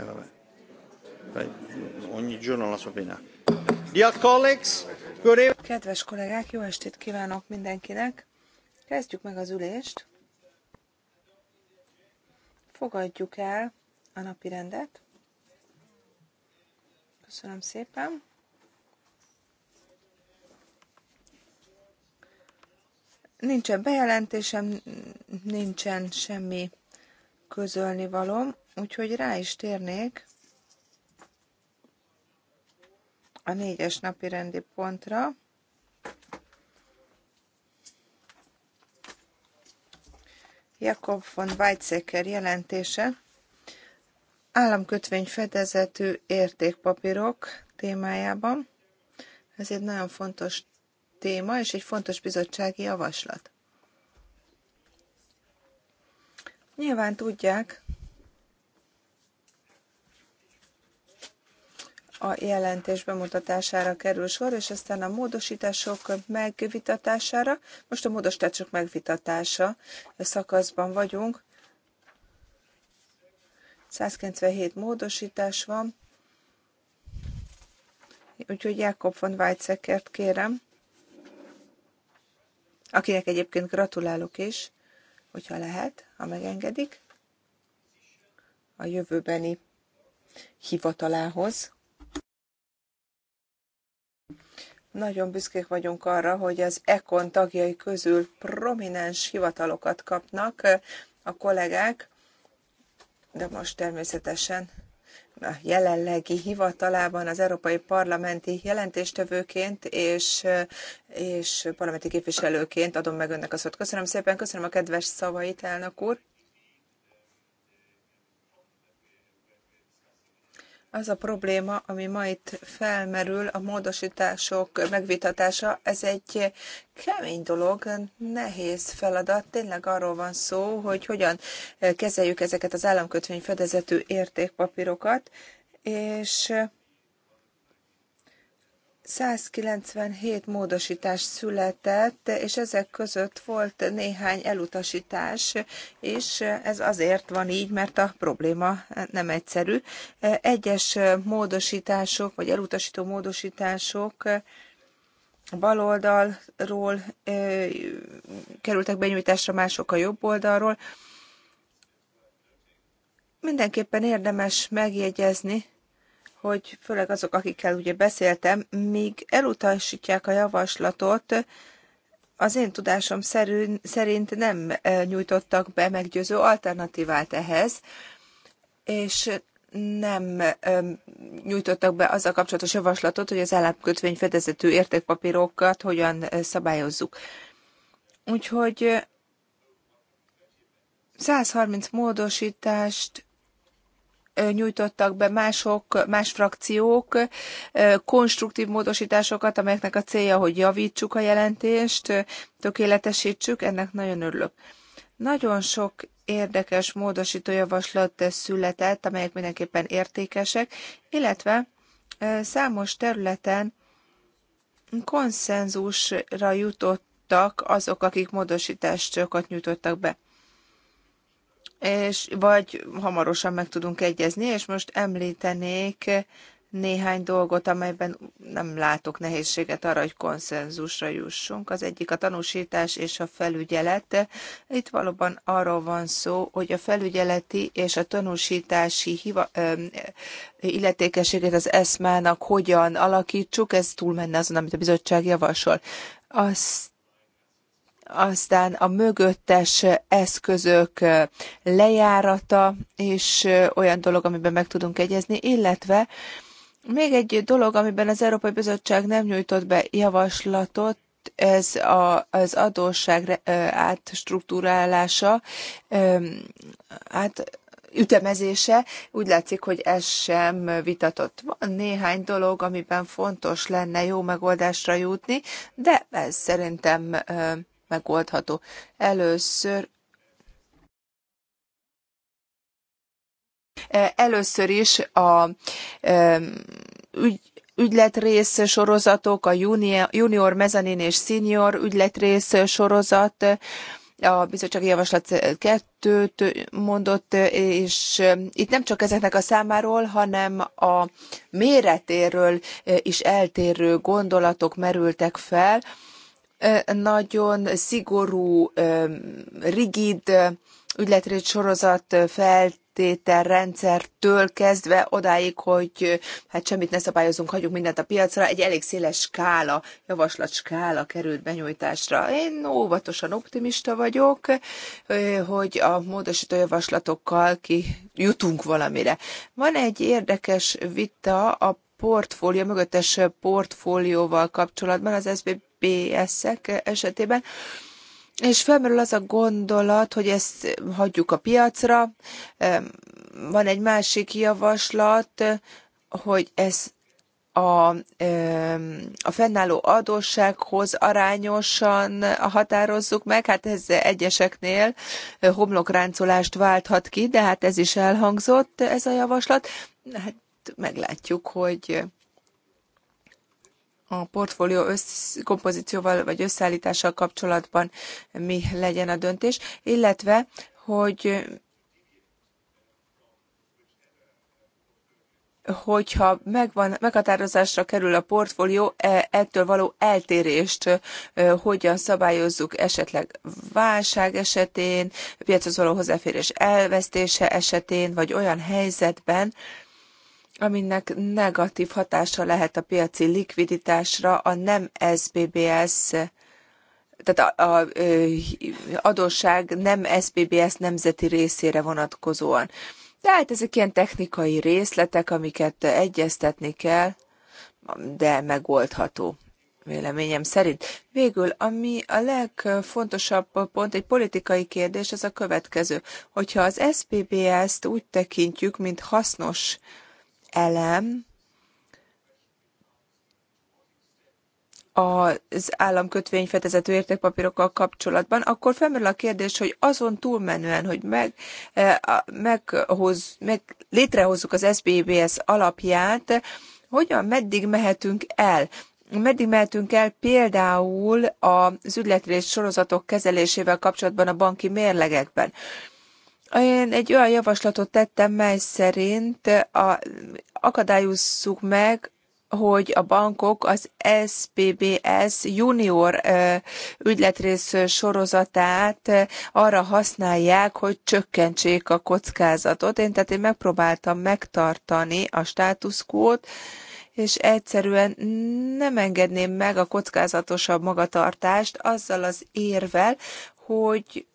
Eh, vabbè. Vai, ogni giorno la sua pena. Dear colleagues, good Kedves kollégák, jó estét kívánok mindenkinek. Kezdjük meg az ülést. Fogadjuk el a napi rendet. Köszönöm szépen. Nincsen bejelentésem, nincsen semmi közölni valom. Úgyhogy rá is térnék a négyes napi rendi pontra. Jakob von Weizsäcker jelentése, államkötvény fedezetű értékpapírok témájában. Ez egy nagyon fontos téma, és egy fontos bizottsági javaslat. Nyilván tudják, a jelentés bemutatására kerül sor, és aztán a módosítások megvitatására. Most a módosítások megvitatása szakaszban vagyunk. 197 módosítás van, úgyhogy Jakob von Weizsäckert kérem, akinek egyébként gratulálok is, hogyha lehet, ha megengedik, a jövőbeni hivatalához. Nagyon büszkék vagyunk arra, hogy az ECON tagjai közül prominens hivatalokat kapnak eh, a kollégák, de most természetesen a jelenlegi hivatalában az Európai Parlamenti jelentéstevőként és, eh, és parlamenti képviselőként adom meg önnek a szót. Köszönöm szépen, köszönöm a kedves szavait, elnök úr. az a probléma, ami ma itt felmerül, a módosítások megvitatása, ez egy kemény dolog, nehéz feladat. Tényleg arról van szó, hogy hogyan kezeljük ezeket az államkötvény fedezetű értékpapírokat, és 197 módosítás született, és ezek között volt néhány elutasítás, és ez azért van így, mert a probléma nem egyszerű. Egyes módosítások, vagy elutasító módosítások baloldalról kerültek benyújtásra, mások a jobb oldalról. Mindenképpen érdemes megjegyezni, hogy főleg azok, akikkel ugye beszéltem, míg elutasítják a javaslatot, az én tudásom szerint nem e, nyújtottak be meggyőző alternatívát ehhez, és nem e, nyújtottak be azzal kapcsolatos javaslatot, hogy az államkötvény fedezetű értékpapírokat hogyan e, szabályozzuk. Úgyhogy 130 módosítást nyújtottak be mások, más frakciók konstruktív módosításokat, amelyeknek a célja, hogy javítsuk a jelentést, tökéletesítsük, ennek nagyon örülök. Nagyon sok érdekes módosító javaslat született, amelyek mindenképpen értékesek, illetve számos területen konszenzusra jutottak azok, akik módosításokat nyújtottak be és vagy hamarosan meg tudunk egyezni, és most említenék néhány dolgot, amelyben nem látok nehézséget arra, hogy konszenzusra jussunk. Az egyik a tanúsítás és a felügyelet. Itt valóban arról van szó, hogy a felügyeleti és a tanúsítási hiva, ö, illetékességet az eszmának hogyan alakítsuk, ez túlmenne azon, amit a bizottság javasol. Azt aztán a mögöttes eszközök lejárata és olyan dolog, amiben meg tudunk egyezni, illetve még egy dolog, amiben az Európai Bizottság nem nyújtott be javaslatot, ez a, az adósság átstruktúrálása, át ütemezése, úgy látszik, hogy ez sem vitatott. Van néhány dolog, amiben fontos lenne jó megoldásra jutni, de ez szerintem megoldható. Először e, Először is a e, ügy, ügyletrész sorozatok, a junior, junior mezanin és senior ügyletrész sorozat, a bizottsági javaslat kettőt mondott, és itt nem csak ezeknek a számáról, hanem a méretéről is eltérő gondolatok merültek fel, nagyon szigorú, rigid ügyletrét sorozat felt feltételrendszertől kezdve odáig, hogy hát semmit ne szabályozunk, hagyjuk mindent a piacra, egy elég széles skála, javaslat skála került benyújtásra. Én óvatosan optimista vagyok, hogy a módosító javaslatokkal ki jutunk valamire. Van egy érdekes vita a portfólió, mögöttes portfólióval kapcsolatban az SBB ABS-ek esetében, és felmerül az a gondolat, hogy ezt hagyjuk a piacra. Van egy másik javaslat, hogy ez a, a fennálló adóssághoz arányosan határozzuk meg. Hát ez egyeseknél homlokráncolást válthat ki, de hát ez is elhangzott, ez a javaslat. Hát meglátjuk, hogy a portfólió összkompozícióval vagy összeállítással kapcsolatban mi legyen a döntés, illetve hogy hogyha megvan, meghatározásra kerül a portfólió, e, ettől való eltérést e, hogyan szabályozzuk esetleg válság esetén, piachoz való hozzáférés elvesztése esetén, vagy olyan helyzetben, aminek negatív hatása lehet a piaci likviditásra, a nem SBBS, tehát a, a adósság nem SBBS nemzeti részére vonatkozóan. Tehát ezek ilyen technikai részletek, amiket egyeztetni kell, de megoldható véleményem szerint. Végül, ami a legfontosabb pont, egy politikai kérdés, ez a következő. Hogyha az SPBS-t úgy tekintjük, mint hasznos elem az államkötvény fedezető értékpapírokkal kapcsolatban, akkor felmerül a kérdés, hogy azon túlmenően, hogy meg, e, meghoz, meg létrehozzuk az SBBS alapját, hogyan, meddig mehetünk el? Meddig mehetünk el például az ügyletrész sorozatok kezelésével kapcsolatban a banki mérlegekben? Én egy olyan javaslatot tettem, mely szerint a, akadályozzuk meg hogy a bankok az SPBS junior ügyletrész sorozatát arra használják, hogy csökkentsék a kockázatot. Én tehát én megpróbáltam megtartani a státuszkót, és egyszerűen nem engedném meg a kockázatosabb magatartást azzal az érvel, hogy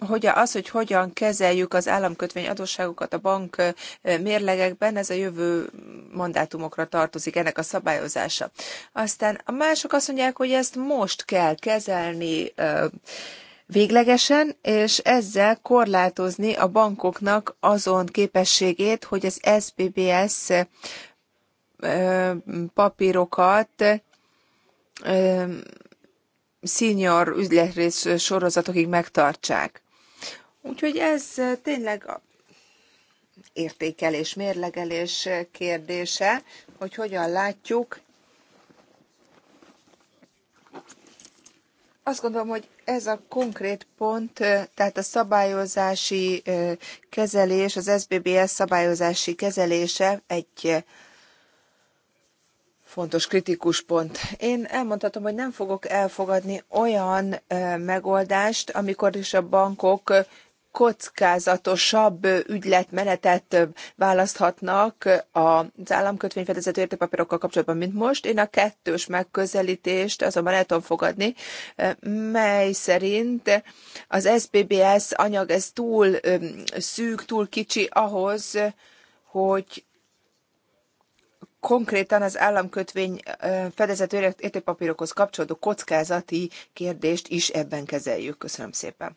hogy az, hogy hogyan kezeljük az államkötvény adósságokat a bank mérlegekben, ez a jövő mandátumokra tartozik ennek a szabályozása. Aztán a mások azt mondják, hogy ezt most kell kezelni véglegesen, és ezzel korlátozni a bankoknak azon képességét, hogy az SBBS papírokat senior üzletrész sorozatokig megtartsák. Úgyhogy ez tényleg a értékelés, mérlegelés kérdése, hogy hogyan látjuk. Azt gondolom, hogy ez a konkrét pont, tehát a szabályozási kezelés, az SBBS szabályozási kezelése egy fontos kritikus pont. Én elmondhatom, hogy nem fogok elfogadni olyan megoldást, amikor is a bankok kockázatosabb ügyletmenetet választhatnak az államkötvényfedezető értékpapírokkal kapcsolatban, mint most. Én a kettős megközelítést azonban el tudom fogadni, mely szerint az SBBS anyag ez túl szűk, túl kicsi ahhoz, hogy konkrétan az államkötvény fedezető értékpapírokhoz kapcsolódó kockázati kérdést is ebben kezeljük. Köszönöm szépen.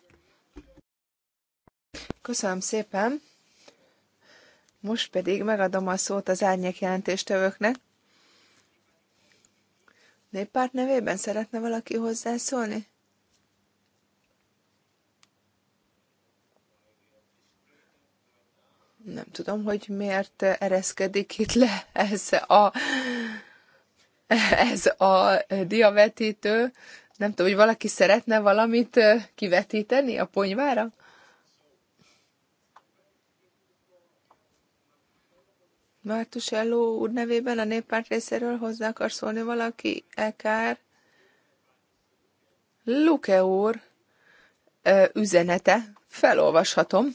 Köszönöm szépen. Most pedig megadom a szót az árnyék jelentéstevőknek. Néppárt nevében szeretne valaki hozzászólni? Nem tudom, hogy miért ereszkedik itt le ez a, ez a diavetítő. Nem tudom, hogy valaki szeretne valamit kivetíteni a ponyvára? Mártusello úr nevében a néppárt részéről hozzá akar szólni valaki? Ekár? Luke úr ö, üzenete. Felolvashatom.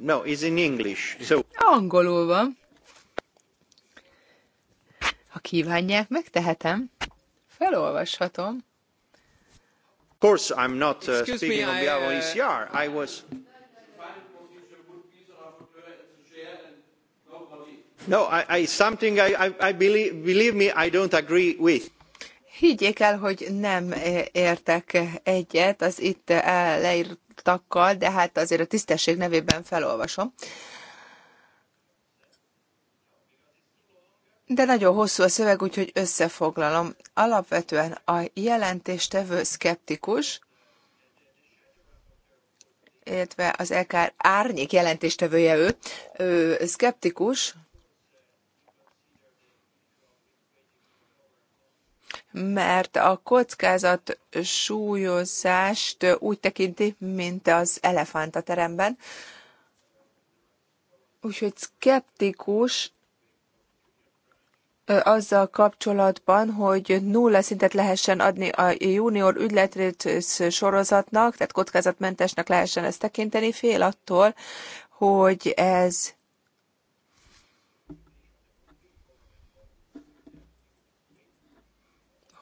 No, it's in English. So... Angolul van. Ha kívánják, megtehetem. Felolvashatom. Of course, I'm not uh, speaking me, on behalf of uh, ECR. I was... No, I, I, something I, I, believe, believe me, I don't agree with. Higgyék el, hogy nem e, értek egyet az itt leírtakkal, de hát azért a tisztesség nevében felolvasom. De nagyon hosszú a szöveg, úgyhogy összefoglalom. Alapvetően a jelentéstevő szkeptikus, illetve az EKR árnyék jelentéstevője ő, ő szkeptikus, mert a kockázat súlyozást úgy tekinti, mint az elefánt a teremben. Úgyhogy szkeptikus azzal kapcsolatban, hogy nulla szintet lehessen adni a junior ügyletrét sorozatnak, tehát kockázatmentesnek lehessen ezt tekinteni, fél attól, hogy ez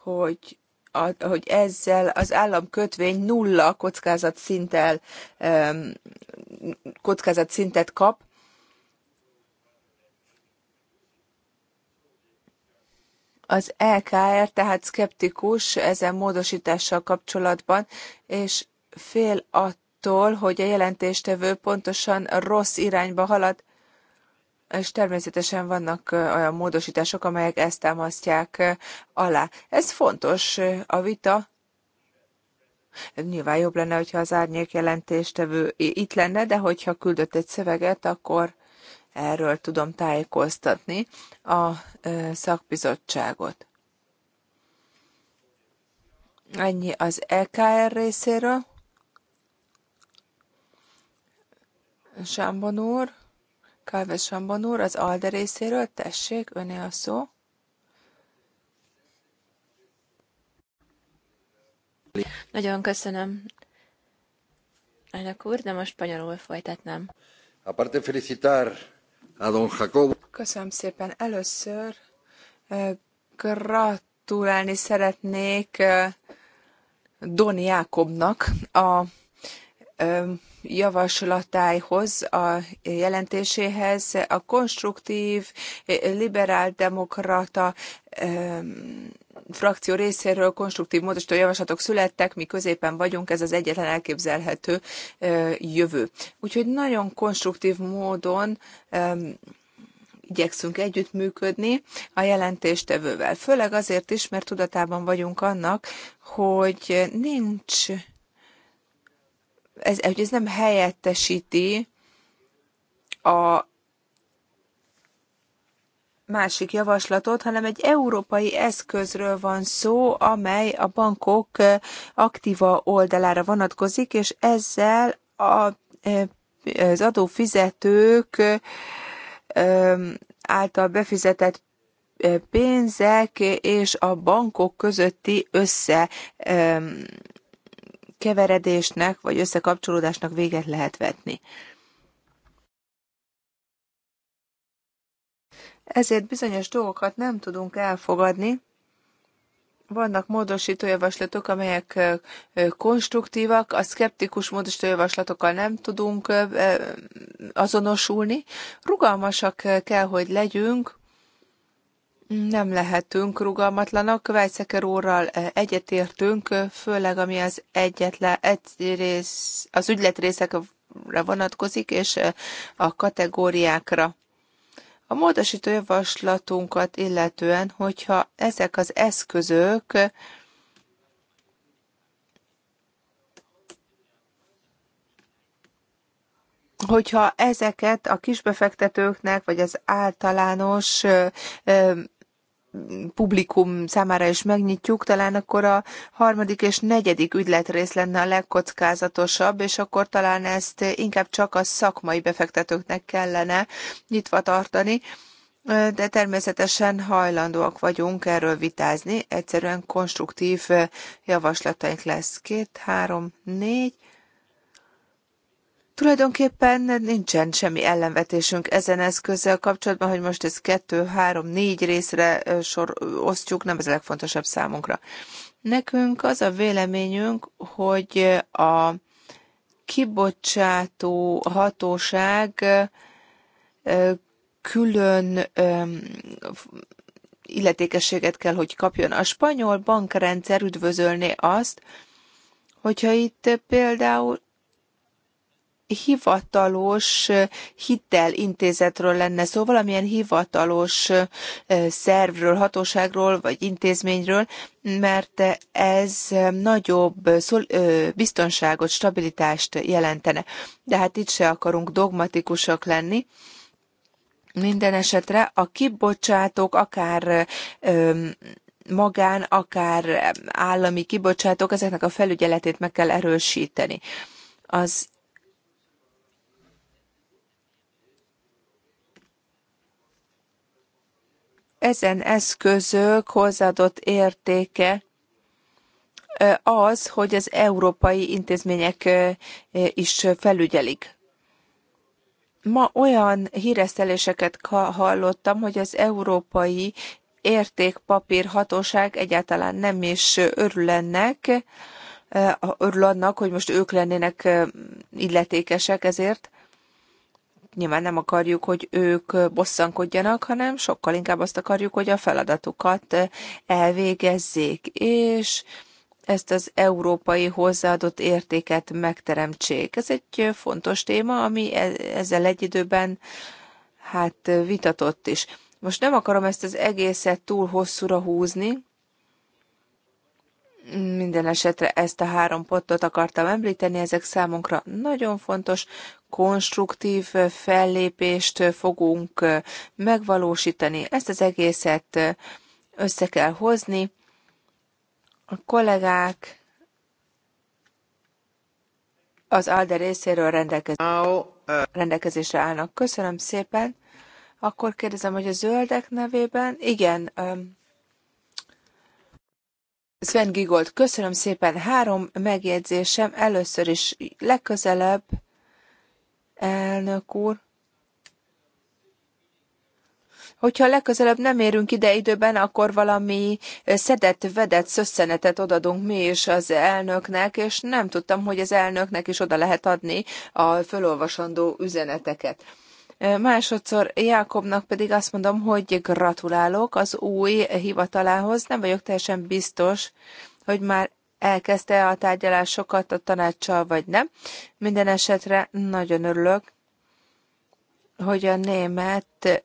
hogy a, hogy ezzel az államkötvény nulla kockázat szinttel, kockázat szintet kap. Az LKR e tehát szkeptikus ezen módosítással kapcsolatban, és fél attól, hogy a jelentéstevő pontosan rossz irányba halad és természetesen vannak olyan módosítások, amelyek ezt támasztják alá. Ez fontos a vita. Nyilván jobb lenne, hogyha az árnyék jelentéstevő itt lenne, de hogyha küldött egy szöveget, akkor erről tudom tájékoztatni a szakbizottságot. Ennyi az EKR részéről. Sámbon úr. Kálves Sambon úr az ALDE részéről, tessék, öné a szó. Nagyon köszönöm, elnök úr, de most spanyolul folytatnám. Aparte felicitar a don Jacob. Köszönöm szépen. Először gratulálni szeretnék Don Jákobnak a javaslatához, a jelentéséhez a konstruktív, liberál-demokrata frakció részéről konstruktív módosító javaslatok születtek, mi középen vagyunk, ez az egyetlen elképzelhető jövő. Úgyhogy nagyon konstruktív módon igyekszünk együttműködni a jelentéstevővel. Főleg azért is, mert tudatában vagyunk annak, hogy nincs ez, hogy ez nem helyettesíti a másik javaslatot, hanem egy európai eszközről van szó, amely a bankok aktíva oldalára vonatkozik, és ezzel a, az adófizetők által befizetett pénzek és a bankok közötti össze keveredésnek vagy összekapcsolódásnak véget lehet vetni. Ezért bizonyos dolgokat nem tudunk elfogadni, vannak módosító javaslatok, amelyek konstruktívak, a szkeptikus módosító javaslatokkal nem tudunk azonosulni. Rugalmasak kell, hogy legyünk, nem lehetünk rugalmatlanak, Weizsäcker úrral eh, egyetértünk, eh, főleg ami az egyetlen, egy rész, az ügyletrészekre vonatkozik, és eh, a kategóriákra. A módosító javaslatunkat illetően, hogyha ezek az eszközök hogyha ezeket a kisbefektetőknek, vagy az általános publikum számára is megnyitjuk, talán akkor a harmadik és negyedik ügyletrész lenne a legkockázatosabb, és akkor talán ezt inkább csak a szakmai befektetőknek kellene nyitva tartani, de természetesen hajlandóak vagyunk erről vitázni, egyszerűen konstruktív javaslataink lesz. Két, három, négy, Tulajdonképpen nincsen semmi ellenvetésünk ezen eszközzel kapcsolatban, hogy most ezt kettő, három, négy részre sor osztjuk, nem ez a legfontosabb számunkra. Nekünk az a véleményünk, hogy a kibocsátó hatóság külön illetékességet kell, hogy kapjon. A spanyol bankrendszer üdvözölné azt, hogyha itt például hivatalos intézetről lenne szó, valamilyen hivatalos szervről, hatóságról vagy intézményről, mert ez nagyobb biztonságot, stabilitást jelentene. De hát itt se akarunk dogmatikusak lenni. Minden esetre a kibocsátók akár magán, akár állami kibocsátók, ezeknek a felügyeletét meg kell erősíteni. Az ezen eszközök hozzáadott értéke az, hogy az európai intézmények is felügyelik. Ma olyan híreszteléseket hallottam, hogy az európai értékpapír hatóság egyáltalán nem is örül ennek, örül annak, hogy most ők lennének illetékesek ezért nyilván nem akarjuk, hogy ők bosszankodjanak, hanem sokkal inkább azt akarjuk, hogy a feladatukat elvégezzék, és ezt az európai hozzáadott értéket megteremtsék. Ez egy fontos téma, ami e-, ezzel egy időben hát vitatott is. Most nem akarom ezt az egészet túl hosszúra húzni, minden esetre ezt a három pontot akartam említeni, ezek számunkra nagyon fontos, konstruktív fellépést fogunk megvalósítani. Ezt az egészet össze kell hozni. A kollégák az ALDE részéről rendelkez... Uh, rendelkezésre állnak. Köszönöm szépen. Akkor kérdezem, hogy a zöldek nevében, igen, um, Sven Gigolt, köszönöm szépen. Három megjegyzésem. Először is legközelebb, elnök úr, hogyha legközelebb nem érünk ide időben, akkor valami szedett, vedett szösszenetet odadunk mi is az elnöknek, és nem tudtam, hogy az elnöknek is oda lehet adni a fölolvasandó üzeneteket. Másodszor Jákobnak pedig azt mondom, hogy gratulálok az új hivatalához. Nem vagyok teljesen biztos, hogy már elkezdte a tárgyalásokat a tanácssal, vagy nem. Minden esetre nagyon örülök, hogy a német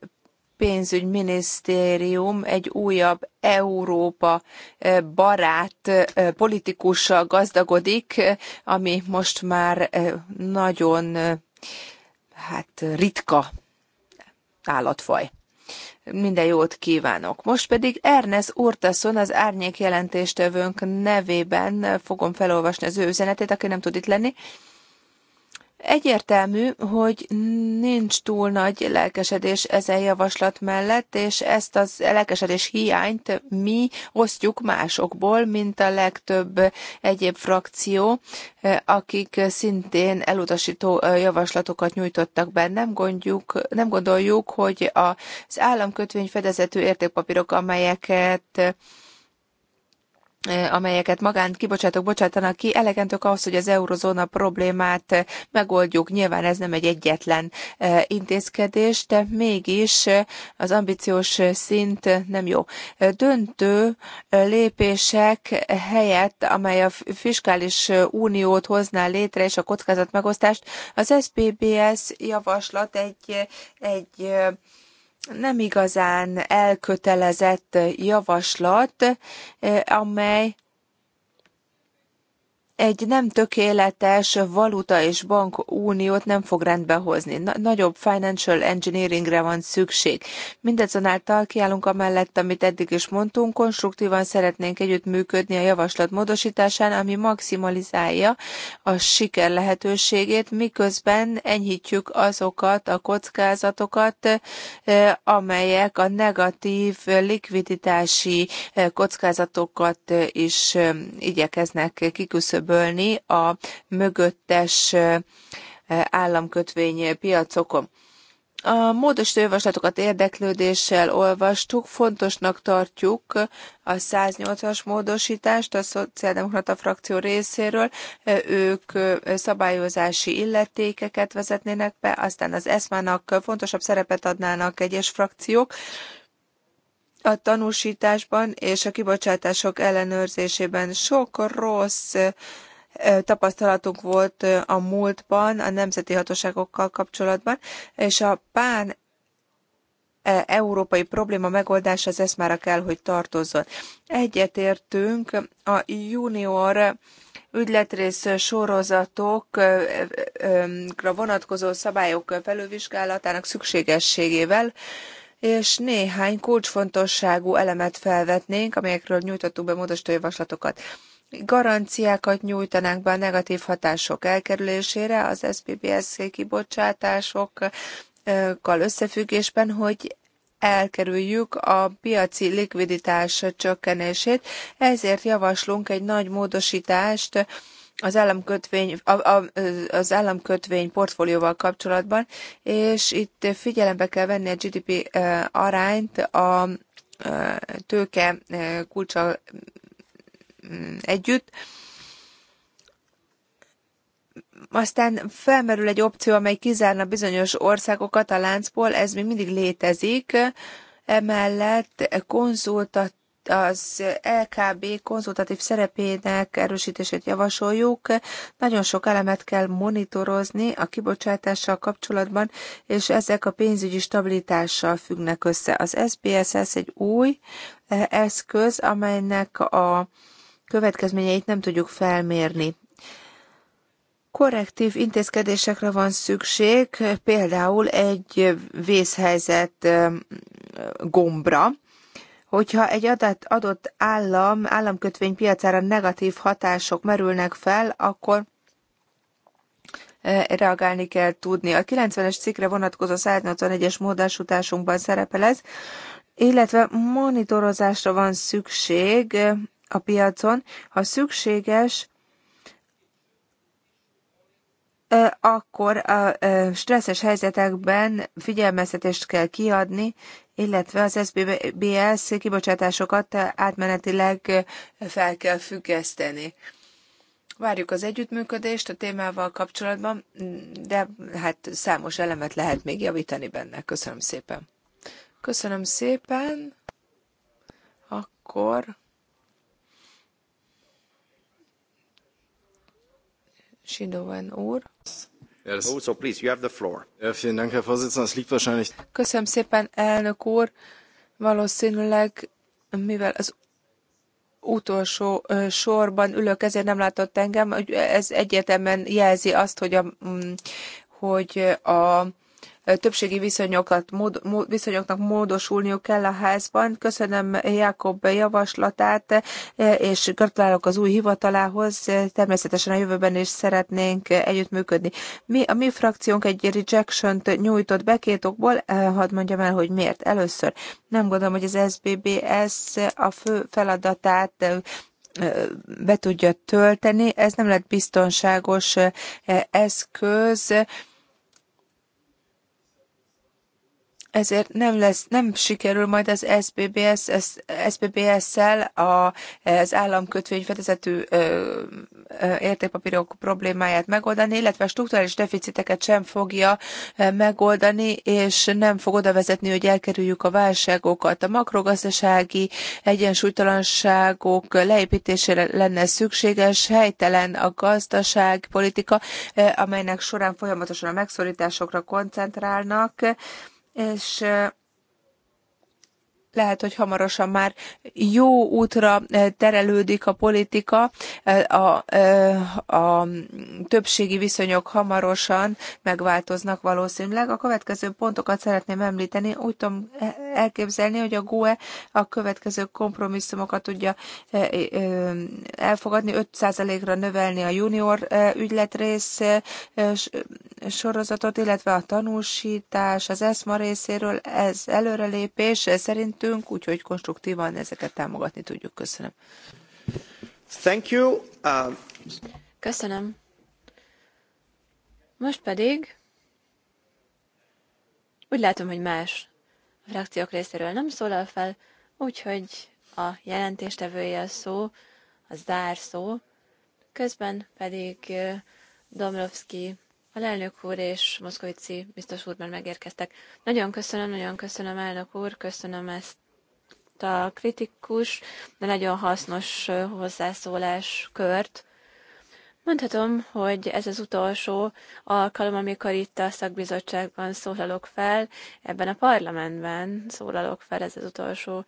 pénzügyminisztérium egy újabb Európa barát politikussal gazdagodik, ami most már nagyon hát ritka állatfaj. Minden jót kívánok. Most pedig Ernest Urtason az árnyék jelentéstevőnk nevében fogom felolvasni az ő üzenetét, aki nem tud itt lenni. Egyértelmű, hogy nincs túl nagy lelkesedés ezen javaslat mellett, és ezt az lelkesedés hiányt mi osztjuk másokból, mint a legtöbb egyéb frakció, akik szintén elutasító javaslatokat nyújtottak be. Nem, gondjuk, nem gondoljuk, hogy az államkötvény fedezetű értékpapírok, amelyeket amelyeket magán kibocsátok bocsátanak ki, elegendők ahhoz, hogy az eurozóna problémát megoldjuk. Nyilván ez nem egy egyetlen intézkedés, de mégis az ambiciós szint nem jó. Döntő lépések helyett, amely a fiskális uniót hozná létre, és a megosztást az SPBS javaslat egy, egy nem igazán elkötelezett javaslat, eh, amely egy nem tökéletes valuta és bank uniót nem fog rendbe hozni. Na- nagyobb financial engineeringre van szükség. Mindezonáltal kiállunk amellett, amit eddig is mondtunk, konstruktívan szeretnénk együttműködni a javaslat módosításán, ami maximalizálja a siker lehetőségét, miközben enyhítjük azokat a kockázatokat, eh, amelyek a negatív likviditási eh, kockázatokat eh, is igyekeznek kiküszöbölni kiküszöbölni a mögöttes államkötvény piacokon. A módosító javaslatokat érdeklődéssel olvastuk, fontosnak tartjuk a 108-as módosítást a Szociáldemokrata frakció részéről. Ők szabályozási illetékeket vezetnének be, aztán az ESMA-nak fontosabb szerepet adnának egyes frakciók a tanúsításban és a kibocsátások ellenőrzésében sok rossz tapasztalatunk volt a múltban a nemzeti hatóságokkal kapcsolatban, és a pán e, európai probléma megoldása az eszmára kell, hogy tartozzon. Egyetértünk a junior ügyletrész sorozatokra vonatkozó szabályok felülvizsgálatának szükségességével, és néhány kulcsfontosságú elemet felvetnénk, amelyekről nyújtottuk be módosító javaslatokat. Garanciákat nyújtanánk be a negatív hatások elkerülésére, az SPBS kibocsátásokkal összefüggésben, hogy elkerüljük a piaci likviditás csökkenését, ezért javaslunk egy nagy módosítást az államkötvény, a, a, az államkötvény portfólióval kapcsolatban, és itt figyelembe kell venni a GDP arányt a tőke kulcsa mm, együtt. Aztán felmerül egy opció, amely kizárna bizonyos országokat a láncból, ez még mindig létezik. Emellett konzultat az LKB konzultatív szerepének erősítését javasoljuk. Nagyon sok elemet kell monitorozni a kibocsátással kapcsolatban, és ezek a pénzügyi stabilitással függnek össze. Az SPSS egy új eh, eszköz, amelynek a következményeit nem tudjuk felmérni. Korrektív intézkedésekre van szükség, például egy vészhelyzet eh, gombra, hogyha egy adat, adott állam államkötvény piacára negatív hatások merülnek fel, akkor e, reagálni kell tudni. A 90-es cikkre vonatkozó 181-es módosításunkban szerepel ez, illetve monitorozásra van szükség e, a piacon. Ha szükséges, akkor a stresszes helyzetekben figyelmeztetést kell kiadni, illetve az SBBS kibocsátásokat átmenetileg fel kell függeszteni. Várjuk az együttműködést a témával kapcsolatban, de hát számos elemet lehet még javítani benne. Köszönöm szépen. Köszönöm szépen. Akkor... Sidoven úr. Köszönöm szépen, elnök úr. Valószínűleg, mivel az utolsó sorban ülök, ezért nem látott engem, ez egyértelműen jelzi azt, hogy a, hogy a többségi viszonyokat, mód, mód, viszonyoknak módosulniuk kell a házban. Köszönöm Jakob javaslatát, és gratulálok az új hivatalához. Természetesen a jövőben is szeretnénk együttműködni. Mi, a mi frakciónk egy rejection-t nyújtott be két okból, hadd mondjam el, hogy miért. Először nem gondolom, hogy az SBBS a fő feladatát be tudja tölteni. Ez nem lett biztonságos eszköz, ezért nem, lesz, nem sikerül majd az SBBS, SBBS-szel a, az államkötvény fedezetű értékpapírok problémáját megoldani, illetve a strukturális deficiteket sem fogja megoldani, és nem fog oda vezetni, hogy elkerüljük a válságokat. A makrogazdasági egyensúlytalanságok leépítésére lenne szükséges, helytelen a gazdaságpolitika, amelynek során folyamatosan a megszorításokra koncentrálnak, és lehet, hogy hamarosan már jó útra eh, terelődik a politika, eh, a, a, eh, a többségi viszonyok hamarosan megváltoznak valószínűleg. A következő pontokat szeretném említeni. Úgy tudom elképzelni, hogy a GUE a következő kompromisszumokat tudja elfogadni, 5%-ra növelni a junior ügyletrész sorozatot, illetve a tanúsítás az ESMA részéről, ez előrelépés szerint szerintünk, úgyhogy konstruktívan ezeket támogatni tudjuk. Köszönöm. Thank you. Uh... Köszönöm. Most pedig úgy látom, hogy más a frakciók részéről nem szólal fel, úgyhogy a jelentéstevője a szó, a zárszó, közben pedig eh, Domrovski Alelnök úr és Moszkovici biztos úr már megérkeztek. Nagyon köszönöm, nagyon köszönöm, elnök úr, köszönöm ezt a kritikus, de nagyon hasznos hozzászólás kört. Mondhatom, hogy ez az utolsó alkalom, amikor itt a szakbizottságban szólalok fel, ebben a parlamentben szólalok fel, ez az utolsó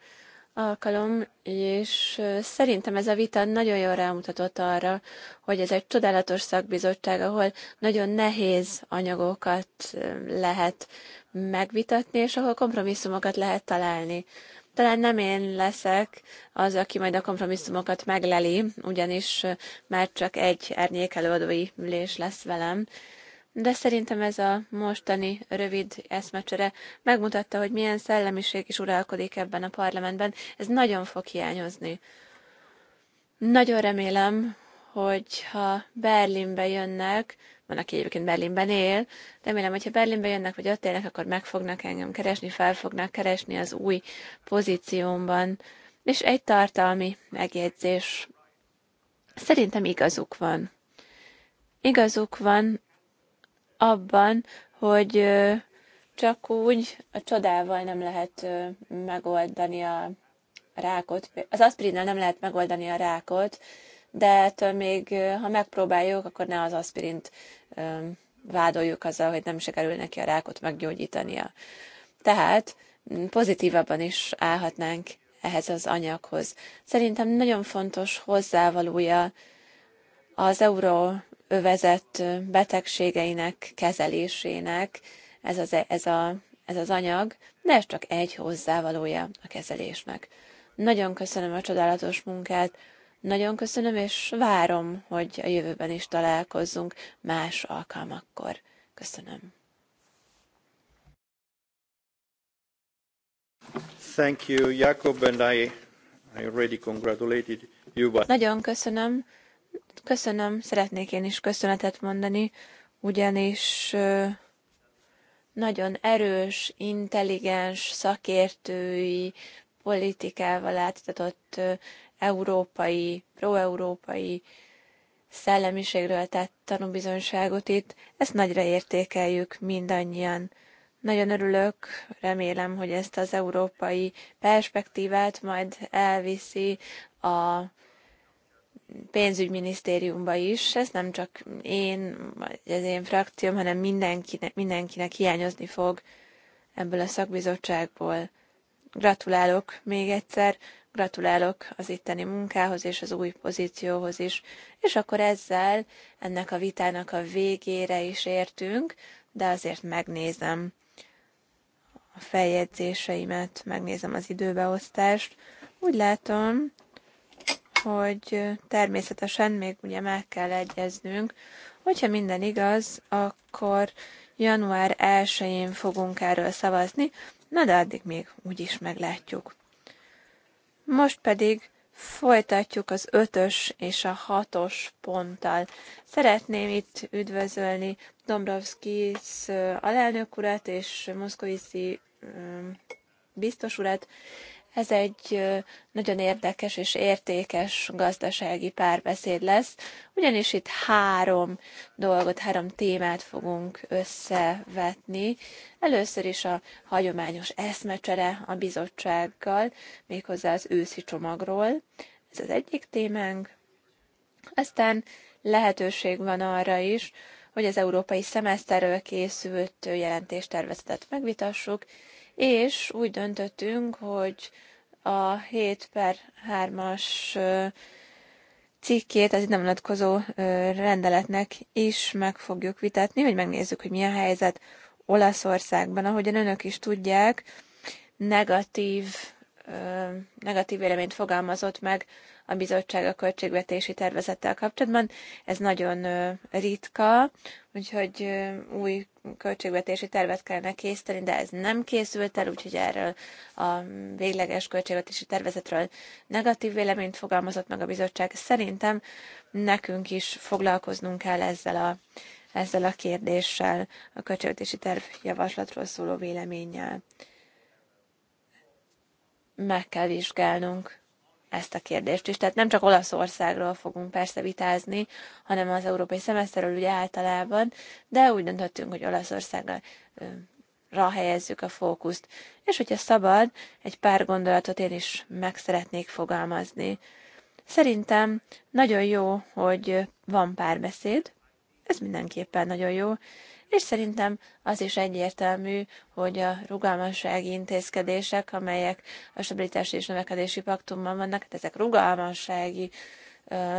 alkalom, és szerintem ez a vita nagyon jól rámutatott arra, hogy ez egy csodálatos szakbizottság, ahol nagyon nehéz anyagokat lehet megvitatni, és ahol kompromisszumokat lehet találni. Talán nem én leszek az, aki majd a kompromisszumokat megleli, ugyanis már csak egy árnyék előadói ülés lesz velem, de szerintem ez a mostani rövid eszmecsere megmutatta, hogy milyen szellemiség is uralkodik ebben a parlamentben. Ez nagyon fog hiányozni. Nagyon remélem, hogy ha Berlinbe jönnek, van, aki egyébként Berlinben él, remélem, hogyha Berlinbe jönnek, vagy ott élnek, akkor meg fognak engem keresni, fel fognak keresni az új pozíciómban. És egy tartalmi megjegyzés. Szerintem igazuk van. Igazuk van abban, hogy csak úgy a csodával nem lehet megoldani a rákot. Az aspirinnel nem lehet megoldani a rákot, de ettől még, ha megpróbáljuk, akkor ne az aspirint vádoljuk azzal, hogy nem sikerül neki a rákot meggyógyítania. Tehát pozitívabban is állhatnánk ehhez az anyaghoz. Szerintem nagyon fontos hozzávalója az euró övezett betegségeinek kezelésének ez az, e- ez, a, ez az anyag, de ez csak egy hozzávalója a kezelésnek. Nagyon köszönöm a csodálatos munkát, nagyon köszönöm, és várom, hogy a jövőben is találkozzunk más alkalmakkor. Köszönöm. Thank you, Jakob, and I, I already congratulated you. But... Nagyon köszönöm. Köszönöm, szeretnék én is köszönetet mondani, ugyanis nagyon erős, intelligens, szakértői politikával átadott európai, pro-európai szellemiségről tett tanúbizonyságot itt. Ezt nagyra értékeljük mindannyian. Nagyon örülök, remélem, hogy ezt az európai perspektívát majd elviszi a pénzügyminisztériumba is, ez nem csak én, vagy az én frakcióm, hanem mindenkinek, mindenkinek hiányozni fog ebből a szakbizottságból. Gratulálok még egyszer, gratulálok az itteni munkához és az új pozícióhoz is. És akkor ezzel ennek a vitának a végére is értünk, de azért megnézem a feljegyzéseimet, megnézem az időbeosztást. Úgy látom, hogy természetesen még ugye meg kell egyeznünk. Hogyha minden igaz, akkor január 1-én fogunk erről szavazni, na de addig még úgyis meglátjuk. Most pedig folytatjuk az ötös és a hatos ponttal. Szeretném itt üdvözölni Dombrovskis alelnök urat és Moszkovici biztos urat, ez egy nagyon érdekes és értékes gazdasági párbeszéd lesz, ugyanis itt három dolgot, három témát fogunk összevetni. Először is a hagyományos eszmecsere a bizottsággal, méghozzá az őszi csomagról. Ez az egyik témánk. Aztán lehetőség van arra is, hogy az európai szemeszterről készült jelentéstervezetet megvitassuk, és úgy döntöttünk, hogy a 7 per 3-as cikkét, az itt nem vonatkozó rendeletnek is meg fogjuk vitatni, hogy megnézzük, hogy mi a helyzet Olaszországban. Ahogyan önök is tudják, negatív, negatív véleményt fogalmazott meg a bizottság a költségvetési tervezettel kapcsolatban. Ez nagyon ritka, úgyhogy új költségvetési tervet kellene készíteni, de ez nem készült el, úgyhogy erről a végleges költségvetési tervezetről negatív véleményt fogalmazott meg a bizottság. Szerintem nekünk is foglalkoznunk kell ezzel a ezzel a kérdéssel, a költségvetési terv javaslatról szóló véleménnyel. Meg kell vizsgálnunk ezt a kérdést is. Tehát nem csak Olaszországról fogunk persze vitázni, hanem az európai szemeszterről ugye általában, de úgy döntöttünk, hogy Olaszországra rá helyezzük a fókuszt. És hogyha szabad, egy pár gondolatot én is meg szeretnék fogalmazni. Szerintem nagyon jó, hogy van párbeszéd, ez mindenképpen nagyon jó, és szerintem az is egyértelmű, hogy a rugalmassági intézkedések, amelyek a stabilitási és növekedési paktumban vannak, hát ezek rugalmassági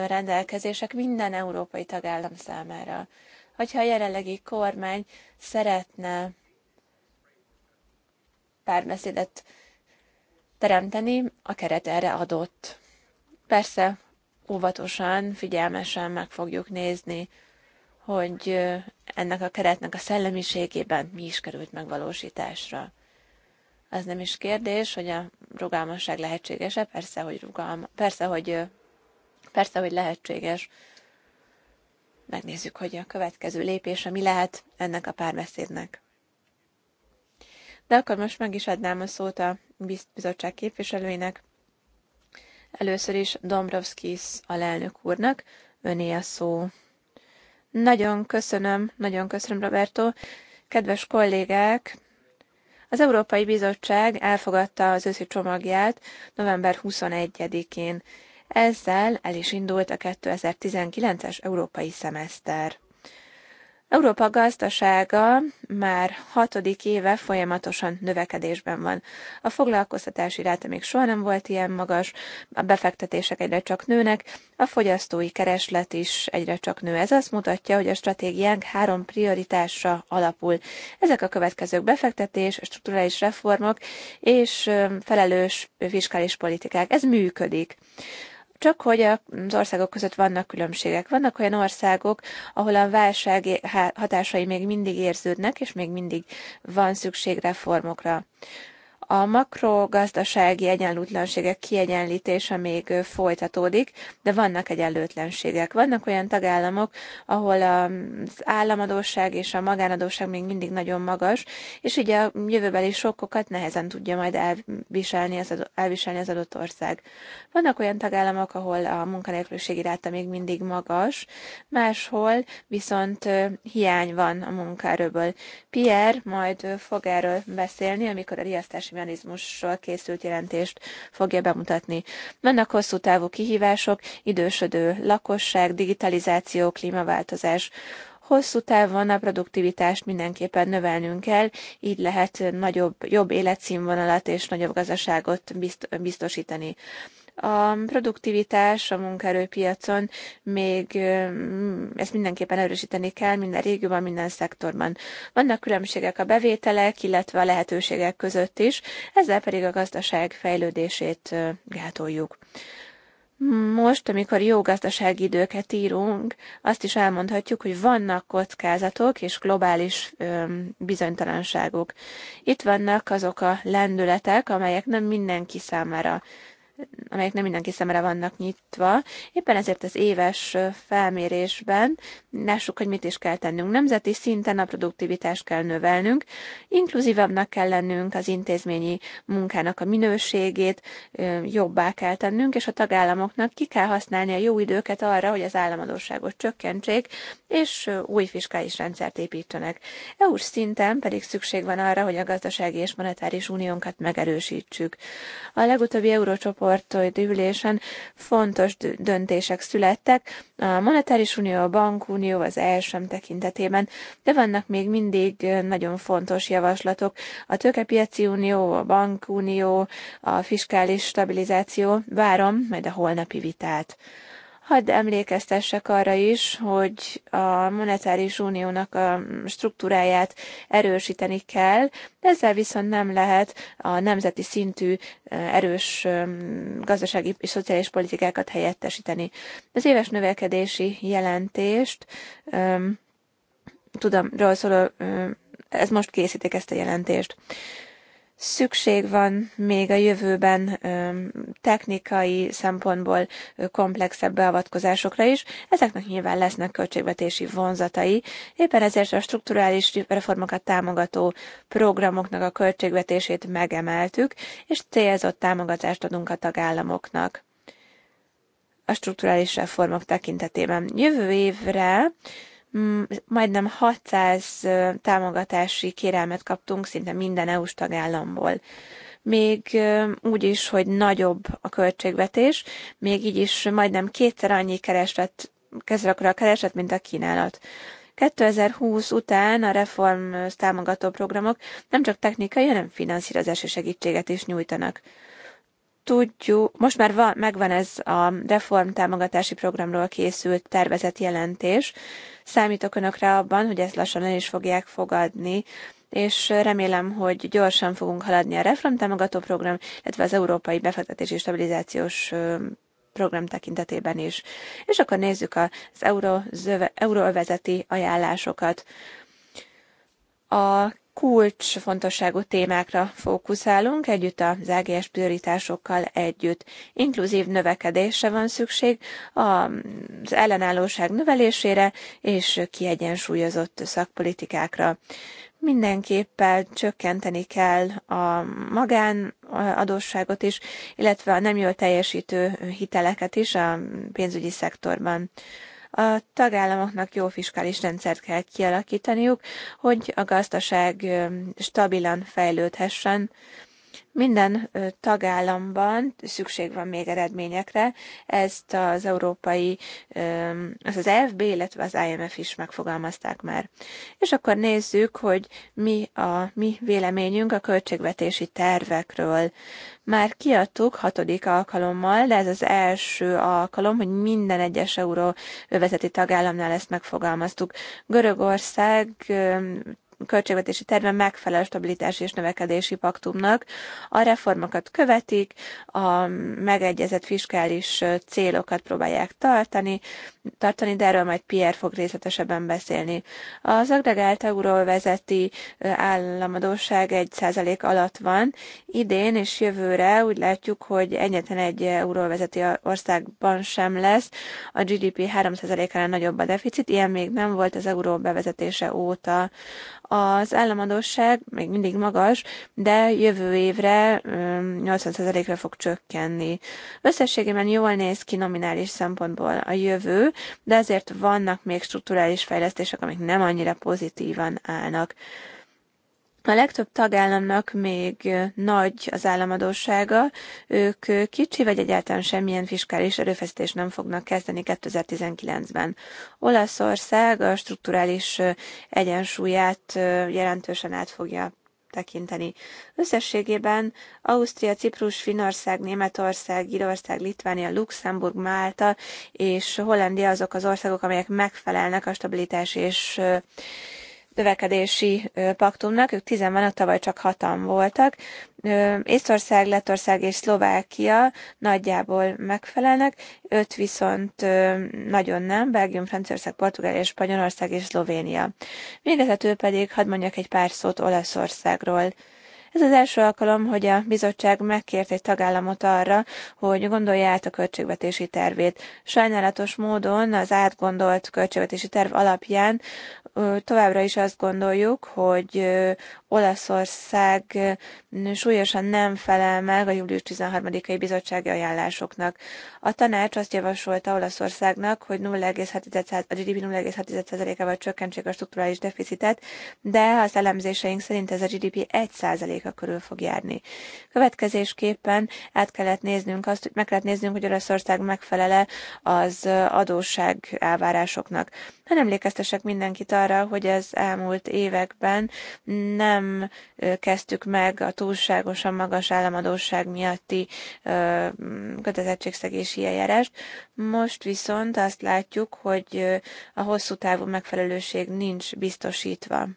rendelkezések minden európai tagállam számára. Hogyha a jelenlegi kormány szeretne párbeszédet teremteni, a keret erre adott. Persze óvatosan, figyelmesen meg fogjuk nézni, hogy ennek a keretnek a szellemiségében mi is került megvalósításra. Az nem is kérdés, hogy a rugalmasság lehetséges-e? Persze, hogy rugalma, persze, hogy persze, hogy lehetséges. Megnézzük, hogy a következő lépése mi lehet ennek a párbeszédnek. De akkor most meg is adnám a szót a bizottság képviselőinek. Először is Dombrovskis alelnök úrnak, öné a szó. Nagyon köszönöm, nagyon köszönöm, Roberto. Kedves kollégák, az Európai Bizottság elfogadta az őszi csomagját november 21-én. Ezzel el is indult a 2019-es európai szemeszter. Európa gazdasága már hatodik éve folyamatosan növekedésben van. A foglalkoztatási ráta még soha nem volt ilyen magas, a befektetések egyre csak nőnek, a fogyasztói kereslet is egyre csak nő. Ez azt mutatja, hogy a stratégiánk három prioritásra alapul. Ezek a következők befektetés, strukturális reformok és felelős fiskális politikák. Ez működik. Csak hogy az országok között vannak különbségek. Vannak olyan országok, ahol a válság hatásai még mindig érződnek, és még mindig van szükség reformokra. A makrogazdasági egyenlőtlenségek kiegyenlítése még folytatódik, de vannak egyenlőtlenségek. Vannak olyan tagállamok, ahol az államadóság és a magánadóság még mindig nagyon magas, és ugye a jövőbeli sokkokat nehezen tudja majd elviselni az, adott, elviselni az adott ország. Vannak olyan tagállamok, ahol a munkanélküliségi ráta még mindig magas, máshol viszont hiány van a munkáról. Pierre majd fog erről beszélni, amikor a riasztási organizmussal készült jelentést fogja bemutatni. Vannak hosszú távú kihívások, idősödő lakosság, digitalizáció, klímaváltozás hosszú távon a produktivitást mindenképpen növelnünk kell, így lehet nagyobb, jobb életszínvonalat és nagyobb gazdaságot biztosítani. A produktivitás a munkaerőpiacon még mm, ezt mindenképpen erősíteni kell minden régióban, minden szektorban. Vannak különbségek a bevételek, illetve a lehetőségek között is, ezzel pedig a gazdaság fejlődését gátoljuk. Most, amikor jó gazdasági időket írunk, azt is elmondhatjuk, hogy vannak kockázatok és globális ö, bizonytalanságok. Itt vannak azok a lendületek, amelyek nem mindenki számára amelyek nem mindenki szemre vannak nyitva. Éppen ezért az éves felmérésben lássuk, hogy mit is kell tennünk. Nemzeti szinten a produktivitást kell növelnünk, inkluzívabbnak kell lennünk az intézményi munkának a minőségét, jobbá kell tennünk, és a tagállamoknak ki kell használni a jó időket arra, hogy az államadóságot csökkentsék, és új fiskális rendszert építsenek. EU-s szinten pedig szükség van arra, hogy a gazdasági és monetáris uniónkat megerősítsük. A legutóbbi eurócsoport csoport ülésen fontos döntések születtek. A Monetáris Unió, a Bankunió, az ESM tekintetében, de vannak még mindig nagyon fontos javaslatok. A Tőkepiaci Unió, a Bankunió, a Fiskális Stabilizáció. Várom majd a holnapi vitát. Hadd emlékeztessek arra is, hogy a monetáris uniónak a struktúráját erősíteni kell, ezzel viszont nem lehet a nemzeti szintű erős gazdasági és szociális politikákat helyettesíteni. Az éves növekedési jelentést tudom, szóló, ez most készítik ezt a jelentést. Szükség van még a jövőben technikai szempontból komplexebb beavatkozásokra is. Ezeknek nyilván lesznek költségvetési vonzatai. Éppen ezért a strukturális reformokat támogató programoknak a költségvetését megemeltük, és célzott támogatást adunk a tagállamoknak a strukturális reformok tekintetében. Jövő évre Mm, majdnem 600 támogatási kérelmet kaptunk szinte minden EU-s tagállamból. Még úgy is, hogy nagyobb a költségvetés, még így is majdnem kétszer annyi kereslet, kezdve a kereslet, mint a kínálat. 2020 után a reform támogató programok nem csak technikai, hanem finanszírozási segítséget is nyújtanak tudjuk, most már van, megvan ez a reformtámogatási programról készült tervezett jelentés. Számítok önökre abban, hogy ezt lassan el is fogják fogadni, és remélem, hogy gyorsan fogunk haladni a reformtámogató program, illetve az Európai Befektetési Stabilizációs program tekintetében is. És akkor nézzük az euró, ajánlásokat. A kulcsfontosságú témákra fókuszálunk, együtt az AGS prioritásokkal együtt. Inkluzív növekedésre van szükség, az ellenállóság növelésére és kiegyensúlyozott szakpolitikákra. Mindenképpen csökkenteni kell a magánadósságot is, illetve a nem jól teljesítő hiteleket is a pénzügyi szektorban. A tagállamoknak jó fiskális rendszert kell kialakítaniuk, hogy a gazdaság stabilan fejlődhessen, minden tagállamban szükség van még eredményekre, ezt az európai, az az EFB, illetve az IMF is megfogalmazták már. És akkor nézzük, hogy mi a mi véleményünk a költségvetési tervekről. Már kiadtuk hatodik alkalommal, de ez az első alkalom, hogy minden egyes euró övezeti tagállamnál ezt megfogalmaztuk. Görögország költségvetési terve megfelel stabilitási és növekedési paktumnak. A reformokat követik, a megegyezett fiskális célokat próbálják tartani, tartani, de erről majd Pierre fog részletesebben beszélni. Az agregált euróvezeti államadóság 1% alatt van. Idén és jövőre úgy látjuk, hogy egyetlen egy euróvezeti országban sem lesz. A GDP 3%-án nagyobb a deficit, ilyen még nem volt az euró bevezetése óta az államadóság még mindig magas, de jövő évre 80%-ra fog csökkenni. Összességében jól néz ki nominális szempontból a jövő, de azért vannak még strukturális fejlesztések, amik nem annyira pozitívan állnak. A legtöbb tagállamnak még nagy az államadósága, ők kicsi vagy egyáltalán semmilyen fiskális erőfeszítést nem fognak kezdeni 2019-ben. Olaszország a strukturális egyensúlyát jelentősen át fogja tekinteni. Összességében Ausztria, Ciprus, Finország, Németország, Írország, Litvánia, Luxemburg, Málta és Hollandia azok az országok, amelyek megfelelnek a stabilitás és növekedési paktumnak, ők tizen vannak, tavaly csak hatan voltak. Észország, Lettország és Szlovákia nagyjából megfelelnek, öt viszont nagyon nem, Belgium, Franciaország, Portugália, Spanyolország és Szlovénia. Végezetül pedig hadd mondjak egy pár szót Olaszországról. Ez az első alkalom, hogy a bizottság megkért egy tagállamot arra, hogy gondolja át a költségvetési tervét. Sajnálatos módon az átgondolt költségvetési terv alapján továbbra is azt gondoljuk, hogy Olaszország súlyosan nem felel meg a július 13-ai bizottsági ajánlásoknak. A tanács azt javasolta Olaszországnak, hogy 0,7%, a GDP 07 ával csökkentsék a strukturális deficitet, de az elemzéseink szerint ez a GDP 1%-a körül fog járni. Következésképpen át kellett néznünk azt, hogy meg kellett néznünk, hogy Olaszország megfelele az adósság elvárásoknak. Nem emlékeztesek mindenkit arra, arra, hogy az elmúlt években nem kezdtük meg a túlságosan magas államadóság miatti kötelezettségszegési eljárást. Most viszont azt látjuk, hogy a hosszú távú megfelelőség nincs biztosítva.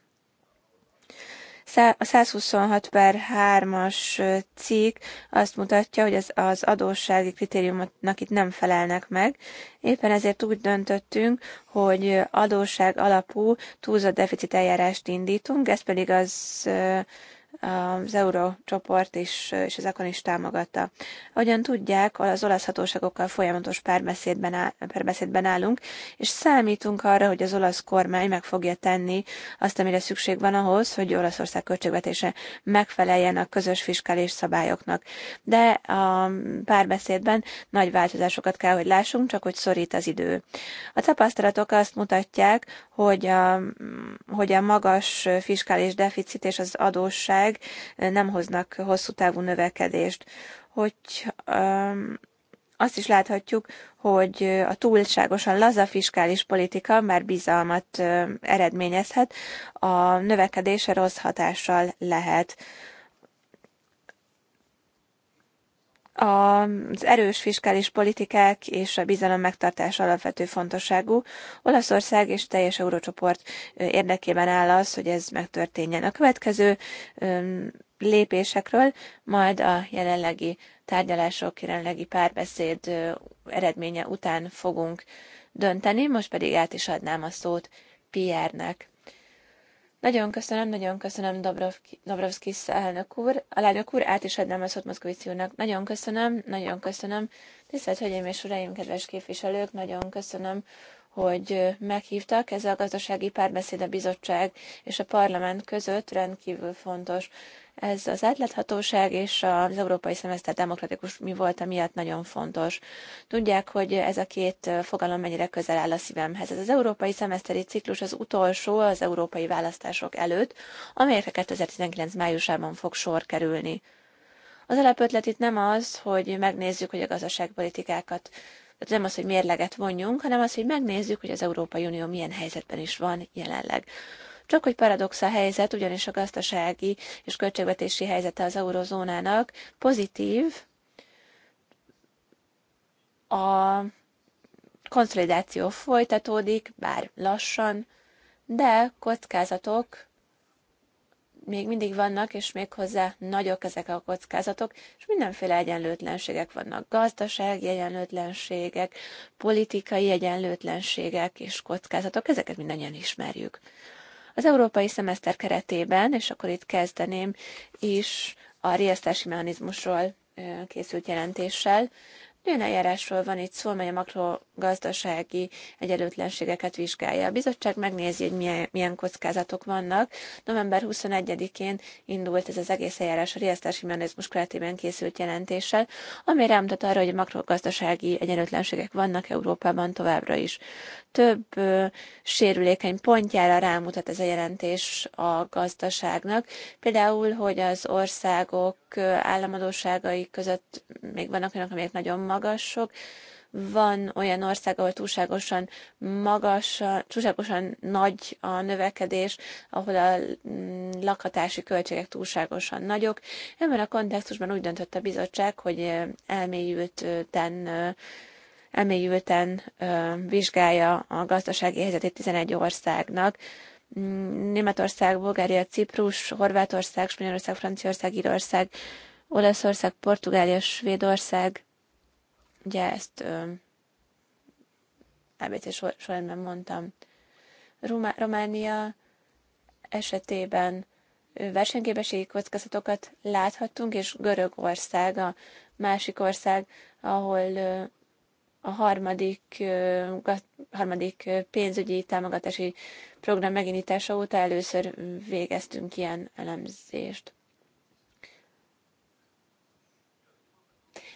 A 126 per 3-as cikk azt mutatja, hogy az, az adóssági kritériumoknak itt nem felelnek meg. Éppen ezért úgy döntöttünk, hogy adósság alapú túlzott deficit eljárást indítunk, ez pedig az az eurócsoport is, és az Akon is támogatta. Ahogyan tudják, az olasz hatóságokkal folyamatos párbeszédben, áll, párbeszédben állunk, és számítunk arra, hogy az olasz kormány meg fogja tenni azt, amire szükség van ahhoz, hogy Olaszország költségvetése megfeleljen a közös fiskális szabályoknak. De a párbeszédben nagy változásokat kell, hogy lássunk, csak hogy szorít az idő. A tapasztalatok azt mutatják, hogy a, hogy a magas fiskális deficit és az adósság meg, nem hoznak hosszú távú növekedést. Hogy azt is láthatjuk, hogy a túlságosan laza fiskális politika már bizalmat eredményezhet, a növekedése rossz hatással lehet. az erős fiskális politikák és a bizalom megtartása alapvető fontosságú. Olaszország és teljes eurócsoport érdekében áll az, hogy ez megtörténjen. A következő lépésekről majd a jelenlegi tárgyalások, jelenlegi párbeszéd eredménye után fogunk dönteni, most pedig át is adnám a szót Pierre-nek. Nagyon köszönöm, nagyon köszönöm Dobrovski elnök úr, a lányok úr, át is adnám a Szotmoszkovici úrnak. Nagyon köszönöm, nagyon köszönöm. Tisztelt Hölgyeim és Uraim, kedves képviselők, nagyon köszönöm, hogy meghívtak. Ez a gazdasági párbeszéd a bizottság és a parlament között rendkívül fontos. Ez az átláthatóság és az európai szemeszter demokratikus mi volt, miatt nagyon fontos. Tudják, hogy ez a két fogalom mennyire közel áll a szívemhez. Ez az európai szemeszteri ciklus az utolsó az európai választások előtt, amelyekre 2019 májusában fog sor kerülni. Az alapötlet itt nem az, hogy megnézzük, hogy a gazdaságpolitikákat tehát nem az, hogy mérleget vonjunk, hanem az, hogy megnézzük, hogy az Európai Unió milyen helyzetben is van jelenleg. Csak hogy paradox a helyzet, ugyanis a gazdasági és költségvetési helyzete az eurozónának pozitív, a konszolidáció folytatódik, bár lassan, de kockázatok még mindig vannak, és még hozzá nagyok ezek a kockázatok, és mindenféle egyenlőtlenségek vannak. Gazdasági egyenlőtlenségek, politikai egyenlőtlenségek és kockázatok, ezeket mindannyian ismerjük. Az európai szemeszter keretében, és akkor itt kezdeném is a riasztási mechanizmusról készült jelentéssel, olyan eljárásról van itt szó, mely a makrogazdasági egyenlőtlenségeket vizsgálja. A bizottság megnézi, hogy milyen, milyen kockázatok vannak. November 21-én indult ez az egész eljárás a riasztási mechanizmus keretében készült jelentéssel, ami rámutat arra, hogy a makrogazdasági egyenlőtlenségek vannak Európában továbbra is több sérülékeny pontjára rámutat ez a jelentés a gazdaságnak. Például, hogy az országok államadóságai között még vannak olyanok, amelyek nagyon magasok, van olyan ország, ahol túlságosan magas, túlságosan nagy a növekedés, ahol a mm, lakhatási költségek túlságosan nagyok. Ebben a kontextusban úgy döntött a bizottság, hogy elmélyülten elmélyülten vizsgálja a gazdasági helyzetét 11 országnak. Mm, Németország, Bulgária, Ciprus, Horvátország, Spanyolország, Franciaország, Írország, Olaszország, Portugália, Svédország. Ugye ezt ABC sorrendben mondtam. Rumá- Románia esetében versenyképességi kockázatokat láthattunk, és Görögország a másik ország, ahol a harmadik, harmadik pénzügyi támogatási program megindítása óta először végeztünk ilyen elemzést.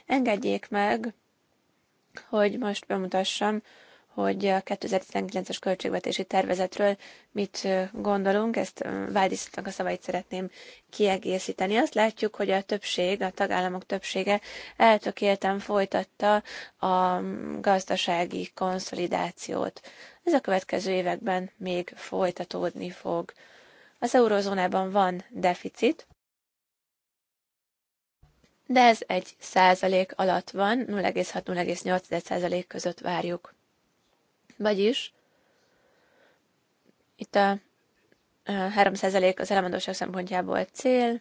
Engedjék meg, hogy most bemutassam hogy a 2019-es költségvetési tervezetről mit gondolunk, ezt Vádisznak a szavait szeretném kiegészíteni. Azt látjuk, hogy a többség, a tagállamok többsége eltökéltem folytatta a gazdasági konszolidációt. Ez a következő években még folytatódni fog. Az eurozónában van deficit, de ez egy százalék alatt van, 0,6-0,8 százalék között várjuk. Vagyis itt a 3% az elemadóság szempontjából cél,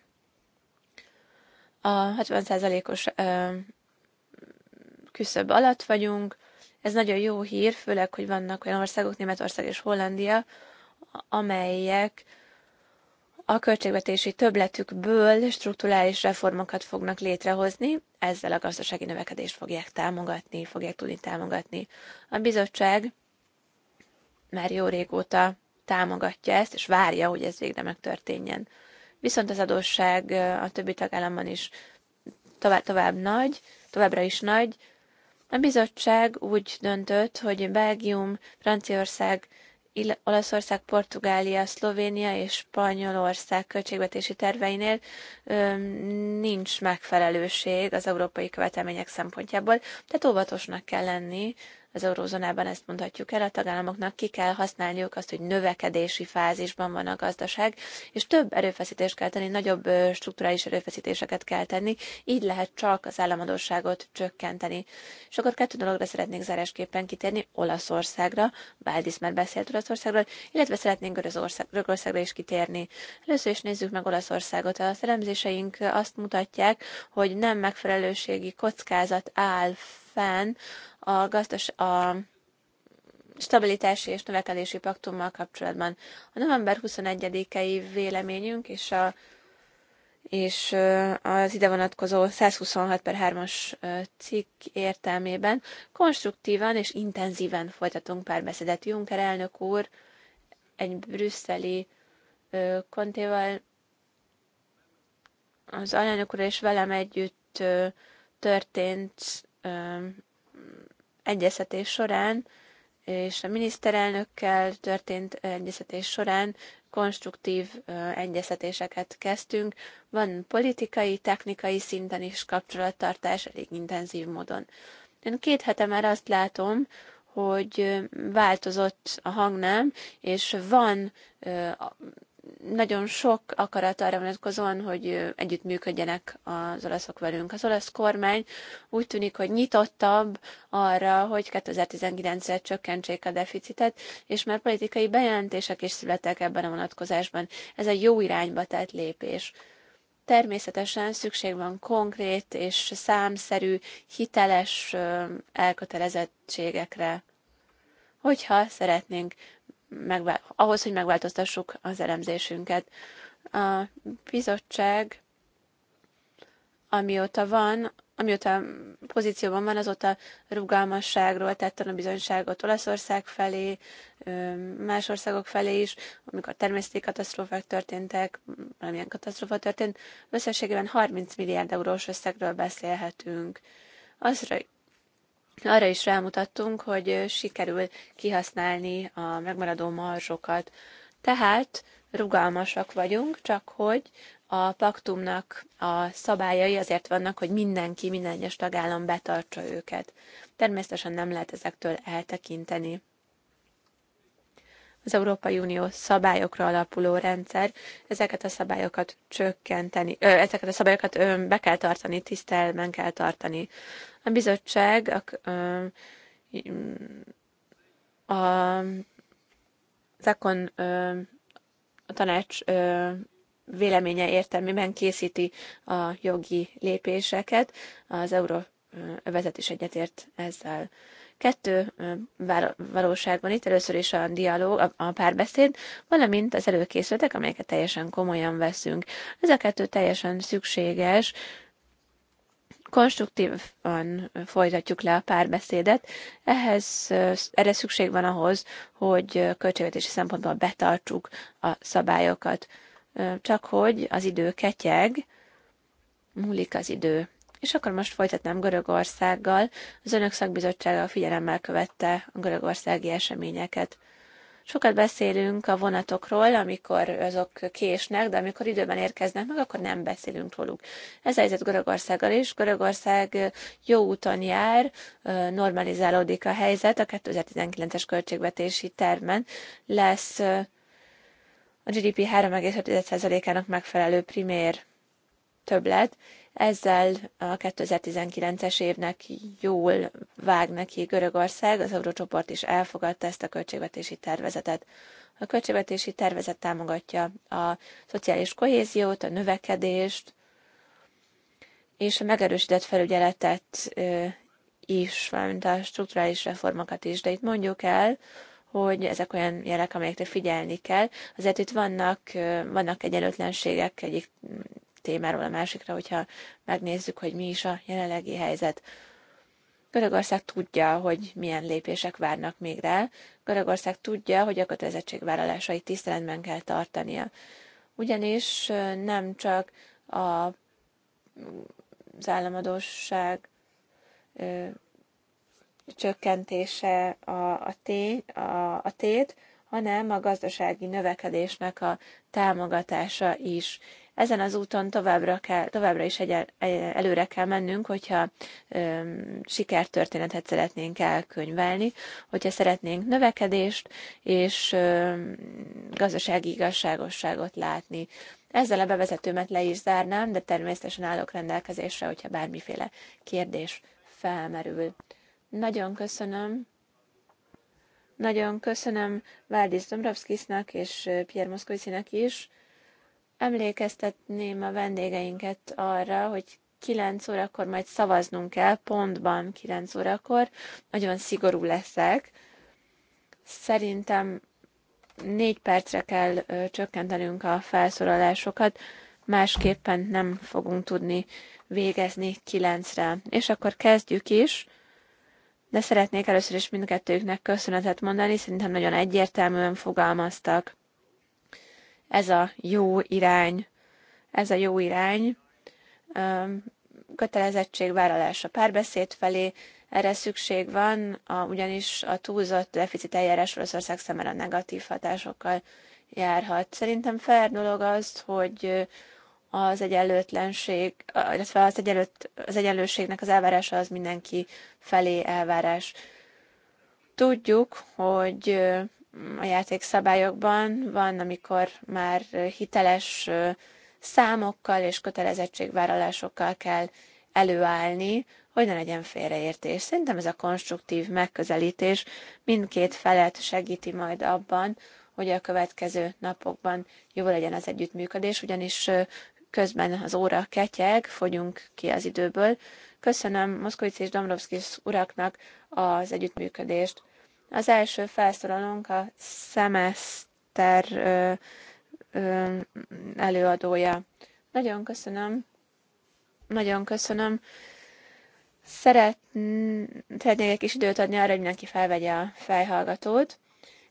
a 60%-os küszöb alatt vagyunk. Ez nagyon jó hír, főleg, hogy vannak olyan országok, Németország és Hollandia, amelyek a költségvetési többletükből strukturális reformokat fognak létrehozni, ezzel a gazdasági növekedést fogják támogatni, fogják tudni támogatni. A bizottság már jó régóta támogatja ezt, és várja, hogy ez végre megtörténjen. Viszont az adósság a többi tagállamban is tovább, tovább nagy, továbbra is nagy. A bizottság úgy döntött, hogy Belgium, Franciaország, Olaszország, Portugália, Szlovénia és Spanyolország költségvetési terveinél nincs megfelelőség az európai követelmények szempontjából, tehát óvatosnak kell lenni az eurózónában ezt mondhatjuk el, a tagállamoknak ki kell használniuk azt, hogy növekedési fázisban van a gazdaság, és több erőfeszítést kell tenni, nagyobb strukturális erőfeszítéseket kell tenni, így lehet csak az államadóságot csökkenteni. És akkor kettő dologra szeretnék zárásképpen kitérni, Olaszországra, Báldis már beszélt Olaszországról, illetve szeretnénk Görögországra is kitérni. Először is nézzük meg Olaszországot. A szeremzéseink azt mutatják, hogy nem megfelelőségi kockázat áll fenn a, gazdas, a stabilitási és növekedési paktummal kapcsolatban. A november 21-i véleményünk és a és az ide vonatkozó 126 per 3-as cikk értelmében konstruktívan és intenzíven folytatunk párbeszédet Juncker elnök úr egy brüsszeli kontéval, az alelnök úr és velem együtt történt egyeztetés során és a miniszterelnökkel történt egyeztetés során konstruktív egyeztetéseket kezdtünk. Van politikai, technikai szinten is kapcsolattartás elég intenzív módon. Én két hete már azt látom, hogy változott a hangnám, és van nagyon sok akarat arra vonatkozóan, hogy együttműködjenek az olaszok velünk. Az olasz kormány úgy tűnik, hogy nyitottabb arra, hogy 2019-re csökkentsék a deficitet, és már politikai bejelentések is születtek ebben a vonatkozásban. Ez egy jó irányba tett lépés. Természetesen szükség van konkrét és számszerű, hiteles elkötelezettségekre hogyha szeretnénk megvál, ahhoz, hogy megváltoztassuk az elemzésünket. A bizottság, amióta van, amióta pozícióban van, azóta rugalmasságról tettem a bizonyságot Olaszország felé, más országok felé is, amikor természeti katasztrófák történtek, valamilyen katasztrófa történt, összességében 30 milliárd eurós összegről beszélhetünk. Azra arra is rámutattunk, hogy sikerül kihasználni a megmaradó marzsokat. Tehát rugalmasak vagyunk, csak hogy a paktumnak a szabályai azért vannak, hogy mindenki, minden egyes tagállam betartsa őket. Természetesen nem lehet ezektől eltekinteni az Európai Unió szabályokra alapuló rendszer, ezeket a szabályokat csökkenteni, ö, ezeket a szabályokat ö, be kell tartani, tisztelben kell tartani. A bizottság a, a, a, zakon, a tanács ö, véleménye értelmében készíti a jogi lépéseket, az euró övezet is egyetért ezzel. Kettő valóság van itt, először is a dialóg, a, a párbeszéd, valamint az előkészületek, amelyeket teljesen komolyan veszünk. Ez a kettő teljesen szükséges, konstruktívan folytatjuk le a párbeszédet. Ehhez, erre szükség van ahhoz, hogy költségvetési szempontból betartsuk a szabályokat. Csak hogy az idő ketyeg, múlik az idő. És akkor most folytatnám Görögországgal. Az önök szakbizottsága figyelemmel követte a görögországi eseményeket. Sokat beszélünk a vonatokról, amikor azok késnek, de amikor időben érkeznek meg, akkor nem beszélünk róluk. Ez helyzet Görögországgal is. Görögország jó úton jár, normalizálódik a helyzet. A 2019-es költségvetési termen lesz a GDP 3,5%-ának megfelelő primér többlet, ezzel a 2019-es évnek jól vág neki Görögország, az Eurócsoport is elfogadta ezt a költségvetési tervezetet. A költségvetési tervezet támogatja a szociális kohéziót, a növekedést, és a megerősített felügyeletet is, valamint a strukturális reformokat is. De itt mondjuk el, hogy ezek olyan jelek, amelyekre figyelni kell. Azért itt vannak, vannak egyenlőtlenségek egyik témáról a másikra, hogyha megnézzük, hogy mi is a jelenlegi helyzet. Görögország tudja, hogy milyen lépések várnak még rá. Görögország tudja, hogy a kötelezettségvállalásait tiszteletben kell tartania. Ugyanis nem csak a, az államadóság ö, csökkentése a, a, té, a, a tét, hanem a gazdasági növekedésnek a támogatása is. Ezen az úton továbbra, kell, továbbra is egy előre kell mennünk, hogyha öm, sikertörténetet szeretnénk elkönyvelni, hogyha szeretnénk növekedést és öm, gazdasági igazságosságot látni. Ezzel a bevezetőmet le is zárnám, de természetesen állok rendelkezésre, hogyha bármiféle kérdés felmerül. Nagyon köszönöm. Nagyon köszönöm Várdis Dombrovskisnak és Pierre Moszkovicinek is. Emlékeztetném a vendégeinket arra, hogy 9 órakor majd szavaznunk kell, pontban 9 órakor, nagyon szigorú leszek. Szerintem 4 percre kell csökkentenünk a felszólalásokat, másképpen nem fogunk tudni végezni 9-re. És akkor kezdjük is, de szeretnék először is mindkettőknek köszönetet mondani, szerintem nagyon egyértelműen fogalmaztak ez a jó irány. Ez a jó irány. vállalás a párbeszéd felé, erre szükség van, a, ugyanis a túlzott deficit eljárás Oroszország a negatív hatásokkal járhat. Szerintem fair dolog az, hogy az egyenlőtlenség, illetve az, egyenlőt, az egyenlőségnek az elvárása az mindenki felé elvárás. Tudjuk, hogy a játékszabályokban, van, amikor már hiteles számokkal és kötelezettségvállalásokkal kell előállni, hogy ne legyen félreértés. Szerintem ez a konstruktív megközelítés mindkét felet segíti majd abban, hogy a következő napokban jó legyen az együttműködés, ugyanis közben az óra ketyeg, fogyunk ki az időből. Köszönöm Moszkovic és Domrovszkis uraknak az együttműködést az első felszólalónk a szemeszter ö, ö, előadója. Nagyon köszönöm. Nagyon köszönöm. Szeretnék egy kis időt adni arra, hogy mindenki felvegye a fejhallgatót.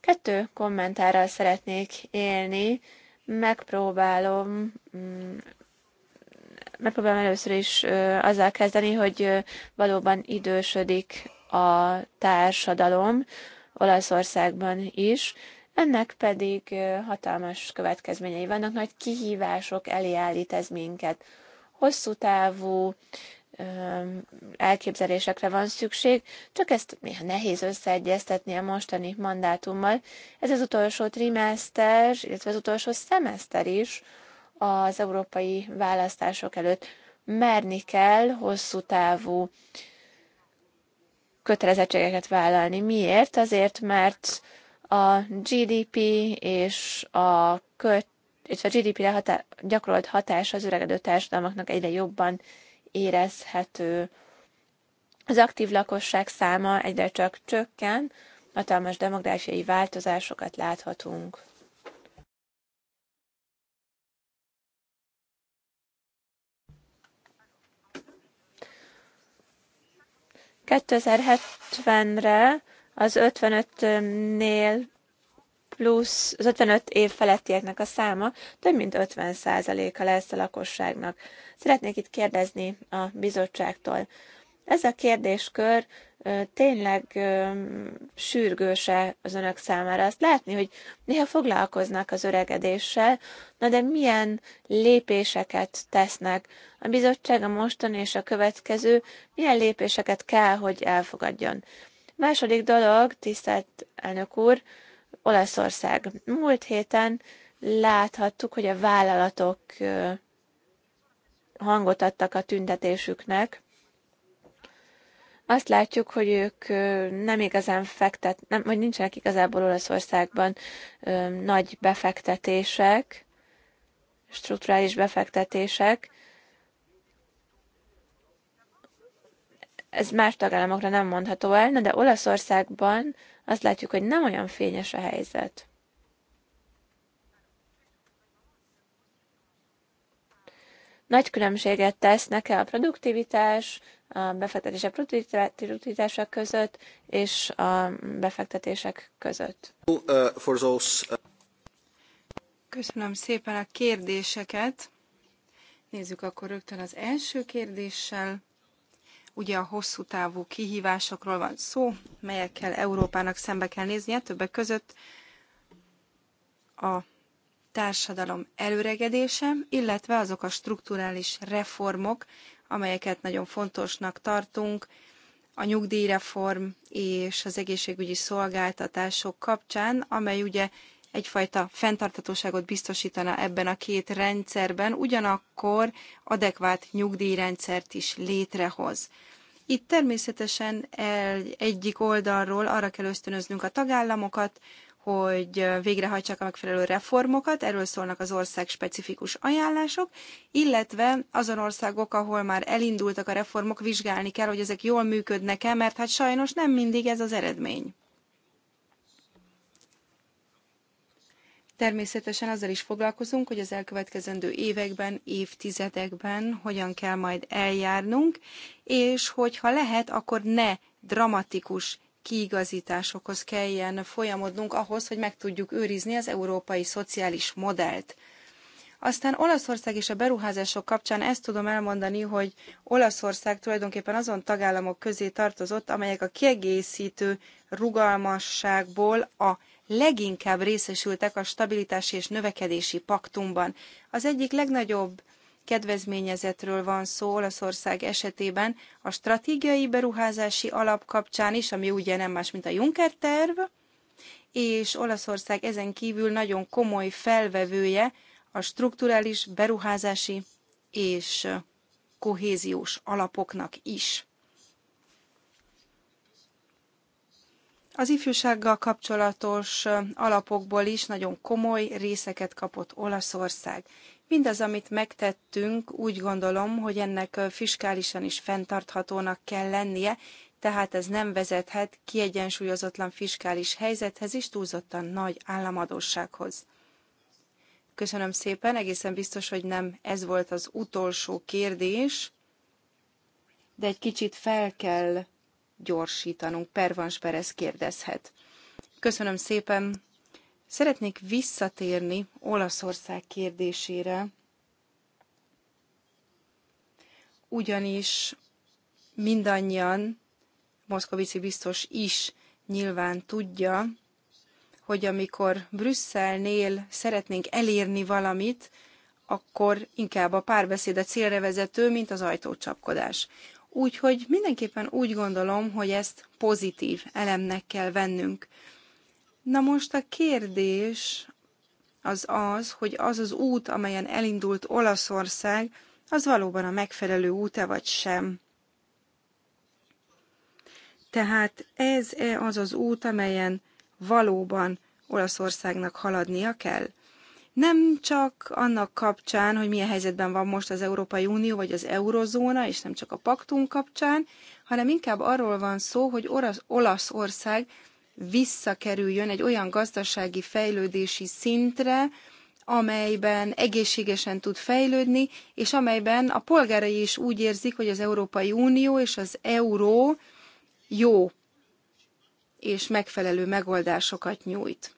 Kettő kommentárral szeretnék élni. Megpróbálom mm, megpróbálom először is azzal kezdeni, hogy valóban idősödik a társadalom Olaszországban is, ennek pedig hatalmas következményei vannak, nagy kihívások elé állít ez minket. Hosszú távú elképzelésekre van szükség, csak ezt néha nehéz összeegyeztetni a mostani mandátummal. Ez az utolsó trimester, illetve az utolsó szemeszter is az európai választások előtt merni kell hosszú távú kötelezettségeket vállalni. Miért? Azért, mert a GDP és a költ és a GDP-re hatá- gyakorolt hatás az öregedő társadalmaknak egyre jobban érezhető. Az aktív lakosság száma egyre csak csökken, hatalmas demográfiai változásokat láthatunk. 2070-re az 55-nél plusz az 55 év felettieknek a száma több mint 50%-a lesz a lakosságnak. Szeretnék itt kérdezni a bizottságtól. Ez a kérdéskör tényleg sürgőse az önök számára azt látni, hogy néha foglalkoznak az öregedéssel, na de milyen lépéseket tesznek a bizottság a mostani és a következő, milyen lépéseket kell, hogy elfogadjon. Második dolog, tisztelt elnök úr, Olaszország. Múlt héten láthattuk, hogy a vállalatok hangot adtak a tüntetésüknek, azt látjuk, hogy ők nem igazán fektet, nem, vagy nincsenek igazából Olaszországban nagy befektetések, strukturális befektetések, ez más tagállamokra nem mondható el, de Olaszországban azt látjuk, hogy nem olyan fényes a helyzet. Nagy különbséget tesz e a produktivitás, a befektetések produktivitása között és a befektetések között. Uh, Köszönöm szépen a kérdéseket. Nézzük akkor rögtön az első kérdéssel. Ugye a hosszú távú kihívásokról van szó, melyekkel Európának szembe kell néznie, többek között a társadalom előregedése, illetve azok a strukturális reformok, amelyeket nagyon fontosnak tartunk a nyugdíjreform és az egészségügyi szolgáltatások kapcsán, amely ugye egyfajta fenntarthatóságot biztosítana ebben a két rendszerben, ugyanakkor adekvát nyugdíjrendszert is létrehoz. Itt természetesen egyik oldalról arra kell ösztönöznünk a tagállamokat, hogy végrehajtsák a megfelelő reformokat, erről szólnak az ország specifikus ajánlások, illetve azon országok, ahol már elindultak a reformok, vizsgálni kell, hogy ezek jól működnek-e, mert hát sajnos nem mindig ez az eredmény. Természetesen azzal is foglalkozunk, hogy az elkövetkezendő években, évtizedekben hogyan kell majd eljárnunk, és hogyha lehet, akkor ne dramatikus kiigazításokhoz kelljen folyamodnunk ahhoz, hogy meg tudjuk őrizni az európai szociális modellt. Aztán Olaszország és a beruházások kapcsán ezt tudom elmondani, hogy Olaszország tulajdonképpen azon tagállamok közé tartozott, amelyek a kiegészítő rugalmasságból a leginkább részesültek a stabilitási és növekedési paktumban. Az egyik legnagyobb kedvezményezetről van szó Olaszország esetében a stratégiai beruházási alap kapcsán is, ami ugye nem más, mint a Juncker terv, és Olaszország ezen kívül nagyon komoly felvevője a strukturális beruházási és kohéziós alapoknak is. Az ifjúsággal kapcsolatos alapokból is nagyon komoly részeket kapott Olaszország. Mindaz, amit megtettünk, úgy gondolom, hogy ennek fiskálisan is fenntarthatónak kell lennie, tehát ez nem vezethet kiegyensúlyozatlan fiskális helyzethez és túlzottan nagy államadósághoz. Köszönöm szépen, egészen biztos, hogy nem ez volt az utolsó kérdés, de egy kicsit fel kell gyorsítanunk. Pervans Perez kérdezhet. Köszönöm szépen, Szeretnék visszatérni Olaszország kérdésére, ugyanis mindannyian, Moszkovici biztos is nyilván tudja, hogy amikor Brüsszelnél szeretnénk elérni valamit, akkor inkább a párbeszéd a célra vezető, mint az ajtócsapkodás. Úgyhogy mindenképpen úgy gondolom, hogy ezt pozitív elemnek kell vennünk. Na most a kérdés az az, hogy az az út, amelyen elindult Olaszország, az valóban a megfelelő út-e vagy sem. Tehát ez-e az az út, amelyen valóban Olaszországnak haladnia kell? Nem csak annak kapcsán, hogy milyen helyzetben van most az Európai Unió vagy az Eurozóna, és nem csak a paktum kapcsán, hanem inkább arról van szó, hogy Olasz Olaszország visszakerüljön egy olyan gazdasági fejlődési szintre, amelyben egészségesen tud fejlődni, és amelyben a polgárai is úgy érzik, hogy az Európai Unió és az euró jó és megfelelő megoldásokat nyújt.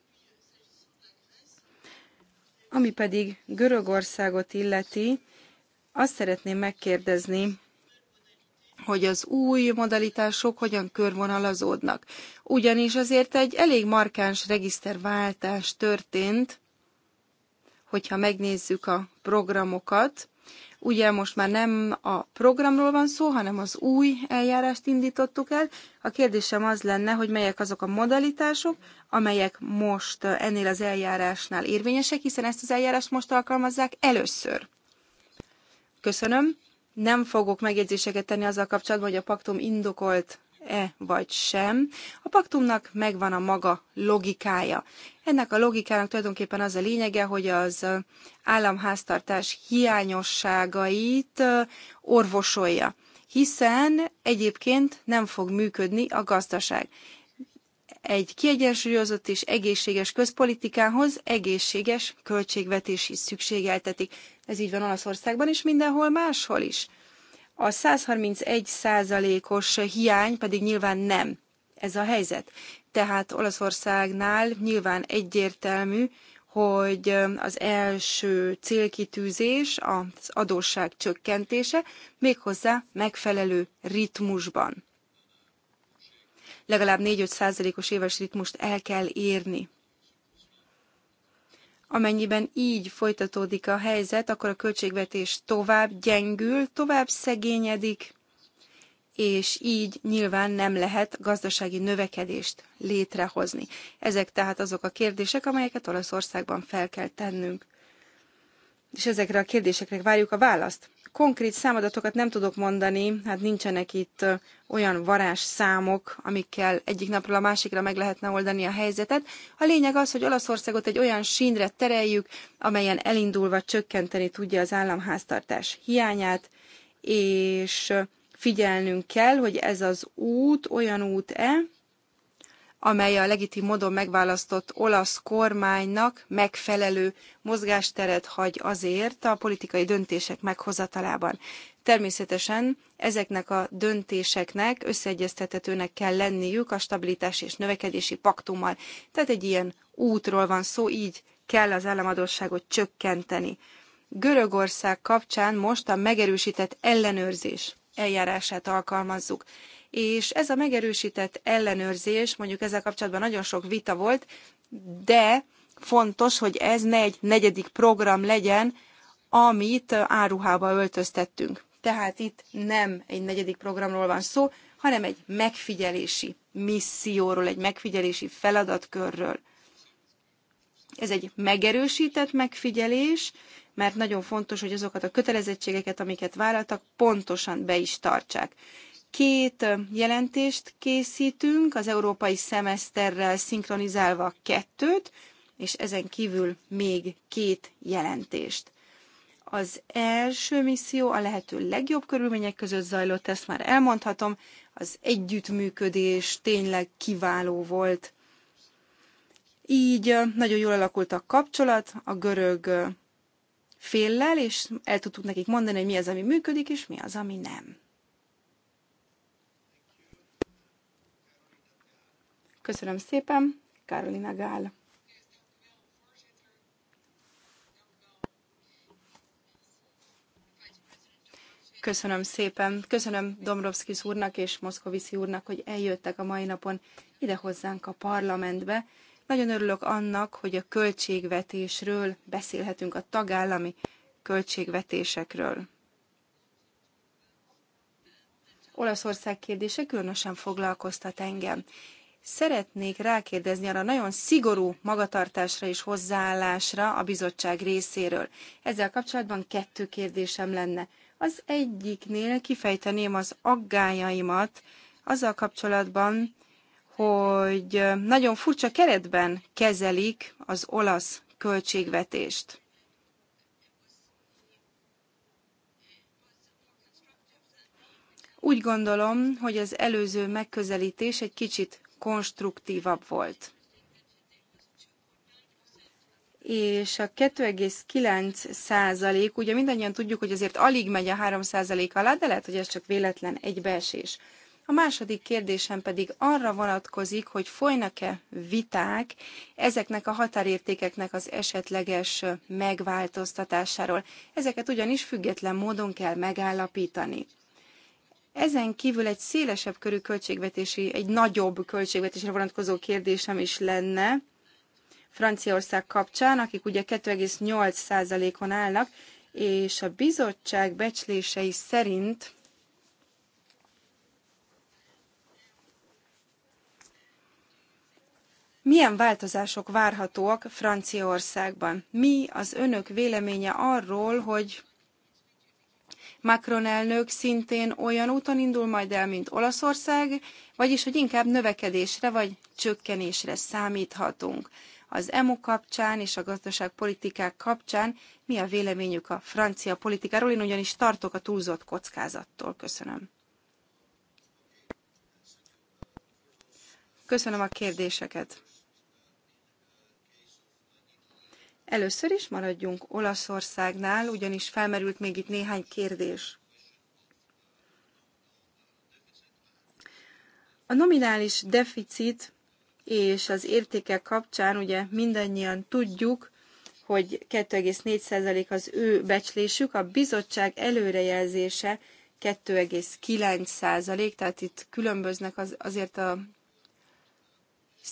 Ami pedig Görögországot illeti, azt szeretném megkérdezni hogy az új modalitások hogyan körvonalazódnak. Ugyanis azért egy elég markáns regiszterváltás történt, hogyha megnézzük a programokat. Ugye most már nem a programról van szó, hanem az új eljárást indítottuk el. A kérdésem az lenne, hogy melyek azok a modalitások, amelyek most ennél az eljárásnál érvényesek, hiszen ezt az eljárást most alkalmazzák először. Köszönöm. Nem fogok megjegyzéseket tenni azzal kapcsolatban, hogy a paktum indokolt e vagy sem. A paktumnak megvan a maga logikája. Ennek a logikának tulajdonképpen az a lényege, hogy az államháztartás hiányosságait orvosolja, hiszen egyébként nem fog működni a gazdaság. Egy kiegyensúlyozott és egészséges közpolitikához egészséges költségvetés is szükségeltetik. Ez így van Olaszországban is mindenhol máshol is. A 131 százalékos hiány pedig nyilván nem ez a helyzet. Tehát Olaszországnál nyilván egyértelmű, hogy az első célkitűzés az adósság csökkentése, méghozzá megfelelő ritmusban legalább 4-5 százalékos éves ritmust el kell érni. Amennyiben így folytatódik a helyzet, akkor a költségvetés tovább gyengül, tovább szegényedik, és így nyilván nem lehet gazdasági növekedést létrehozni. Ezek tehát azok a kérdések, amelyeket Olaszországban fel kell tennünk. És ezekre a kérdésekre várjuk a választ. Konkrét számadatokat nem tudok mondani, hát nincsenek itt olyan varázs számok, amikkel egyik napról a másikra meg lehetne oldani a helyzetet. A lényeg az, hogy Olaszországot egy olyan sínre tereljük, amelyen elindulva csökkenteni tudja az államháztartás hiányát, és figyelnünk kell, hogy ez az út olyan út-e, amely a legitim módon megválasztott olasz kormánynak megfelelő mozgásteret hagy azért a politikai döntések meghozatalában. Természetesen ezeknek a döntéseknek összeegyeztethetőnek kell lenniük a stabilitás és növekedési paktummal. Tehát egy ilyen útról van szó, így kell az államadósságot csökkenteni. Görögország kapcsán most a megerősített ellenőrzés eljárását alkalmazzuk és ez a megerősített ellenőrzés, mondjuk ezzel kapcsolatban nagyon sok vita volt, de fontos, hogy ez ne egy negyedik program legyen, amit áruhába öltöztettünk. Tehát itt nem egy negyedik programról van szó, hanem egy megfigyelési misszióról, egy megfigyelési feladatkörről. Ez egy megerősített megfigyelés, mert nagyon fontos, hogy azokat a kötelezettségeket, amiket vállaltak, pontosan be is tartsák. Két jelentést készítünk, az európai szemeszterrel szinkronizálva kettőt, és ezen kívül még két jelentést. Az első misszió a lehető legjobb körülmények között zajlott, ezt már elmondhatom, az együttműködés tényleg kiváló volt. Így nagyon jól alakult a kapcsolat a görög féllel, és el tudtuk nekik mondani, hogy mi az, ami működik, és mi az, ami nem. Köszönöm szépen, Karolina Gál. Köszönöm szépen. Köszönöm Dombrovskis úrnak és Moszkoviszi úrnak, hogy eljöttek a mai napon ide hozzánk a parlamentbe. Nagyon örülök annak, hogy a költségvetésről beszélhetünk, a tagállami költségvetésekről. Olaszország kérdése különösen foglalkoztat engem. Szeretnék rákérdezni arra nagyon szigorú magatartásra és hozzáállásra a bizottság részéről. Ezzel kapcsolatban kettő kérdésem lenne. Az egyiknél kifejteném az aggájaimat azzal kapcsolatban, hogy nagyon furcsa keretben kezelik az olasz költségvetést. Úgy gondolom, hogy az előző megközelítés egy kicsit konstruktívabb volt. És a 2,9 százalék, ugye mindannyian tudjuk, hogy azért alig megy a 3 százalék alá, de lehet, hogy ez csak véletlen egybeesés. A második kérdésem pedig arra vonatkozik, hogy folynak-e viták ezeknek a határértékeknek az esetleges megváltoztatásáról. Ezeket ugyanis független módon kell megállapítani. Ezen kívül egy szélesebb körű költségvetési, egy nagyobb költségvetésre vonatkozó kérdésem is lenne Franciaország kapcsán, akik ugye 2,8%-on állnak, és a bizottság becslései szerint Milyen változások várhatóak Franciaországban? Mi az önök véleménye arról, hogy Macron elnök szintén olyan úton indul majd el, mint Olaszország, vagyis hogy inkább növekedésre vagy csökkenésre számíthatunk. Az EMU kapcsán és a gazdaságpolitikák kapcsán mi a véleményük a francia politikáról? Én ugyanis tartok a túlzott kockázattól. Köszönöm. Köszönöm a kérdéseket. Először is maradjunk Olaszországnál, ugyanis felmerült még itt néhány kérdés. A nominális deficit és az értékek kapcsán ugye mindannyian tudjuk, hogy 2,4% az ő becslésük, a bizottság előrejelzése 2,9%, tehát itt különböznek az, azért a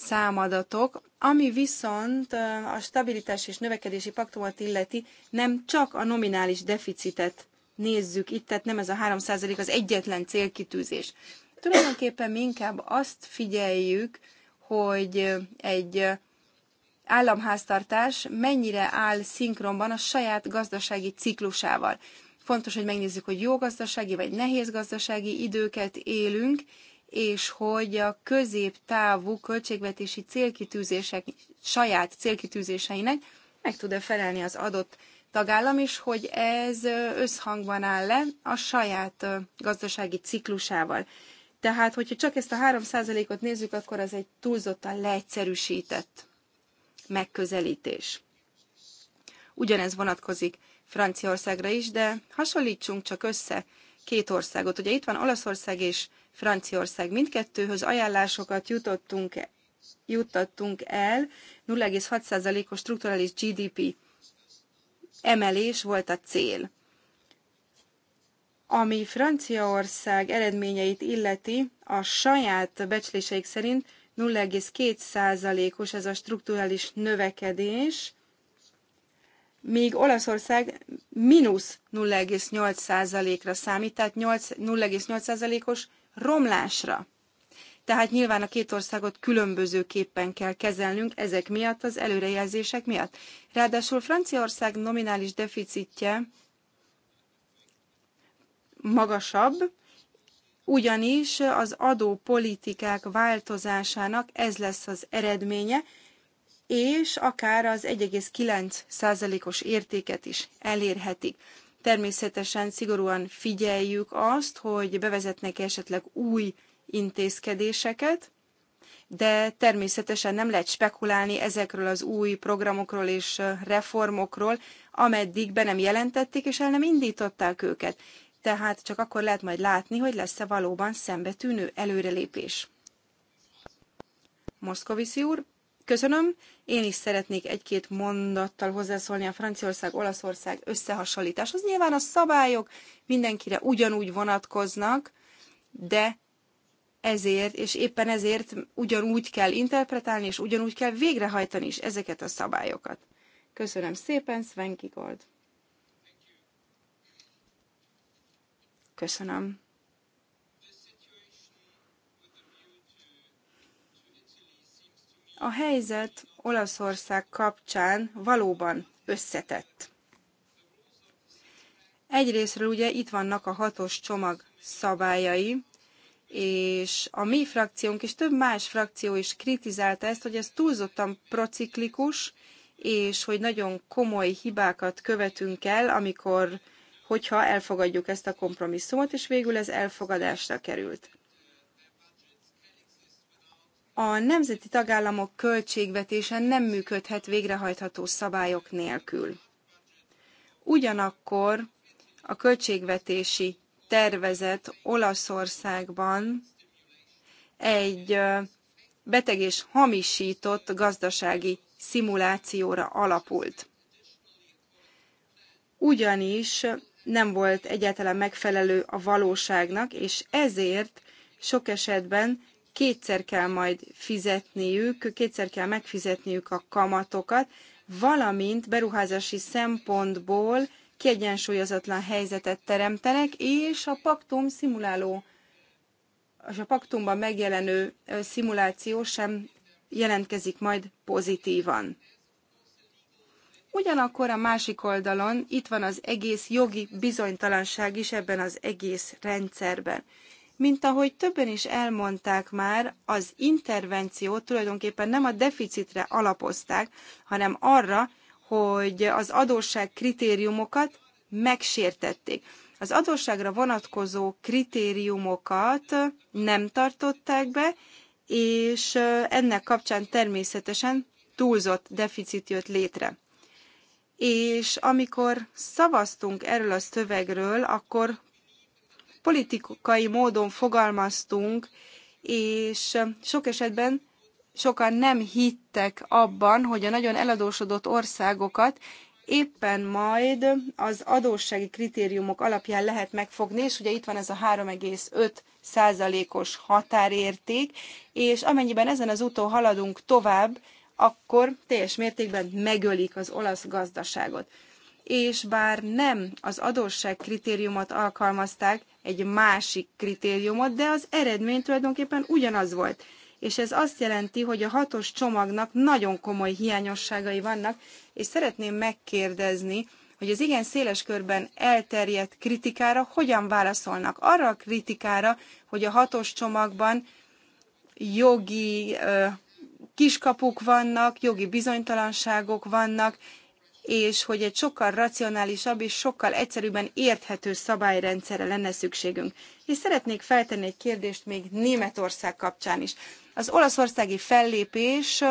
számadatok, ami viszont a stabilitás és növekedési paktumot illeti, nem csak a nominális deficitet nézzük itt, tehát nem ez a 3% az egyetlen célkitűzés. Tulajdonképpen mi inkább azt figyeljük, hogy egy államháztartás mennyire áll szinkronban a saját gazdasági ciklusával. Fontos, hogy megnézzük, hogy jó gazdasági vagy nehéz gazdasági időket élünk, és hogy a középtávú költségvetési célkitűzések saját célkitűzéseinek meg tud-e felelni az adott tagállam is, hogy ez összhangban áll le a saját gazdasági ciklusával. Tehát, hogyha csak ezt a 3%-ot nézzük, akkor az egy túlzottan leegyszerűsített megközelítés. Ugyanez vonatkozik Franciaországra is, de hasonlítsunk csak össze két országot. Ugye itt van Olaszország és Franciaország. Mindkettőhöz ajánlásokat jutottunk, juttattunk el, 0,6%-os strukturális GDP emelés volt a cél. Ami Franciaország eredményeit illeti, a saját becsléseik szerint 0,2%-os ez a strukturális növekedés, míg Olaszország mínusz 0,8%-ra számít, tehát 0,8%-os romlásra. Tehát nyilván a két országot különbözőképpen kell kezelnünk ezek miatt, az előrejelzések miatt. Ráadásul Franciaország nominális deficitje magasabb, ugyanis az adópolitikák változásának ez lesz az eredménye, és akár az 1,9%-os értéket is elérhetik. Természetesen szigorúan figyeljük azt, hogy bevezetnek esetleg új intézkedéseket, de természetesen nem lehet spekulálni ezekről az új programokról és reformokról, ameddig be nem jelentették és el nem indították őket. Tehát csak akkor lehet majd látni, hogy lesz-e valóban szembetűnő előrelépés. Moszkoviszi úr, Köszönöm. Én is szeretnék egy-két mondattal hozzászólni a Franciaország-Olaszország összehasonlításhoz. Nyilván a szabályok mindenkire ugyanúgy vonatkoznak, de ezért, és éppen ezért ugyanúgy kell interpretálni, és ugyanúgy kell végrehajtani is ezeket a szabályokat. Köszönöm szépen, Sven Kigold. Köszönöm. A helyzet Olaszország kapcsán valóban összetett. Egyrésztről ugye itt vannak a hatos csomag szabályai, és a mi frakciónk és több más frakció is kritizálta ezt, hogy ez túlzottan prociklikus, és hogy nagyon komoly hibákat követünk el, amikor, hogyha elfogadjuk ezt a kompromisszumot, és végül ez elfogadásra került a nemzeti tagállamok költségvetése nem működhet végrehajtható szabályok nélkül. Ugyanakkor a költségvetési tervezet Olaszországban egy beteg és hamisított gazdasági szimulációra alapult. Ugyanis nem volt egyáltalán megfelelő a valóságnak, és ezért sok esetben kétszer kell majd fizetniük, kétszer kell megfizetniük a kamatokat, valamint beruházási szempontból kiegyensúlyozatlan helyzetet teremtenek, és a paktum szimuláló, és a paktumban megjelenő szimuláció sem jelentkezik majd pozitívan. Ugyanakkor a másik oldalon itt van az egész jogi bizonytalanság is ebben az egész rendszerben. Mint ahogy többen is elmondták már, az intervenciót tulajdonképpen nem a deficitre alapozták, hanem arra, hogy az adósság kritériumokat megsértették. Az adósságra vonatkozó kritériumokat nem tartották be, és ennek kapcsán természetesen túlzott deficit jött létre. És amikor szavaztunk erről a szövegről, akkor politikai módon fogalmaztunk, és sok esetben sokan nem hittek abban, hogy a nagyon eladósodott országokat éppen majd az adóssági kritériumok alapján lehet megfogni, és ugye itt van ez a 3,5 százalékos határérték, és amennyiben ezen az úton haladunk tovább, akkor teljes mértékben megölik az olasz gazdaságot. És bár nem az adósság kritériumot alkalmazták, egy másik kritériumot, de az eredmény tulajdonképpen ugyanaz volt. És ez azt jelenti, hogy a hatos csomagnak nagyon komoly hiányosságai vannak, és szeretném megkérdezni, hogy az igen széles körben elterjedt kritikára hogyan válaszolnak. Arra a kritikára, hogy a hatos csomagban jogi kiskapuk vannak, jogi bizonytalanságok vannak, és hogy egy sokkal racionálisabb és sokkal egyszerűbben érthető szabályrendszerre lenne szükségünk. És szeretnék feltenni egy kérdést még Németország kapcsán is. Az olaszországi fellépés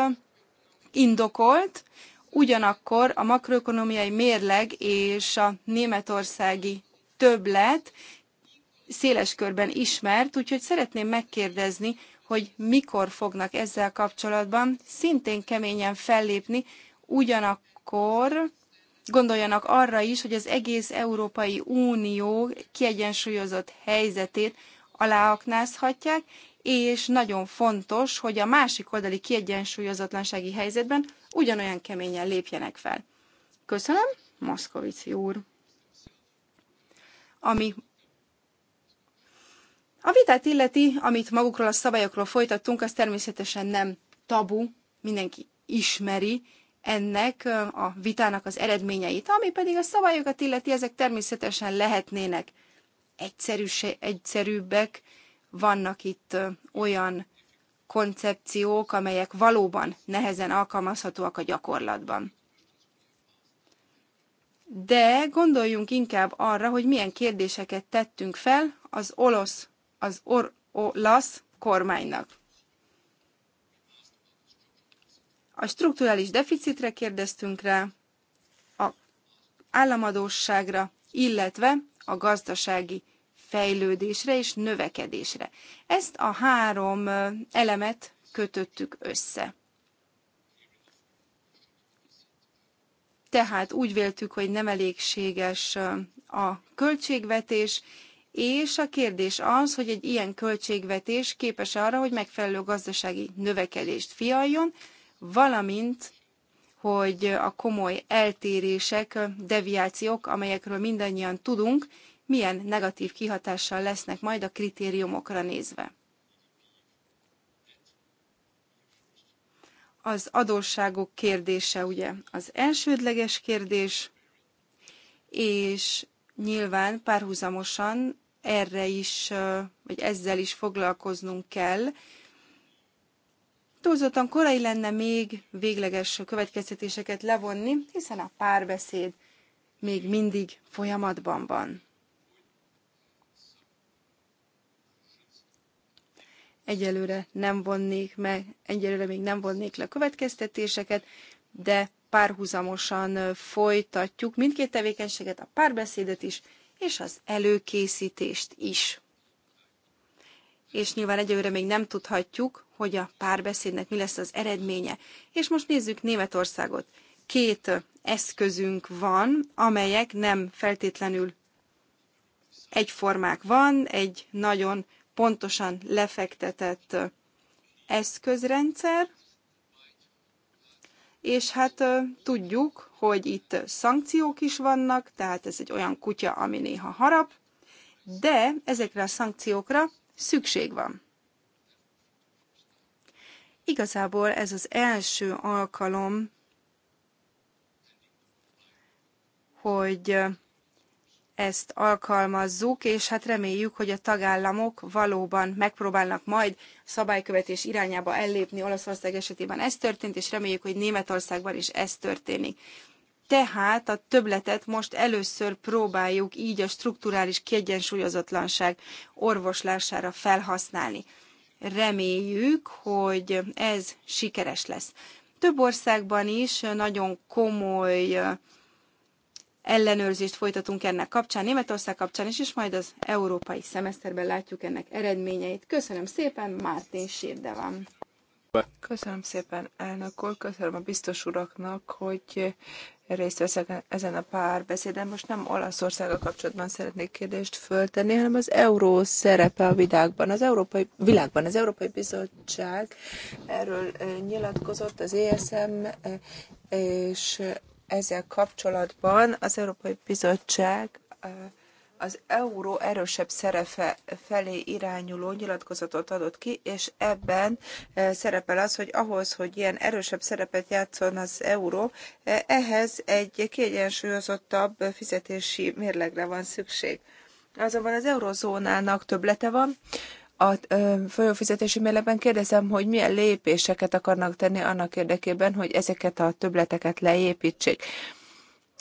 indokolt, ugyanakkor a makroökonomiai mérleg és a németországi többlet széles körben ismert, úgyhogy szeretném megkérdezni, hogy mikor fognak ezzel kapcsolatban szintén keményen fellépni, ugyanakkor akkor gondoljanak arra is, hogy az egész Európai Unió kiegyensúlyozott helyzetét aláaknázhatják, és nagyon fontos, hogy a másik oldali kiegyensúlyozatlansági helyzetben ugyanolyan keményen lépjenek fel. Köszönöm, Moszkovici úr. Ami a vitát illeti, amit magukról a szabályokról folytattunk, az természetesen nem tabu, mindenki ismeri, ennek a vitának az eredményeit, ami pedig a szabályokat illeti, ezek természetesen lehetnének egyszerűse, egyszerűbbek. Vannak itt olyan koncepciók, amelyek valóban nehezen alkalmazhatóak a gyakorlatban. De gondoljunk inkább arra, hogy milyen kérdéseket tettünk fel az olasz, az or, olasz kormánynak. A strukturális deficitre kérdeztünk rá, a államadósságra, illetve a gazdasági fejlődésre és növekedésre. Ezt a három elemet kötöttük össze. Tehát úgy véltük, hogy nem elégséges a költségvetés, és a kérdés az, hogy egy ilyen költségvetés képes arra, hogy megfelelő gazdasági növekedést fialjon, valamint hogy a komoly eltérések, deviációk, amelyekről mindannyian tudunk, milyen negatív kihatással lesznek majd a kritériumokra nézve. Az adósságok kérdése ugye az elsődleges kérdés, és nyilván párhuzamosan erre is, vagy ezzel is foglalkoznunk kell, túlzottan korai lenne még végleges következtetéseket levonni, hiszen a párbeszéd még mindig folyamatban van. Egyelőre nem vonnék meg, egyelőre még nem vonnék le következtetéseket, de párhuzamosan folytatjuk mindkét tevékenységet, a párbeszédet is, és az előkészítést is és nyilván egyelőre még nem tudhatjuk, hogy a párbeszédnek mi lesz az eredménye. És most nézzük Németországot. Két eszközünk van, amelyek nem feltétlenül egyformák. Van egy nagyon pontosan lefektetett eszközrendszer, és hát tudjuk, hogy itt szankciók is vannak, tehát ez egy olyan kutya, ami néha harap, de ezekre a szankciókra szükség van. Igazából ez az első alkalom, hogy ezt alkalmazzuk, és hát reméljük, hogy a tagállamok valóban megpróbálnak majd szabálykövetés irányába ellépni. Olaszország esetében ez történt, és reméljük, hogy Németországban is ez történik. Tehát a töbletet most először próbáljuk így a strukturális kiegyensúlyozatlanság orvoslására felhasználni. Reméljük, hogy ez sikeres lesz. Több országban is nagyon komoly ellenőrzést folytatunk ennek kapcsán, Németország kapcsán is, és majd az európai szemeszterben látjuk ennek eredményeit. Köszönöm szépen, Mártin Sírde van. Köszönöm szépen, elnök úr, köszönöm a biztos uraknak, hogy részt veszek ezen a párbeszéden. Most nem Olaszországgal kapcsolatban szeretnék kérdést föltenni, hanem az euró szerepe a világban. Az Európai, világban az Európai Bizottság erről nyilatkozott, az ESM és ezzel kapcsolatban az Európai Bizottság az euró erősebb szerepe felé irányuló nyilatkozatot adott ki, és ebben e, szerepel az, hogy ahhoz, hogy ilyen erősebb szerepet játszon az euró, e, ehhez egy kiegyensúlyozottabb fizetési mérlegre van szükség. Azonban az eurozónának töblete van, a e, folyófizetési mérlegben kérdezem, hogy milyen lépéseket akarnak tenni annak érdekében, hogy ezeket a töbleteket leépítsék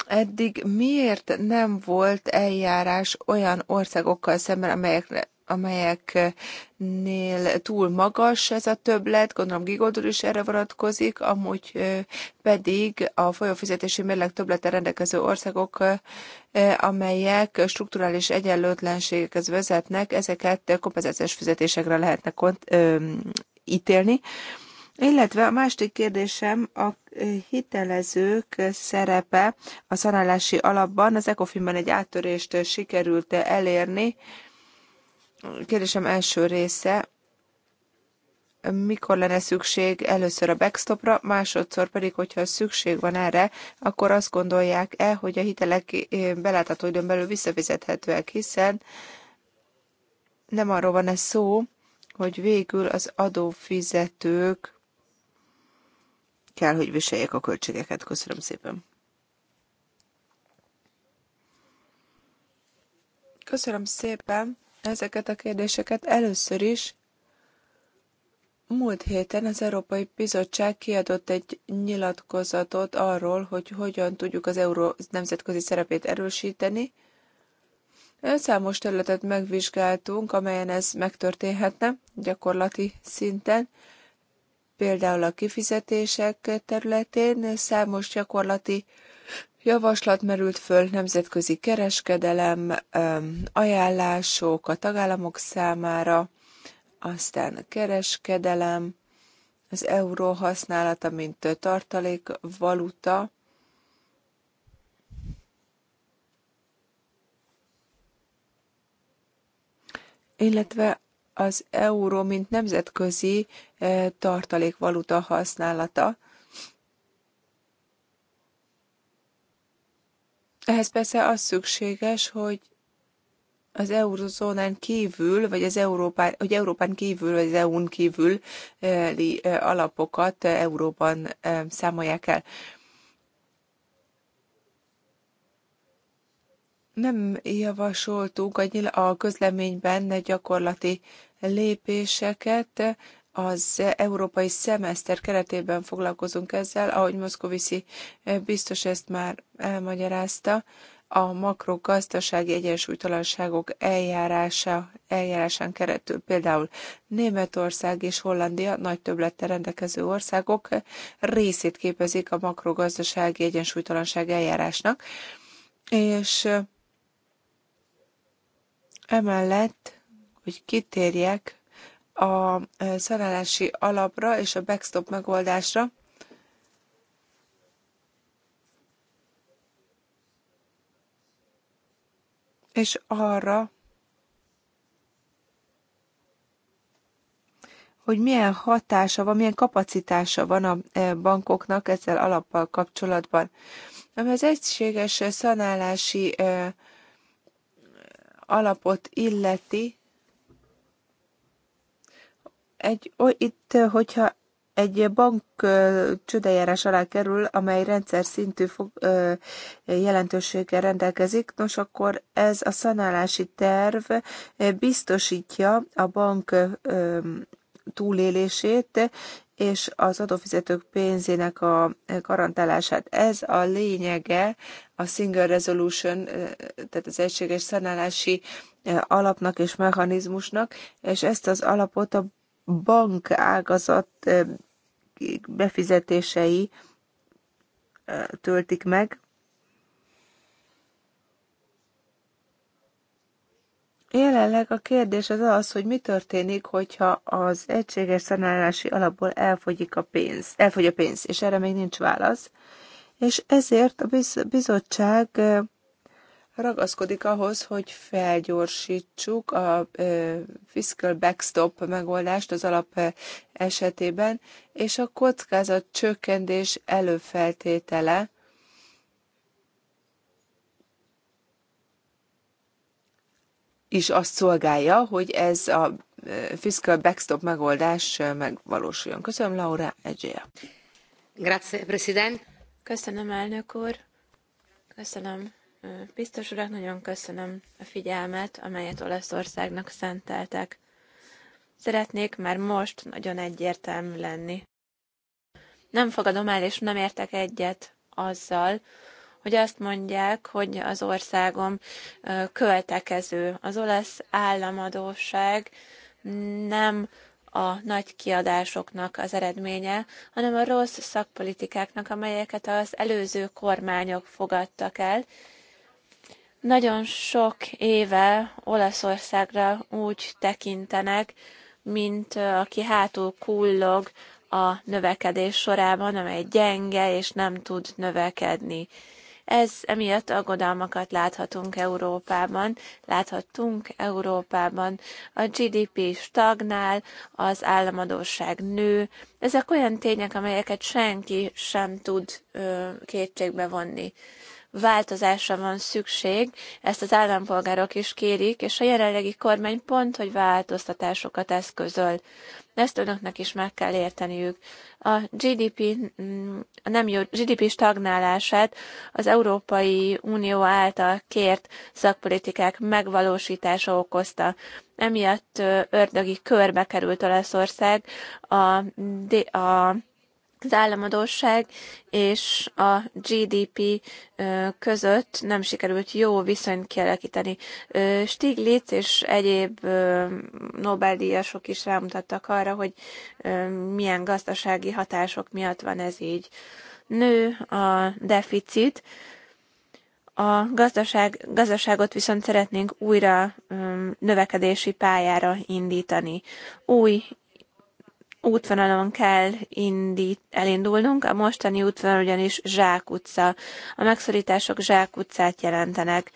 eddig miért nem volt eljárás olyan országokkal szemben, amelyek, amelyeknél túl magas ez a többlet, gondolom Gigoldor is erre vonatkozik, amúgy pedig a folyófizetési mérleg többlete rendelkező országok, amelyek strukturális egyenlőtlenségekhez vezetnek, ezeket kompenzációs fizetésekre lehetne kont- ítélni. Illetve a másik kérdésem a hitelezők szerepe a szanálási alapban. Az ECOFIN-ben egy áttörést sikerült elérni. Kérdésem első része, mikor lenne szükség először a backstopra, másodszor pedig, hogyha szükség van erre, akkor azt gondolják-e, hogy a hitelek eh, belátható időn belül visszafizethetőek, hiszen nem arról van ez szó, hogy végül az adófizetők kell, hogy viseljek a költségeket. Köszönöm szépen. Köszönöm szépen ezeket a kérdéseket. Először is múlt héten az Európai Bizottság kiadott egy nyilatkozatot arról, hogy hogyan tudjuk az euró nemzetközi szerepét erősíteni. Számos területet megvizsgáltunk, amelyen ez megtörténhetne gyakorlati szinten például a kifizetések területén számos gyakorlati javaslat merült föl, nemzetközi kereskedelem, ajánlások a tagállamok számára, aztán a kereskedelem, az euró használata, mint tartalék valuta, illetve az euró, mint nemzetközi eh, tartalékvaluta használata. Ehhez persze az szükséges, hogy az eurozónán kívül, vagy az Európán, hogy Európán kívül, vagy az EU-n kívüli eh, eh, alapokat euróban számolják el. nem javasoltunk a közleményben gyakorlati lépéseket, az európai szemeszter keretében foglalkozunk ezzel, ahogy Moszkoviszi biztos ezt már elmagyarázta, a makrogazdasági egyensúlytalanságok eljárása, eljárásán keretül például Németország és Hollandia nagy többlettel rendelkező országok részét képezik a makrogazdasági egyensúlytalanság eljárásnak, és Emellett, hogy kitérjek a szerelési alapra és a backstop megoldásra, és arra, hogy milyen hatása van, milyen kapacitása van a bankoknak ezzel alappal kapcsolatban. Ami az egységes szanálási alapot illeti, egy, o, itt, hogyha egy bank ö, csődejárás alá kerül, amely rendszer szintű fog, ö, jelentőséggel rendelkezik, nos akkor ez a szanálási terv biztosítja a bank ö, túlélését, és az adófizetők pénzének a garantálását. Ez a lényege a Single Resolution, tehát az egységes szanálási alapnak és mechanizmusnak, és ezt az alapot a bank ágazat befizetései töltik meg, Jelenleg a kérdés az az, hogy mi történik, hogyha az egységes szanálási alapból elfogyik a pénz, elfogy a pénz, és erre még nincs válasz. És ezért a biz- bizottság ragaszkodik ahhoz, hogy felgyorsítsuk a fiscal backstop megoldást az alap esetében, és a kockázat csökkentés előfeltétele is azt szolgálja, hogy ez a fiscal backstop megoldás megvalósuljon. Köszönöm, Laura Egea. Grazie, President. Köszönöm, elnök úr. Köszönöm, biztos urak, nagyon köszönöm a figyelmet, amelyet Olaszországnak szenteltek. Szeretnék már most nagyon egyértelmű lenni. Nem fogadom el, és nem értek egyet azzal, hogy azt mondják, hogy az országom költekező. Az olasz államadóság nem a nagy kiadásoknak az eredménye, hanem a rossz szakpolitikáknak, amelyeket az előző kormányok fogadtak el. Nagyon sok éve Olaszországra úgy tekintenek, mint aki hátul kullog a növekedés sorában, amely gyenge és nem tud növekedni. Ez emiatt aggodalmakat láthatunk Európában, láthattunk Európában. A GDP stagnál, az államadóság nő. Ezek olyan tények, amelyeket senki sem tud ö, kétségbe vonni változásra van szükség, ezt az állampolgárok is kérik, és a jelenlegi kormány pont, hogy változtatásokat eszközöl. Ezt önöknek is meg kell érteniük. A GDP, a mm, nem jó, GDP stagnálását az Európai Unió által kért szakpolitikák megvalósítása okozta. Emiatt ördögi körbe került Olaszország a, a az államadóság és a GDP között nem sikerült jó viszonyt kialakítani. Stiglitz és egyéb Nobel-díjasok is rámutattak arra, hogy milyen gazdasági hatások miatt van ez így. Nő a deficit, a gazdaság, gazdaságot viszont szeretnénk újra növekedési pályára indítani. Új útvonalon kell indít, elindulnunk, a mostani útvonal ugyanis utca. A megszorítások zsákutcát jelentenek.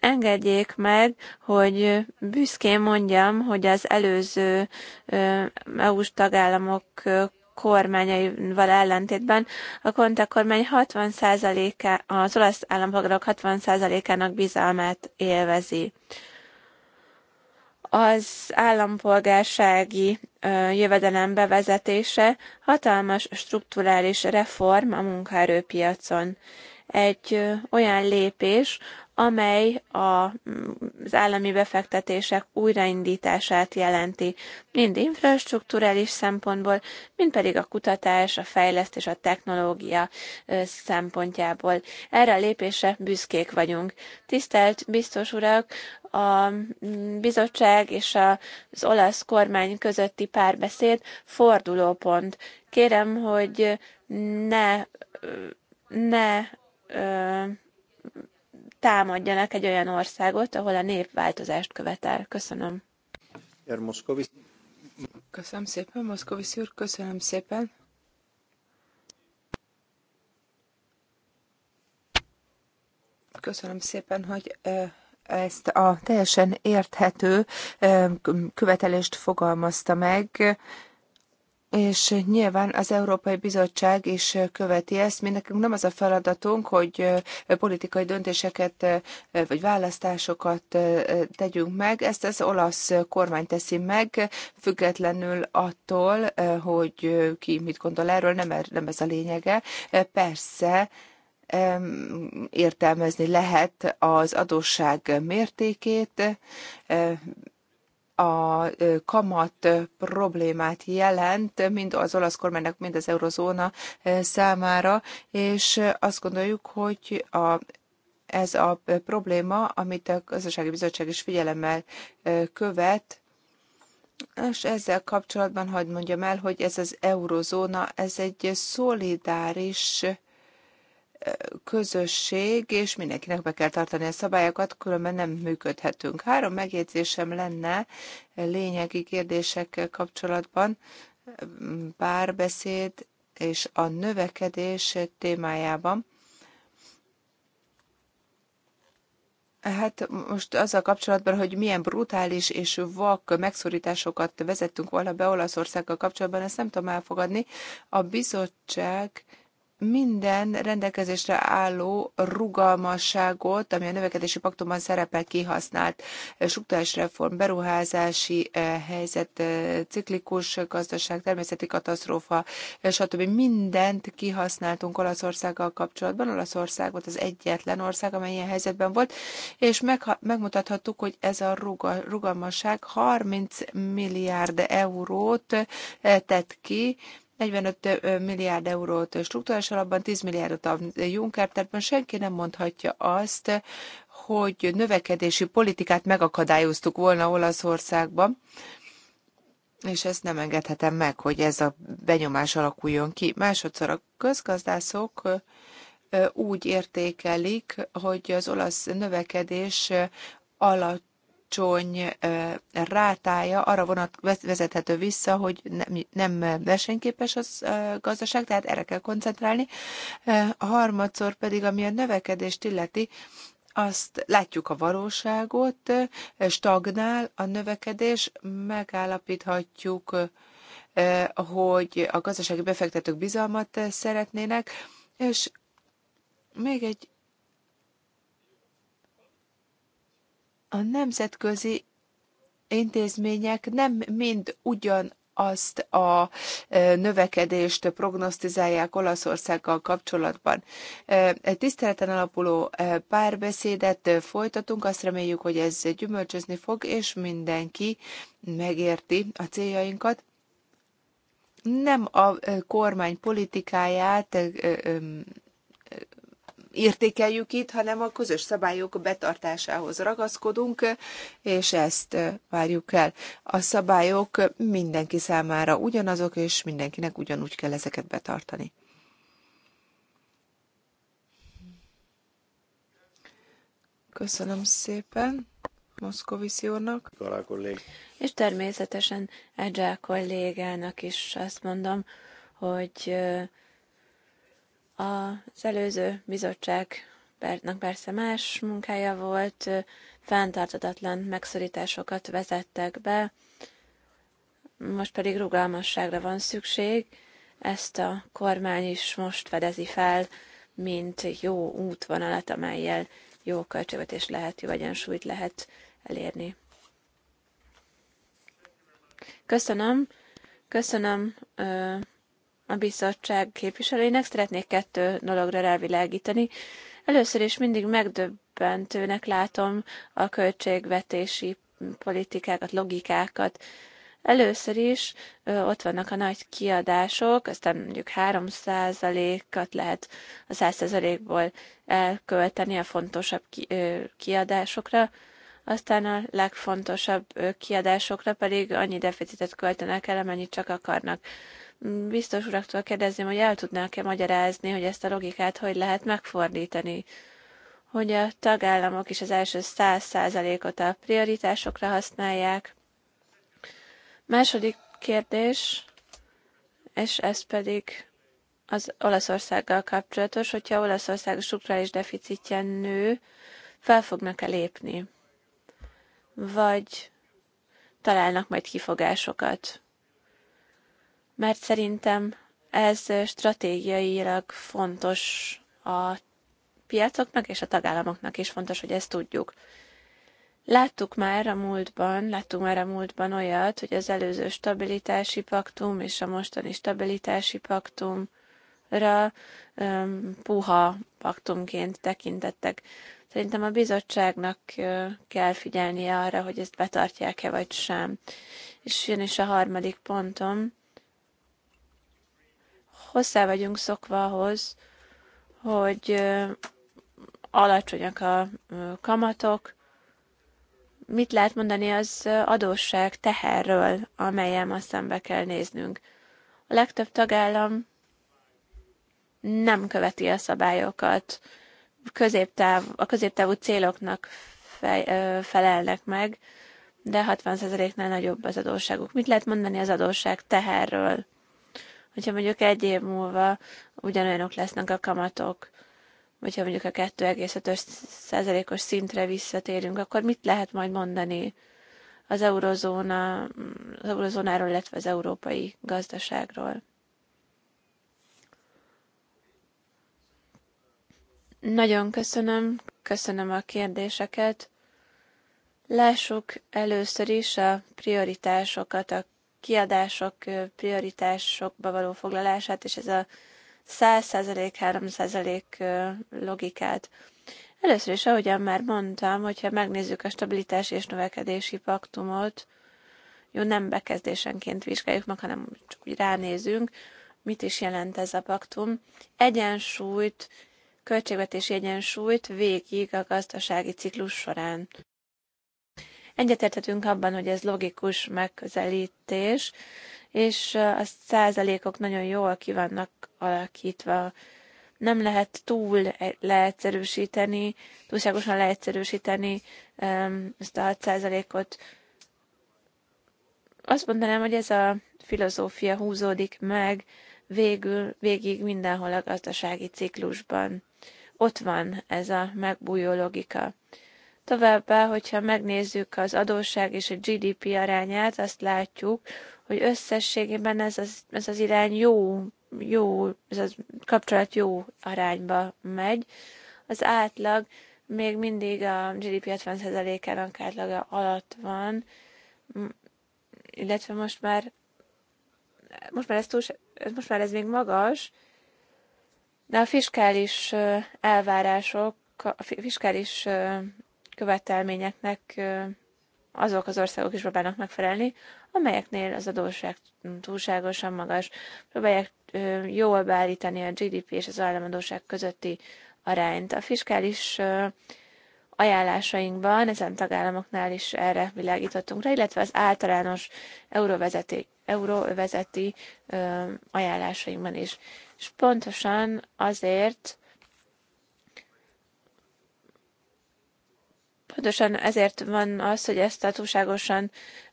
Engedjék meg, hogy büszkén mondjam, hogy az előző EU-s tagállamok kormányaival ellentétben a Conte kormány 60%-a, az olasz állampolgárok 60%-ának bizalmát élvezi az állampolgársági jövedelem bevezetése hatalmas strukturális reform a munkaerőpiacon egy olyan lépés, amely a, mm, az állami befektetések újraindítását jelenti, mind infrastruktúrális szempontból, mind pedig a kutatás, a fejlesztés, a technológia szempontjából. Erre a lépésre büszkék vagyunk. Tisztelt biztos urak, a mm, bizottság és az olasz kormány közötti párbeszéd fordulópont. Kérem, hogy ne ne támadjanak egy olyan országot, ahol a nép változást követel. Köszönöm. Köszönöm szépen, Moszkovisz úr, köszönöm szépen. Köszönöm szépen, hogy ezt a teljesen érthető követelést fogalmazta meg és nyilván az Európai Bizottság is követi ezt. Mi nekünk nem az a feladatunk, hogy politikai döntéseket vagy választásokat tegyünk meg. Ezt az olasz kormány teszi meg, függetlenül attól, hogy ki mit gondol erről, nem, er-, ez a lényege. Persze, értelmezni lehet az adósság mértékét, a kamat problémát jelent, mind az olasz kormánynak, mind az eurozóna számára, és azt gondoljuk, hogy a ez a probléma, amit a gazdasági bizottság is figyelemmel követ, és ezzel kapcsolatban hagyd mondjam el, hogy ez az eurozóna, ez egy szolidáris közösség, és mindenkinek be kell tartani a szabályokat, különben nem működhetünk. Három megjegyzésem lenne lényegi kérdésekkel kapcsolatban, párbeszéd és a növekedés témájában. Hát most azzal kapcsolatban, hogy milyen brutális és vak megszorításokat vezettünk volna be Olaszországgal kapcsolatban, ezt nem tudom elfogadni. A bizottság minden rendelkezésre álló rugalmasságot, ami a növekedési paktumban szerepel kihasznált struktúrás reform, beruházási helyzet, ciklikus gazdaság, természeti katasztrófa, stb. mindent kihasználtunk Olaszországgal kapcsolatban. Olaszország volt az egyetlen ország, amely ilyen helyzetben volt, és megmutathattuk, hogy ez a rugalmasság 30 milliárd eurót tett ki, 45 milliárd eurót struktúrás alapban, 10 milliárdot a Juncker tervben. Senki nem mondhatja azt, hogy növekedési politikát megakadályoztuk volna Olaszországban, és ezt nem engedhetem meg, hogy ez a benyomás alakuljon ki. Másodszor a közgazdászok úgy értékelik, hogy az olasz növekedés alatt alacsony rátája arra vonat vezethető vissza, hogy nem versenyképes az gazdaság, tehát erre kell koncentrálni. A harmadszor pedig, ami a növekedést illeti, azt látjuk a valóságot, stagnál a növekedés, megállapíthatjuk, hogy a gazdasági befektetők bizalmat szeretnének, és még egy a nemzetközi intézmények nem mind ugyan azt a e, növekedést prognosztizálják Olaszországgal kapcsolatban. E, egy tiszteleten alapuló e, párbeszédet folytatunk, azt reméljük, hogy ez gyümölcsözni fog, és mindenki megérti a céljainkat. Nem a kormány politikáját értékeljük itt, hanem a közös szabályok betartásához ragaszkodunk, és ezt várjuk el. A szabályok mindenki számára ugyanazok, és mindenkinek ugyanúgy kell ezeket betartani. Köszönöm szépen Moszkoviszi úrnak. És természetesen Edzsá kollégának is azt mondom, hogy az előző bizottságnak persze más munkája volt, fenntartatatlan megszorításokat vezettek be, most pedig rugalmasságra van szükség, ezt a kormány is most fedezi fel, mint jó útvonalat, amelyel jó költségvetés lehet, jó egyensúlyt lehet elérni. Köszönöm, köszönöm a bizottság képviselőinek, szeretnék kettő dologra rávilágítani. Először is mindig megdöbbentőnek látom a költségvetési politikákat, logikákat. Először is ö, ott vannak a nagy kiadások, aztán mondjuk 3%-at lehet a 100%-ból elkölteni a fontosabb ki, ö, kiadásokra, aztán a legfontosabb kiadásokra pedig annyi deficitet költenek el, amennyit csak akarnak biztos uraktól kérdezném, hogy el tudnák-e magyarázni, hogy ezt a logikát hogy lehet megfordítani, hogy a tagállamok is az első száz százalékot a prioritásokra használják. Második kérdés, és ez pedig az Olaszországgal kapcsolatos, hogyha Olaszország strukturális deficitje nő, fel fognak-e lépni? Vagy találnak majd kifogásokat? mert szerintem ez stratégiailag fontos a piacoknak és a tagállamoknak is fontos, hogy ezt tudjuk. Láttuk már a múltban, láttuk már a múltban olyat, hogy az előző stabilitási paktum és a mostani stabilitási paktumra um, puha paktumként tekintettek. Szerintem a bizottságnak kell figyelnie arra, hogy ezt betartják-e vagy sem. És jön is a harmadik pontom, hozzá vagyunk szokva ahhoz, hogy alacsonyak a kamatok. Mit lehet mondani az adósság teherről, amelyel ma szembe kell néznünk? A legtöbb tagállam nem követi a szabályokat, középtáv, a középtávú céloknak fej, ö, felelnek meg, de 60%-nál nagyobb az adósságuk. Mit lehet mondani az adósság teherről? Hogyha mondjuk egy év múlva ugyanolyanok lesznek a kamatok, hogyha mondjuk a 2,5%-os szintre visszatérünk, akkor mit lehet majd mondani az, eurozóna, az eurozónáról, illetve az európai gazdaságról? Nagyon köszönöm, köszönöm a kérdéseket. Lássuk először is a prioritásokat, a kiadások prioritásokba való foglalását, és ez a 100%-3% logikát. Először is, ahogyan már mondtam, hogyha megnézzük a stabilitási és növekedési paktumot, jó, nem bekezdésenként vizsgáljuk meg, hanem csak úgy ránézünk, mit is jelent ez a paktum. Egyensúlyt, költségvetési egyensúlyt végig a gazdasági ciklus során egyetérthetünk abban, hogy ez logikus megközelítés, és a százalékok nagyon jól ki vannak alakítva. Nem lehet túl e, leegyszerűsíteni, túlságosan leegyszerűsíteni ezt a 6 százalékot. Azt mondanám, hogy ez a filozófia húzódik meg végül, végig mindenhol a gazdasági ciklusban. Ott van ez a megbújó logika. Továbbá, hogyha megnézzük az adósság és a GDP arányát, azt látjuk, hogy összességében ez az, ez az irány jó, jó, ez a kapcsolat jó arányba megy. Az átlag még mindig a GDP 70%-ának átlaga alatt van, illetve most már most már ez, túl, most már ez még magas, de a fiskális elvárások, a fiskális követelményeknek azok az országok is próbálnak megfelelni, amelyeknél az adósság túlságosan magas. Próbálják jól beállítani a GDP és az államadóság közötti arányt. A fiskális ajánlásainkban ezen tagállamoknál is erre világítottunk rá, illetve az általános euróvezeti, euróvezeti ajánlásainkban is. És pontosan azért, Pontosan ezért van az, hogy ezt a túlságosan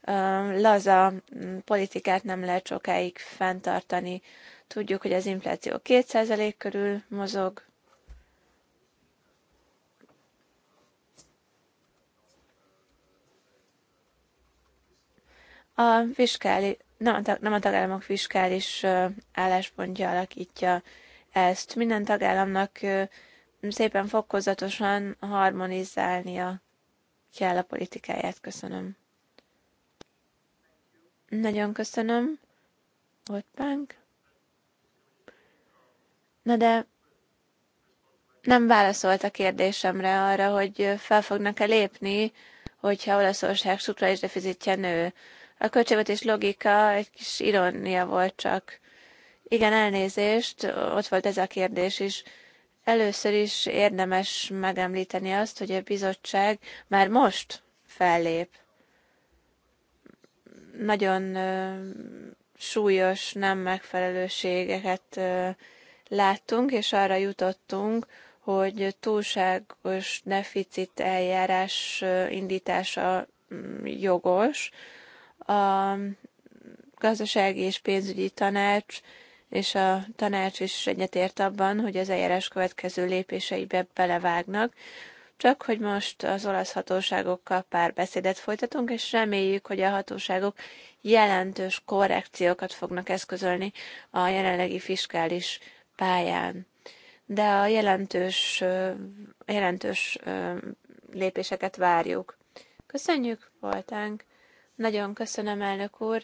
um, laza mm, politikát nem lehet sokáig fenntartani. Tudjuk, hogy az infláció 2% körül mozog. A fiskáli, nem, a, nem a tagállamok fiskális álláspontja alakítja ezt. Minden tagállamnak szépen fokozatosan harmonizálnia kell a politikáját. Köszönöm. Nagyon köszönöm. Volt pánk. Na de nem válaszolt a kérdésemre arra, hogy fel fognak-e lépni, hogyha Olaszország struktúrális deficitje nő. A költségvetés logika egy kis irónia volt csak. Igen, elnézést, ott volt ez a kérdés is. Először is érdemes megemlíteni azt, hogy a bizottság már most fellép. Nagyon súlyos nem megfelelőségeket láttunk, és arra jutottunk, hogy túlságos deficit eljárás indítása mm, jogos. A gazdasági és pénzügyi tanács és a tanács is egyetért abban, hogy az eljárás következő lépéseibe belevágnak, csak hogy most az olasz hatóságokkal pár beszédet folytatunk, és reméljük, hogy a hatóságok jelentős korrekciókat fognak eszközölni a jelenlegi fiskális pályán. De a jelentős, jelentős lépéseket várjuk. Köszönjük, voltánk! Nagyon köszönöm, elnök úr!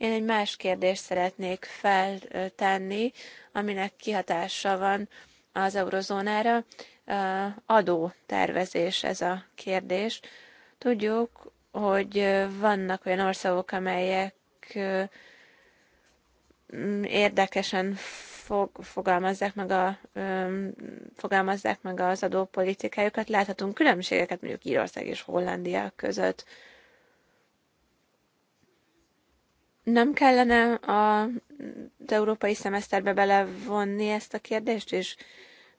Én egy más kérdést szeretnék feltenni, aminek kihatása van az eurozónára. Adó tervezés ez a kérdés. Tudjuk, hogy vannak olyan országok, amelyek érdekesen fog, fogalmazzák, meg a, fogalmazzák meg az adópolitikájukat. Láthatunk különbségeket mondjuk Írország és Hollandia között. nem kellene a, az európai szemeszterbe belevonni ezt a kérdést és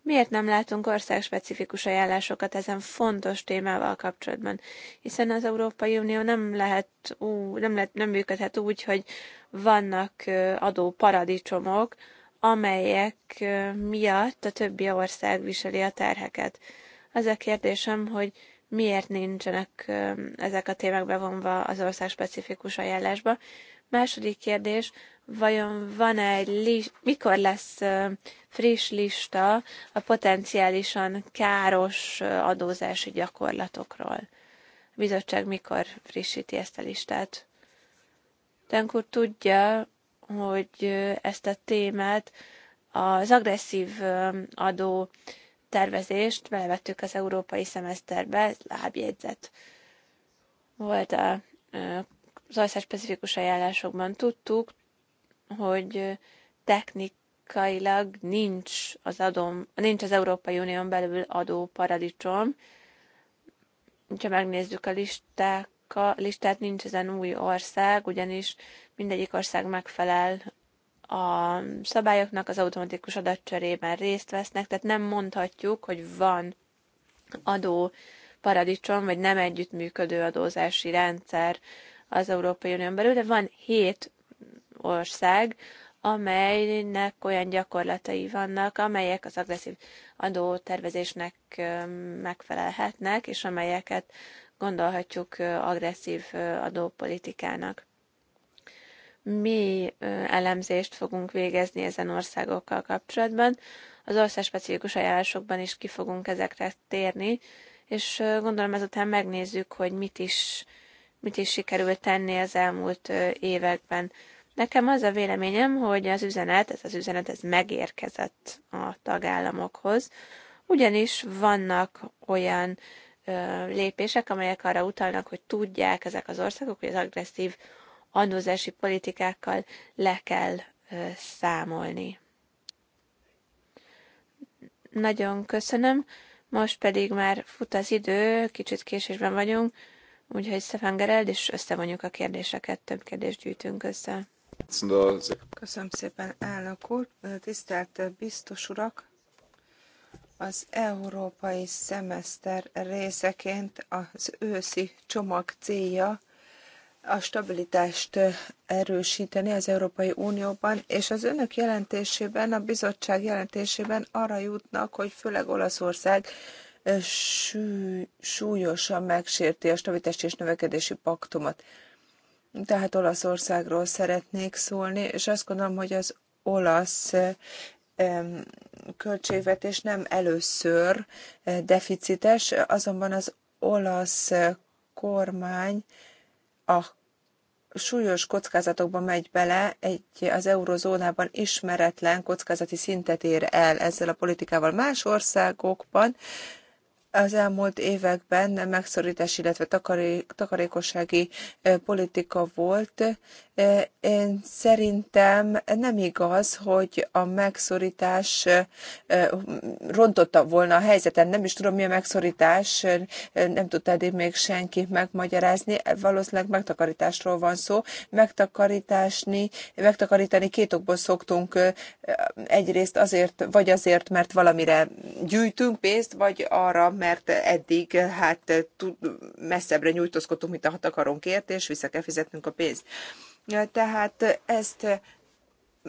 Miért nem látunk országspecifikus ajánlásokat ezen fontos témával kapcsolatban? Hiszen az Európai Unió nem lehet, ú, nem, lehet, nem működhet úgy, hogy vannak adó paradicsomok, amelyek miatt a többi ország viseli a terheket. Az a kérdésem, hogy miért nincsenek ezek a témák bevonva az ország specifikus ajánlásba, Második kérdés, vajon van-e egy list, mikor lesz friss lista a potenciálisan káros adózási gyakorlatokról? A bizottság mikor frissíti ezt a listát? Tenkur tudja, hogy ezt a témát az agresszív adó tervezést belevettük az európai szemeszterbe, lábjegyzet volt a az specifikus ajánlásokban tudtuk, hogy technikailag nincs az, adom, nincs az Európai Unión belül paradicsom, Ha megnézzük a listák, a listát, nincs ezen új ország, ugyanis mindegyik ország megfelel a szabályoknak, az automatikus adatcserében részt vesznek, tehát nem mondhatjuk, hogy van adó paradicsom, vagy nem együttműködő adózási rendszer az Európai Unión belül, de van hét ország, amelynek olyan gyakorlatai vannak, amelyek az agresszív adótervezésnek megfelelhetnek, és amelyeket gondolhatjuk agresszív adópolitikának. Mi elemzést fogunk végezni ezen országokkal kapcsolatban. Az specifikus ajánlásokban is ki fogunk ezekre térni, és gondolom ezután megnézzük, hogy mit is mit is sikerült tenni az elmúlt években. Nekem az a véleményem, hogy az üzenet, ez az üzenet, ez megérkezett a tagállamokhoz, ugyanis vannak olyan ö, lépések, amelyek arra utalnak, hogy tudják ezek az országok, hogy az agresszív adózási politikákkal le kell ö, számolni. Nagyon köszönöm. Most pedig már fut az idő, kicsit késésben vagyunk, Úgyhogy Stefan Gereld, és összevonjuk a kérdéseket, több kérdést gyűjtünk össze. Köszönöm szépen, elnök úr. Tisztelt biztos urak, az európai szemeszter részeként az őszi csomag célja a stabilitást erősíteni az Európai Unióban, és az önök jelentésében, a bizottság jelentésében arra jutnak, hogy főleg Olaszország súlyosan megsérti a stabilitási és növekedési paktumot. Tehát Olaszországról szeretnék szólni, és azt gondolom, hogy az olasz költségvetés nem először deficites, azonban az olasz kormány a súlyos kockázatokba megy bele, egy az eurozónában ismeretlen kockázati szintet ér el ezzel a politikával. Más országokban az elmúlt években megszorítás, illetve takarékossági politika volt, én szerintem nem igaz, hogy a megszorítás rontotta volna a helyzeten. Nem is tudom, mi a megszorítás, nem tudta eddig még senki megmagyarázni. Valószínűleg megtakarításról van szó. Megtakarításni, megtakarítani két okból szoktunk. Egyrészt azért, vagy azért, mert valamire gyűjtünk pénzt, vagy arra, mert eddig hát messzebbre nyújtózkodtunk, mint a hatakarunkért, és vissza kell fizetnünk a pénzt. Tehát ezt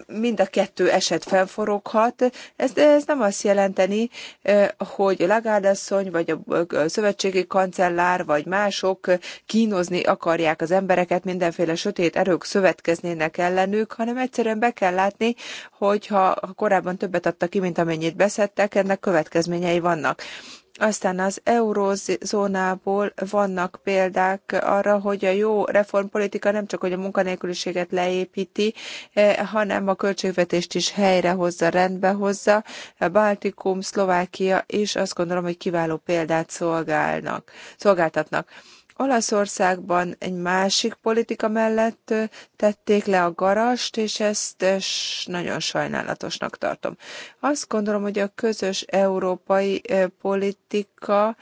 mind a kettő eset felforoghat. Ez, ez nem azt jelenteni, hogy a asszony, vagy a szövetségi kancellár, vagy mások kínozni akarják az embereket, mindenféle sötét erők szövetkeznének ellenük, hanem egyszerűen be kell látni, hogyha korábban többet adtak ki, mint amennyit beszedtek, ennek következményei vannak. Aztán az eurózónából vannak példák arra, hogy a jó reformpolitika nem csak hogy a munkanélküliséget leépíti, eh, hanem a költségvetést is helyrehozza, rendbehozza. A Baltikum, Szlovákia is azt gondolom, hogy kiváló példát szolgálnak, szolgáltatnak. Olaszországban egy másik politika mellett tették le a garast, és ezt nagyon sajnálatosnak tartom. Azt gondolom, hogy a közös európai politika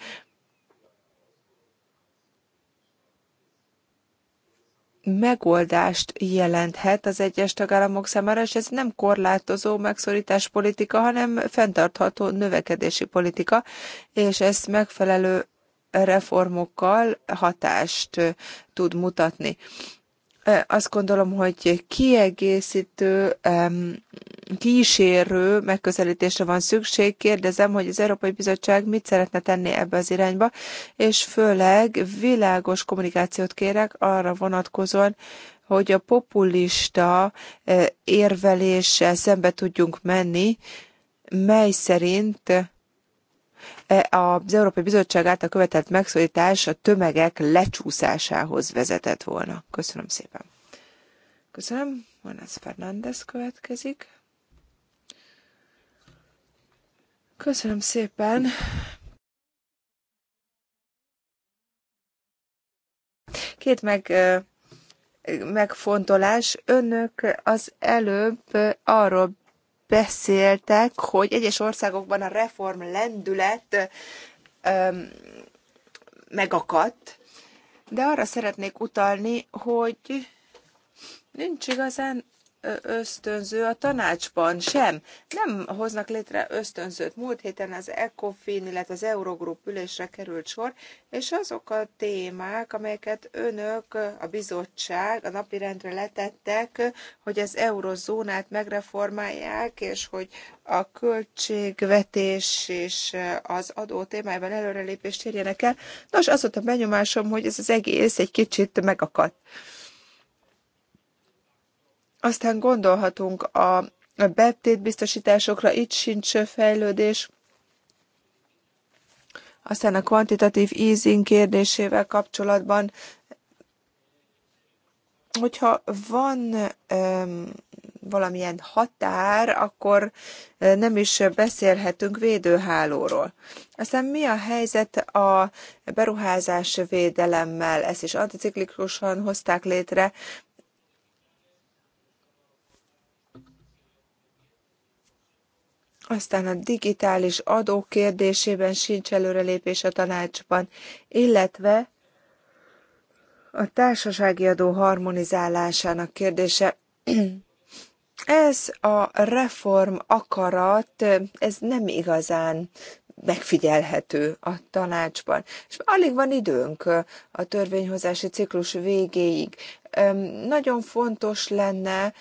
megoldást jelenthet az egyes tagállamok számára, és ez nem korlátozó megszorítás politika, hanem fenntartható növekedési politika, és ezt megfelelő reformokkal hatást tud mutatni. Azt gondolom, hogy kiegészítő, kísérő megközelítésre van szükség. Kérdezem, hogy az Európai Bizottság mit szeretne tenni ebbe az irányba, és főleg világos kommunikációt kérek arra vonatkozóan, hogy a populista érveléssel szembe tudjunk menni, mely szerint E, az Európai Bizottság által követelt megszólítás a tömegek lecsúszásához vezetett volna. Köszönöm szépen. Köszönöm. Manász Fernández következik. Köszönöm szépen. Két meg e, megfontolás. Önök az előbb e, arról beszéltek, hogy egyes országokban a reform lendület öm, megakadt, de arra szeretnék utalni, hogy nincs igazán ösztönző a tanácsban sem. Nem hoznak létre ösztönzőt. Múlt héten az ECOFIN, illetve az Eurogroup ülésre került sor, és azok a témák, amelyeket önök, a bizottság a rendre letettek, hogy az eurozónát megreformálják, és hogy a költségvetés és az adó témájában előrelépést érjenek el. Nos, az volt a benyomásom, hogy ez az egész egy kicsit megakadt. Aztán gondolhatunk a betétbiztosításokra, itt sincs fejlődés. Aztán a kvantitatív easing kérdésével kapcsolatban, hogyha van um, valamilyen határ, akkor eh, nem is beszélhetünk védőhálóról. Aztán mi a helyzet a beruházás védelemmel? Ezt is anticiklikusan hozták létre, Aztán a digitális adó kérdésében sincs előrelépés a tanácsban, illetve a társasági adó harmonizálásának kérdése. Ez a reform akarat, ez nem igazán megfigyelhető a tanácsban. És alig van időnk a törvényhozási ciklus végéig. Nagyon fontos lenne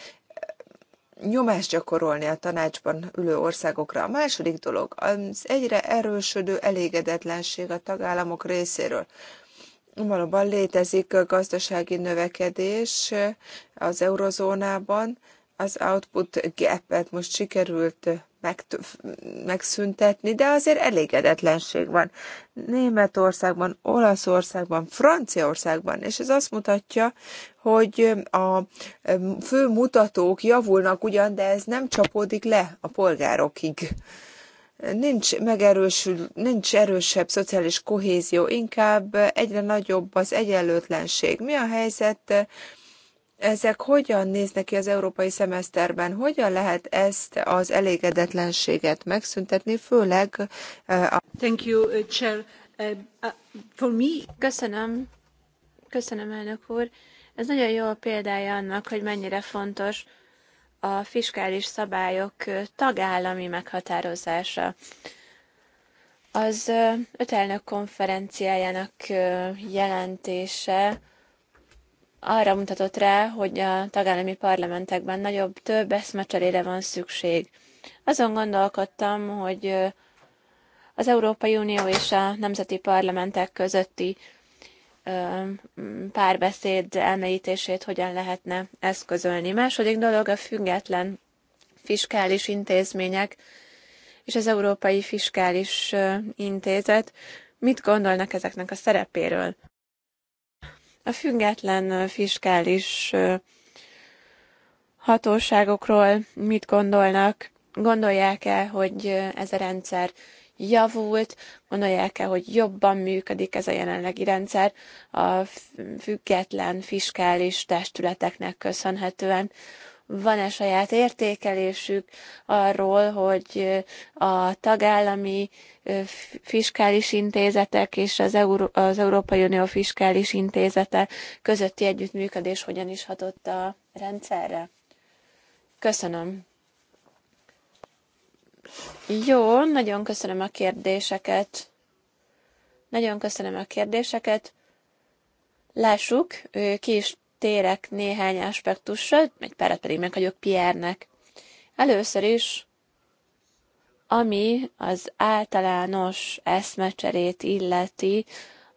nyomást gyakorolni a tanácsban ülő országokra. A második dolog az egyre erősödő elégedetlenség a tagállamok részéről. Valóban létezik a gazdasági növekedés az eurozónában, az output gap-et most sikerült megszüntetni, de azért elégedetlenség van. Németországban, Olaszországban, Franciaországban, és ez azt mutatja, hogy a fő mutatók javulnak ugyan, de ez nem csapódik le a polgárokig. Nincs megerősül, nincs erősebb szociális kohézió, inkább egyre nagyobb az egyenlőtlenség. Mi a helyzet ezek hogyan néznek ki az európai szemeszterben? Hogyan lehet ezt az elégedetlenséget megszüntetni, főleg a... Thank you, uh, Chair. Um, uh, for me... Köszönöm. Köszönöm, elnök úr. Ez nagyon jó példája annak, hogy mennyire fontos a fiskális szabályok tagállami meghatározása. Az ötelnök konferenciájának jelentése arra mutatott rá, hogy a tagállami parlamentekben nagyobb, több eszmecserére van szükség. Azon gondolkodtam, hogy az Európai Unió és a nemzeti parlamentek közötti párbeszéd elmélyítését hogyan lehetne eszközölni. Második dolog a független fiskális intézmények és az Európai Fiskális Intézet. Mit gondolnak ezeknek a szerepéről? A független fiskális hatóságokról mit gondolnak? Gondolják-e, hogy ez a rendszer javult, gondolják-e, hogy jobban működik ez a jelenlegi rendszer a független fiskális testületeknek köszönhetően van-e saját értékelésük arról, hogy a tagállami fiskális intézetek és az, Euró- az Európai Unió fiskális intézete közötti együttműködés hogyan is hatott a rendszerre? Köszönöm. Jó, nagyon köszönöm a kérdéseket. Nagyon köszönöm a kérdéseket. Lássuk, ki is térek néhány aspektusra, egy párat pedig meghagyok Pierre-nek. Először is, ami az általános eszmecserét illeti,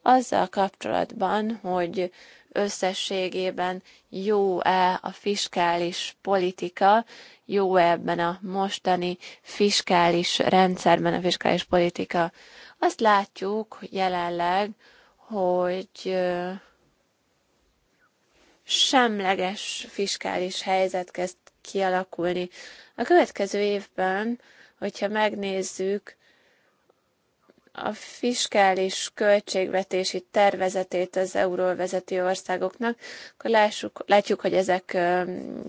azzal kapcsolatban, hogy összességében jó-e a fiskális politika, jó-e ebben a mostani fiskális rendszerben a fiskális politika. Azt látjuk jelenleg, hogy semleges fiskális helyzet kezd kialakulni. A következő évben, hogyha megnézzük a fiskális költségvetési tervezetét az euróvezető országoknak, akkor lássuk, látjuk, hogy ezek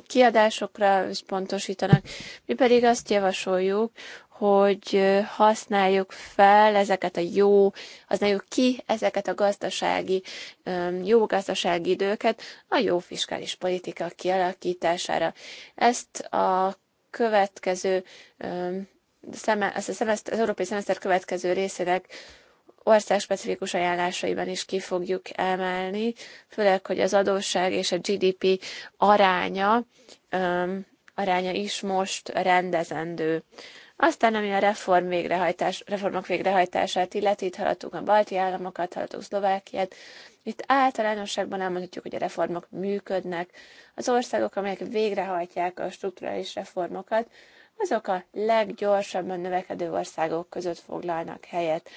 kiadásokra pontosítanak. Mi pedig azt javasoljuk, hogy használjuk fel ezeket a jó, használjuk ki ezeket a gazdasági, jó gazdasági időket a jó fiskális politika kialakítására. Ezt a következő, ezt a szemeszt, az európai szemeszter következő részének országspecifikus ajánlásaiban is ki fogjuk emelni, főleg, hogy az adósság és a GDP aránya, aránya is most rendezendő. Aztán, ami a reform végrehajtás, reformok végrehajtását illeti, itt haladtuk a balti államokat, haladtuk Szlovákiát. Itt általánosságban elmondhatjuk, hogy a reformok működnek. Az országok, amelyek végrehajtják a strukturális reformokat, azok a leggyorsabban növekedő országok között foglalnak helyet.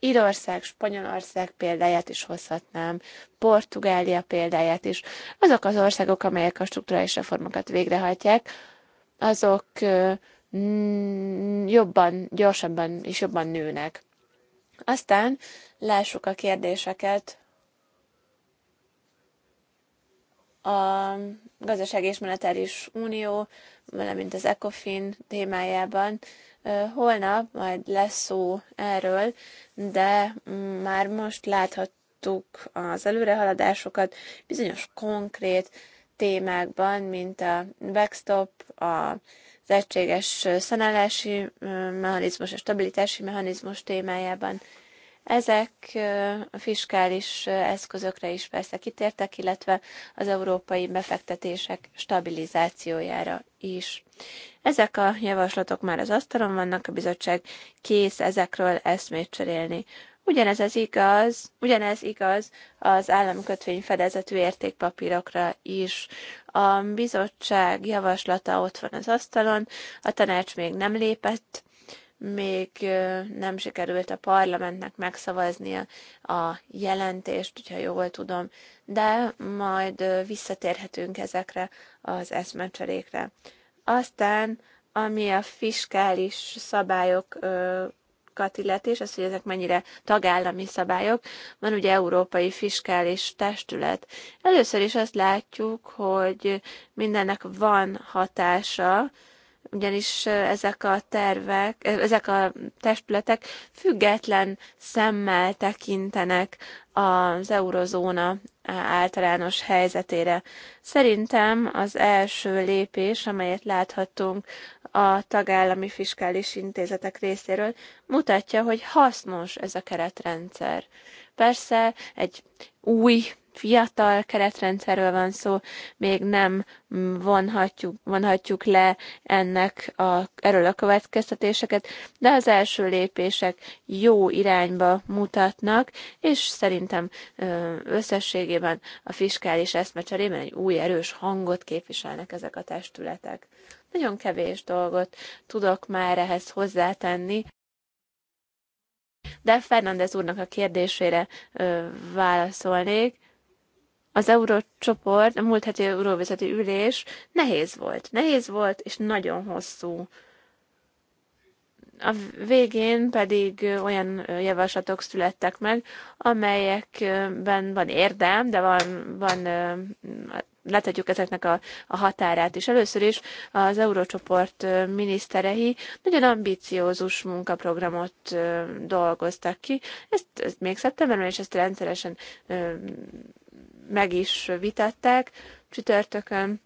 Írország, Spanyolország példáját is hozhatnám, Portugália példáját is. Azok az országok, amelyek a strukturális reformokat végrehajtják, azok Mm, jobban, gyorsabban és jobban nőnek. Aztán lássuk a kérdéseket a gazdasági és monetáris unió, valamint az ECOFIN témájában. Holnap majd lesz szó erről, de már most láthattuk az előrehaladásokat bizonyos konkrét témákban, mint a backstop, a az egységes szanálási mechanizmus és stabilitási mechanizmus témájában. Ezek a fiskális eszközökre is persze kitértek, illetve az európai befektetések stabilizációjára is. Ezek a javaslatok már az asztalon vannak, a bizottság kész ezekről eszmét cserélni. Ugyanez az igaz, ugyanez igaz az államkötvény fedezetű értékpapírokra is. A bizottság javaslata ott van az asztalon, a tanács még nem lépett, még nem sikerült a parlamentnek megszavaznia a jelentést, hogyha jól tudom, de majd visszatérhetünk ezekre az eszmecserékre. Aztán, ami a fiskális szabályok szabályokat illeti, és az, hogy ezek mennyire tagállami szabályok, van ugye Európai Fiskális Testület. Először is azt látjuk, hogy mindennek van hatása, ugyanis ezek a tervek, ezek a testületek független szemmel tekintenek az eurozóna általános helyzetére. Szerintem az első lépés, amelyet láthattunk a tagállami fiskális intézetek részéről, mutatja, hogy hasznos ez a keretrendszer. Persze egy új fiatal keretrendszerről van szó, még nem vonhatjuk, vonhatjuk le ennek a, erről a következtetéseket, de az első lépések jó irányba mutatnak, és szerintem összességében a fiskális eszmecserében egy új erős hangot képviselnek ezek a testületek. Nagyon kevés dolgot tudok már ehhez hozzátenni. De Fernández úrnak a kérdésére ö, válaszolnék az eurócsoport, a múlt heti euróvezető ülés nehéz volt. Nehéz volt, és nagyon hosszú. A végén pedig olyan javaslatok születtek meg, amelyekben van érdem, de van, van letetjük ezeknek a, a határát is. Először is az Eurócsoport miniszterei nagyon ambiciózus munkaprogramot dolgoztak ki. Ezt, ezt még szeptemberben, és ezt rendszeresen meg is vitatták csütörtökön,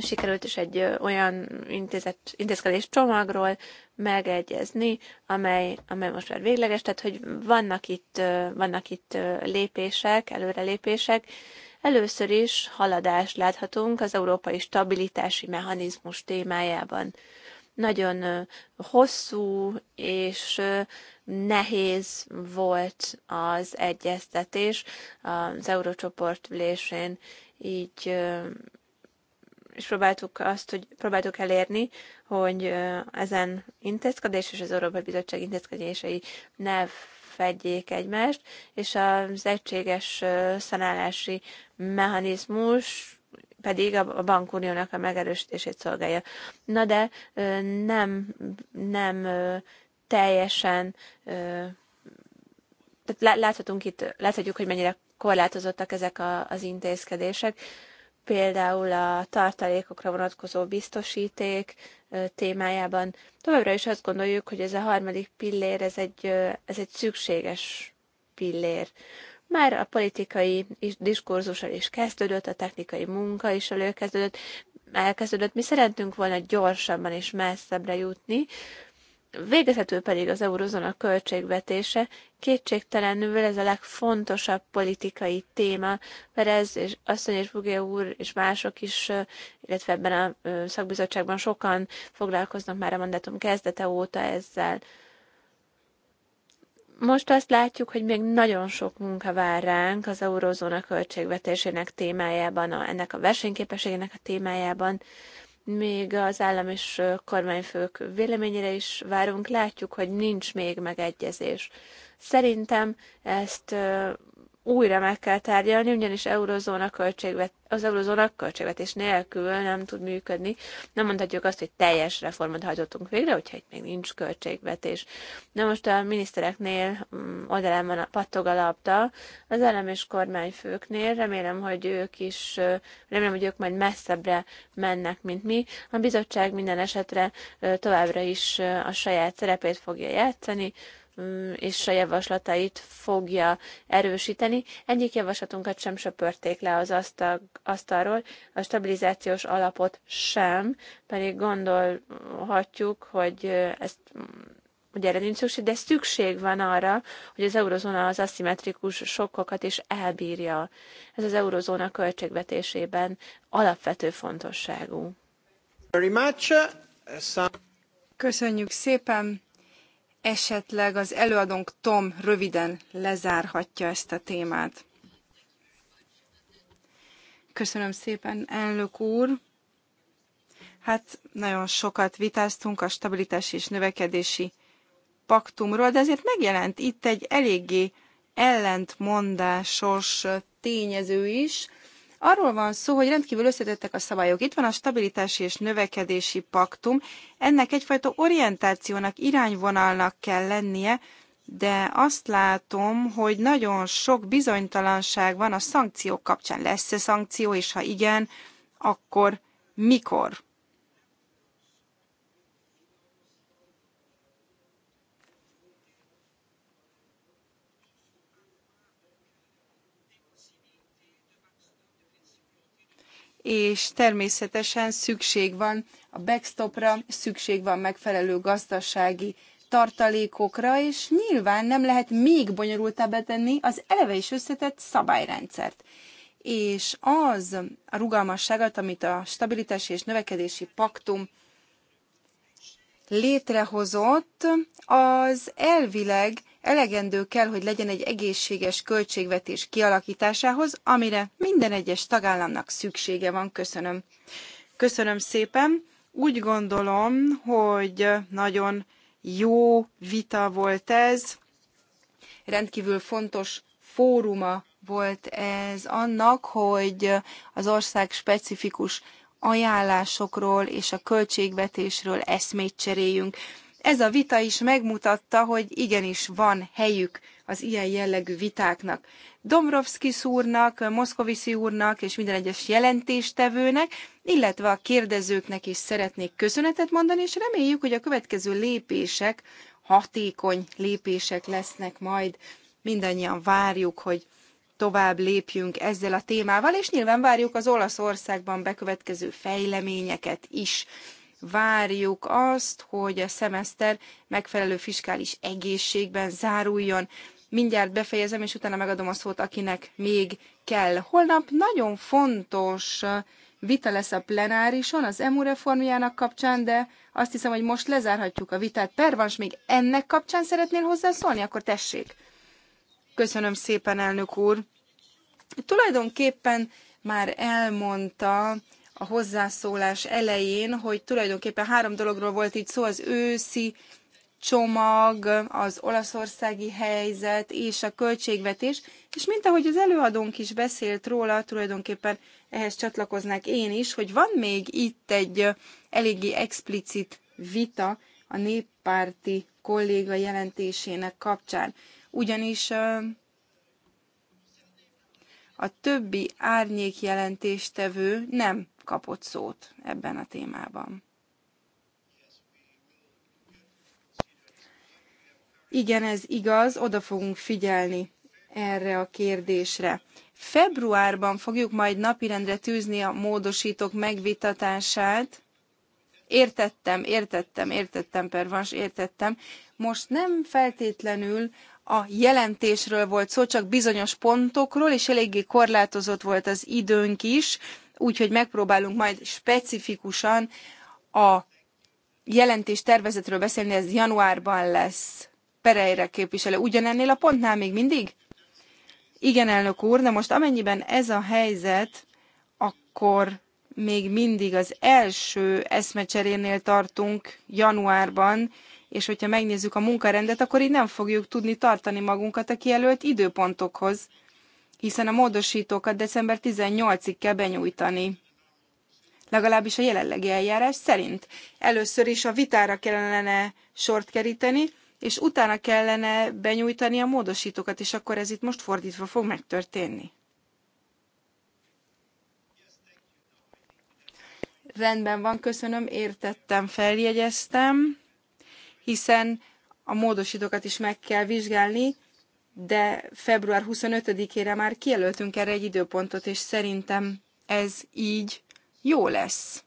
sikerült is egy olyan intézet, intézkedés csomagról megegyezni, amely, amely most már végleges, tehát hogy vannak itt, vannak itt lépések, előrelépések. Először is haladást láthatunk az európai stabilitási mechanizmus témájában. Nagyon hosszú és nehéz volt az egyeztetés az eurócsoport ülésén, így és próbáltuk azt, hogy próbáltuk elérni, hogy ezen intézkedés és az Európai Bizottság intézkedései ne fedjék egymást, és az egységes szanálási mechanizmus pedig a bankuniónak a megerősítését szolgálja. Na de nem, nem teljesen tehát láthatunk itt, láthatjuk, hogy mennyire korlátozottak ezek a, az intézkedések. Például a tartalékokra vonatkozó biztosíték témájában. Továbbra is azt gondoljuk, hogy ez a harmadik pillér, ez egy, ez egy szükséges pillér. Már a politikai diskurzussal is kezdődött, a technikai munka is előkezdődött, elkezdődött. Mi szeretünk volna gyorsabban és messzebbre jutni, Végezetül pedig az eurozóna költségvetése. Kétségtelenül ez a legfontosabb politikai téma, mert ez és Asszony és Bugé úr és mások is, illetve ebben a szakbizottságban sokan foglalkoznak már a mandátum kezdete óta ezzel. Most azt látjuk, hogy még nagyon sok munka vár ránk az eurozóna költségvetésének témájában, a, ennek a versenyképességének a témájában, még az állam és kormányfők véleményére is várunk, látjuk, hogy nincs még megegyezés. Szerintem ezt újra meg kell tárgyalni, ugyanis eurozóna költségvet, az eurozóna költségvetés nélkül nem tud működni. Nem mondhatjuk azt, hogy teljes reformot hajtottunk végre, hogyha itt még nincs költségvetés. Na most a minisztereknél mm, oldalában pattog a labda, az elem és kormányfőknél remélem, hogy ők is, remélem, hogy ők majd messzebbre mennek, mint mi. A bizottság minden esetre továbbra is a saját szerepét fogja játszani, és a javaslatait fogja erősíteni. Egyik javaslatunkat sem söpörték le az asztalról, a stabilizációs alapot sem, pedig gondolhatjuk, hogy ezt ugye erre nincs szükség, de szükség van arra, hogy az eurozóna az aszimmetrikus sokkokat is elbírja. Ez az eurozóna költségvetésében alapvető fontosságú. Köszönjük szépen! esetleg az előadónk Tom röviden lezárhatja ezt a témát. Köszönöm szépen, elnök úr! Hát nagyon sokat vitáztunk a stabilitási és növekedési paktumról, de azért megjelent itt egy eléggé ellentmondásos tényező is, Arról van szó, hogy rendkívül összetettek a szabályok. Itt van a stabilitási és növekedési paktum. Ennek egyfajta orientációnak, irányvonalnak kell lennie, de azt látom, hogy nagyon sok bizonytalanság van a szankciók kapcsán. Lesz-e szankció, és ha igen, akkor mikor? és természetesen szükség van a backstopra, szükség van megfelelő gazdasági tartalékokra, és nyilván nem lehet még bonyolultabbá tenni az eleve is összetett szabályrendszert. És az a rugalmasságot, amit a stabilitási és növekedési paktum létrehozott, az elvileg elegendő kell, hogy legyen egy egészséges költségvetés kialakításához, amire minden egyes tagállamnak szüksége van. Köszönöm. Köszönöm szépen. Úgy gondolom, hogy nagyon jó vita volt ez, rendkívül fontos fóruma volt ez annak, hogy az ország specifikus ajánlásokról és a költségvetésről eszmét cseréljünk. Ez a vita is megmutatta, hogy igenis van helyük az ilyen jellegű vitáknak. Dombrovskis úrnak, Moszkoviszi úrnak és minden egyes jelentéstevőnek, illetve a kérdezőknek is szeretnék köszönetet mondani, és reméljük, hogy a következő lépések hatékony lépések lesznek majd. Mindannyian várjuk, hogy tovább lépjünk ezzel a témával, és nyilván várjuk az Olaszországban bekövetkező fejleményeket is. Várjuk azt, hogy a szemeszter megfelelő fiskális egészségben záruljon. Mindjárt befejezem, és utána megadom a szót, akinek még kell. Holnap nagyon fontos vita lesz a plenárison az EMU reformjának kapcsán, de azt hiszem, hogy most lezárhatjuk a vitát. Pervans, még ennek kapcsán szeretnél hozzászólni? Akkor tessék! Köszönöm szépen, elnök úr. Tulajdonképpen már elmondta a hozzászólás elején, hogy tulajdonképpen három dologról volt itt szó, az őszi csomag, az olaszországi helyzet és a költségvetés, és mint ahogy az előadónk is beszélt róla, tulajdonképpen ehhez csatlakoznák én is, hogy van még itt egy eléggé explicit vita a néppárti kolléga jelentésének kapcsán ugyanis a többi árnyék jelentéstevő nem kapott szót ebben a témában. Igen, ez igaz, oda fogunk figyelni erre a kérdésre. Februárban fogjuk majd napirendre tűzni a módosítók megvitatását. Értettem, értettem, értettem, pervans, értettem. Most nem feltétlenül a jelentésről volt szó, csak bizonyos pontokról, és eléggé korlátozott volt az időnk is, úgyhogy megpróbálunk majd specifikusan a jelentés tervezetről beszélni, ez januárban lesz. Pereire képviselő, ugyanennél a pontnál még mindig? Igen, elnök úr, de most amennyiben ez a helyzet, akkor még mindig az első eszmecserénél tartunk januárban, és hogyha megnézzük a munkarendet, akkor így nem fogjuk tudni tartani magunkat a kijelölt időpontokhoz, hiszen a módosítókat december 18-ig kell benyújtani. Legalábbis a jelenlegi eljárás szerint. Először is a vitára kellene sort keríteni, és utána kellene benyújtani a módosítókat, és akkor ez itt most fordítva fog megtörténni. Rendben van, köszönöm, értettem, feljegyeztem hiszen a módosítókat is meg kell vizsgálni, de február 25-ére már kijelöltünk erre egy időpontot, és szerintem ez így jó lesz.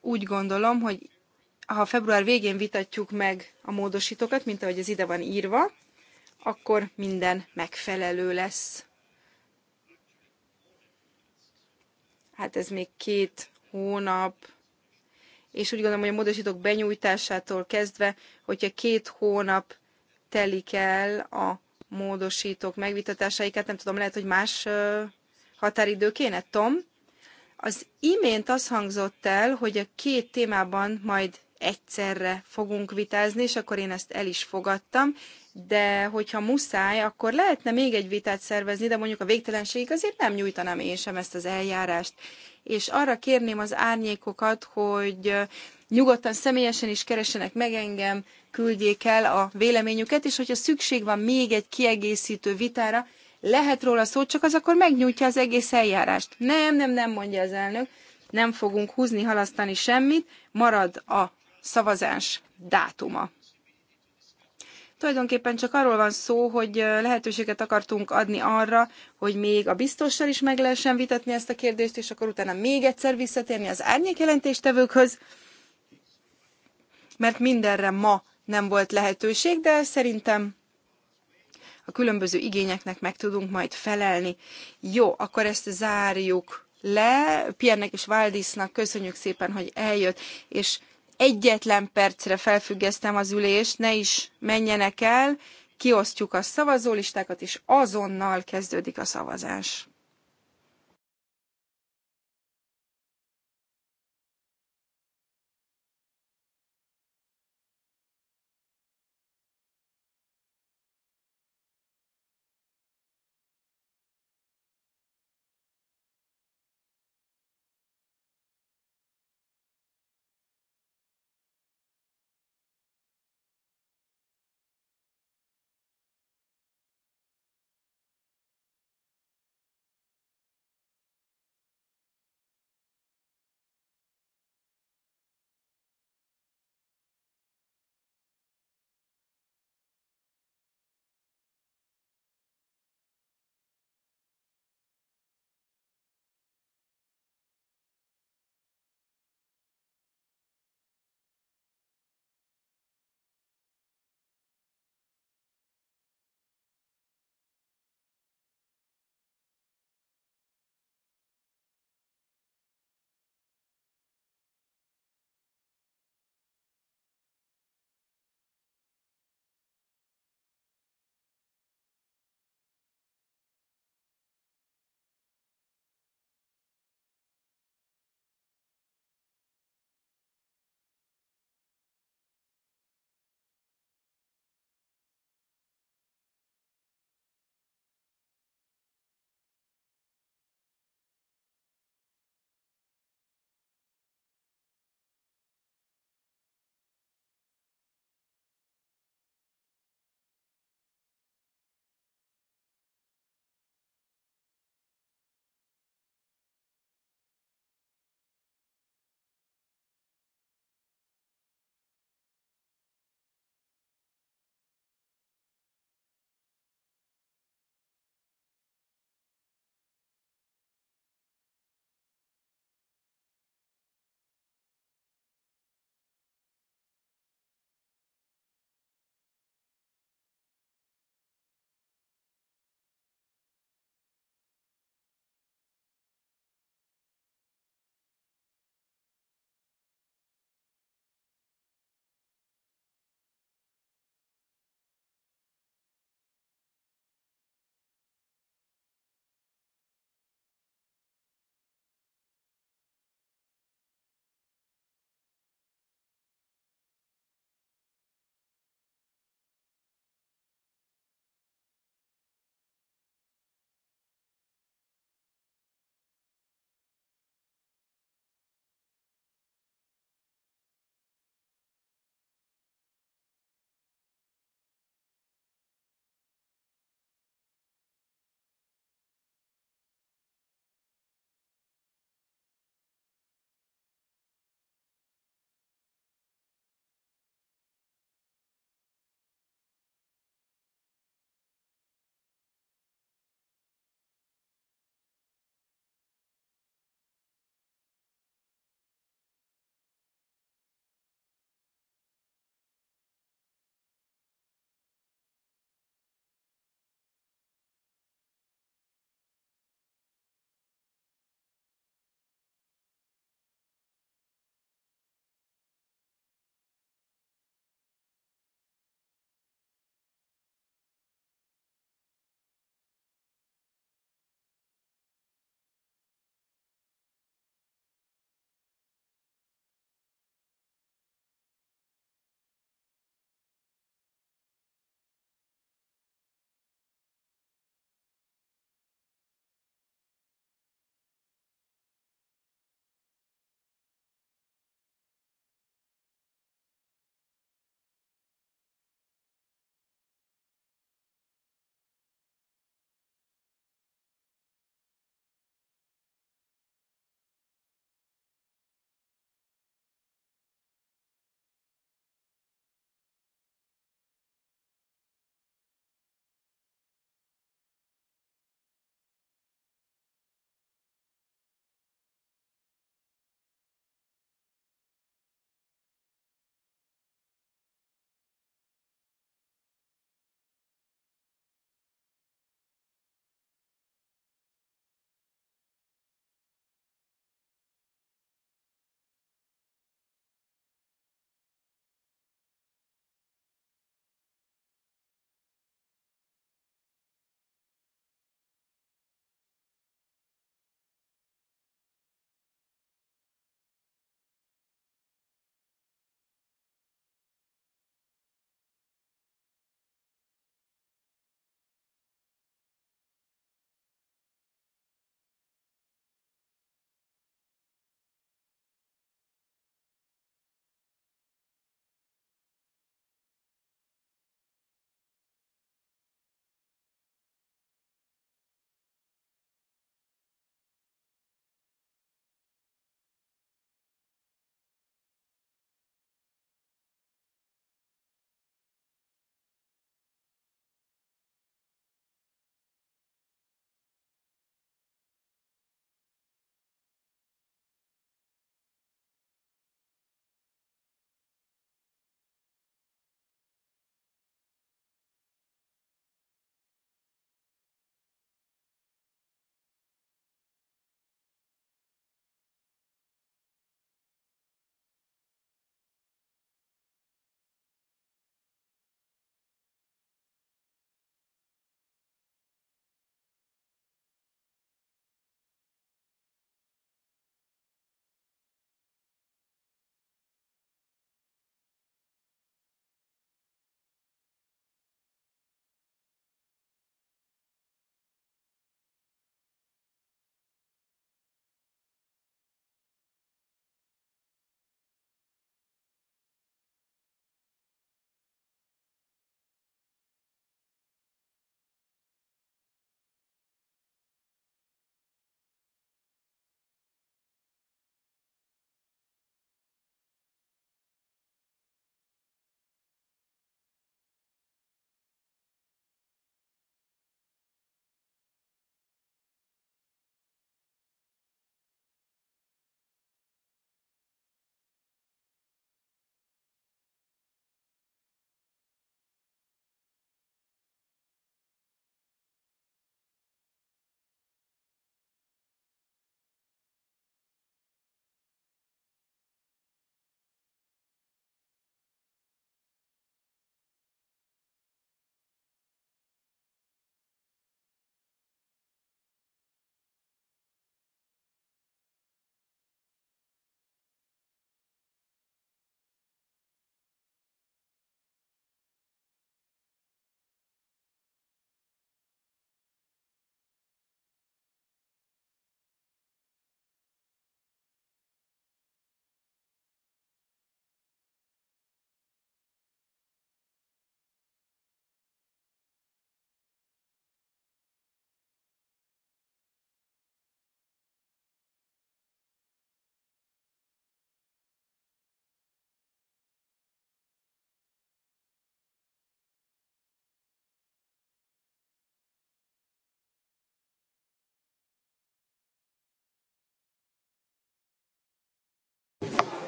Úgy gondolom, hogy ha február végén vitatjuk meg a módosítókat, mint ahogy ez ide van írva, akkor minden megfelelő lesz. Hát ez még két hónap, és úgy gondolom, hogy a módosítók benyújtásától kezdve, hogyha két hónap telik el a módosítók megvitatásaikat, nem tudom, lehet, hogy más határidő kéne, Tom? Az imént az hangzott el, hogy a két témában majd egyszerre fogunk vitázni, és akkor én ezt el is fogadtam, de hogyha muszáj, akkor lehetne még egy vitát szervezni, de mondjuk a végtelenségig azért nem nyújtanám én sem ezt az eljárást és arra kérném az árnyékokat, hogy nyugodtan személyesen is keressenek meg engem, küldjék el a véleményüket, és hogyha szükség van még egy kiegészítő vitára, lehet róla szó, csak az akkor megnyújtja az egész eljárást. Nem, nem, nem, mondja az elnök, nem fogunk húzni, halasztani semmit, marad a szavazás dátuma. Tulajdonképpen csak arról van szó, hogy lehetőséget akartunk adni arra, hogy még a biztossal is meg lehessen vitatni ezt a kérdést, és akkor utána még egyszer visszatérni az árnyékjelentéstevőkhöz, mert mindenre ma nem volt lehetőség, de szerintem a különböző igényeknek meg tudunk majd felelni. Jó, akkor ezt zárjuk le. Piernek és Valdisnak köszönjük szépen, hogy eljött, és Egyetlen percre felfüggesztem az ülést, ne is menjenek el, kiosztjuk a szavazólistákat, és azonnal kezdődik a szavazás.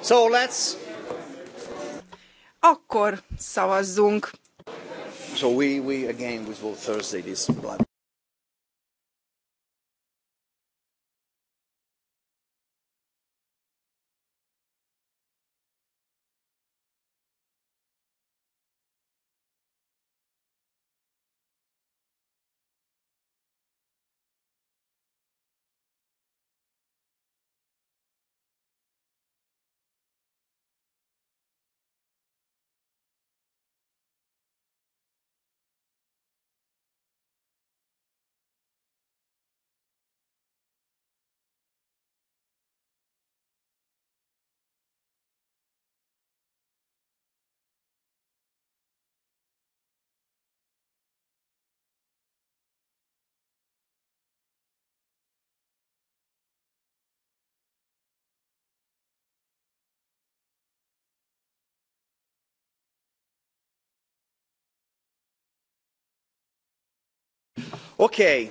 So let's... Akkor szavazzunk. So we, we again, we vote Thursday this blood. Okay,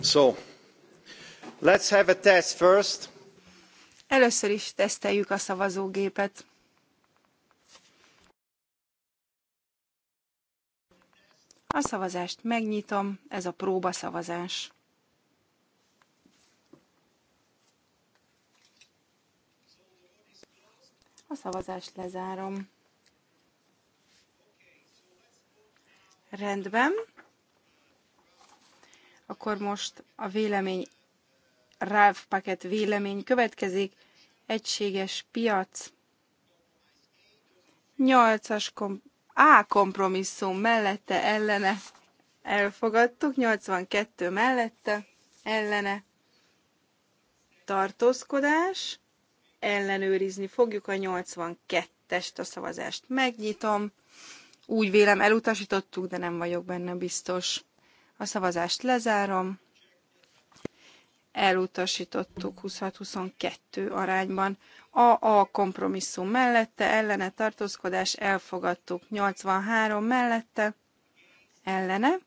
so let's have a test first. Először is teszteljük a szavazógépet. A szavazást megnyitom, ez a próba szavazás. A szavazást lezárom. Rendben, akkor most a vélemény, RÁV paket vélemény következik, egységes piac. Nyolcas kom- A kompromisszum mellette ellene elfogadtuk, 82 mellette ellene tartózkodás, ellenőrizni fogjuk a 82-est, a szavazást megnyitom. Úgy vélem elutasítottuk, de nem vagyok benne biztos. A szavazást lezárom. Elutasítottuk 26-22 arányban. A, a kompromisszum mellette, ellene tartózkodás elfogadtuk 83 mellette, ellene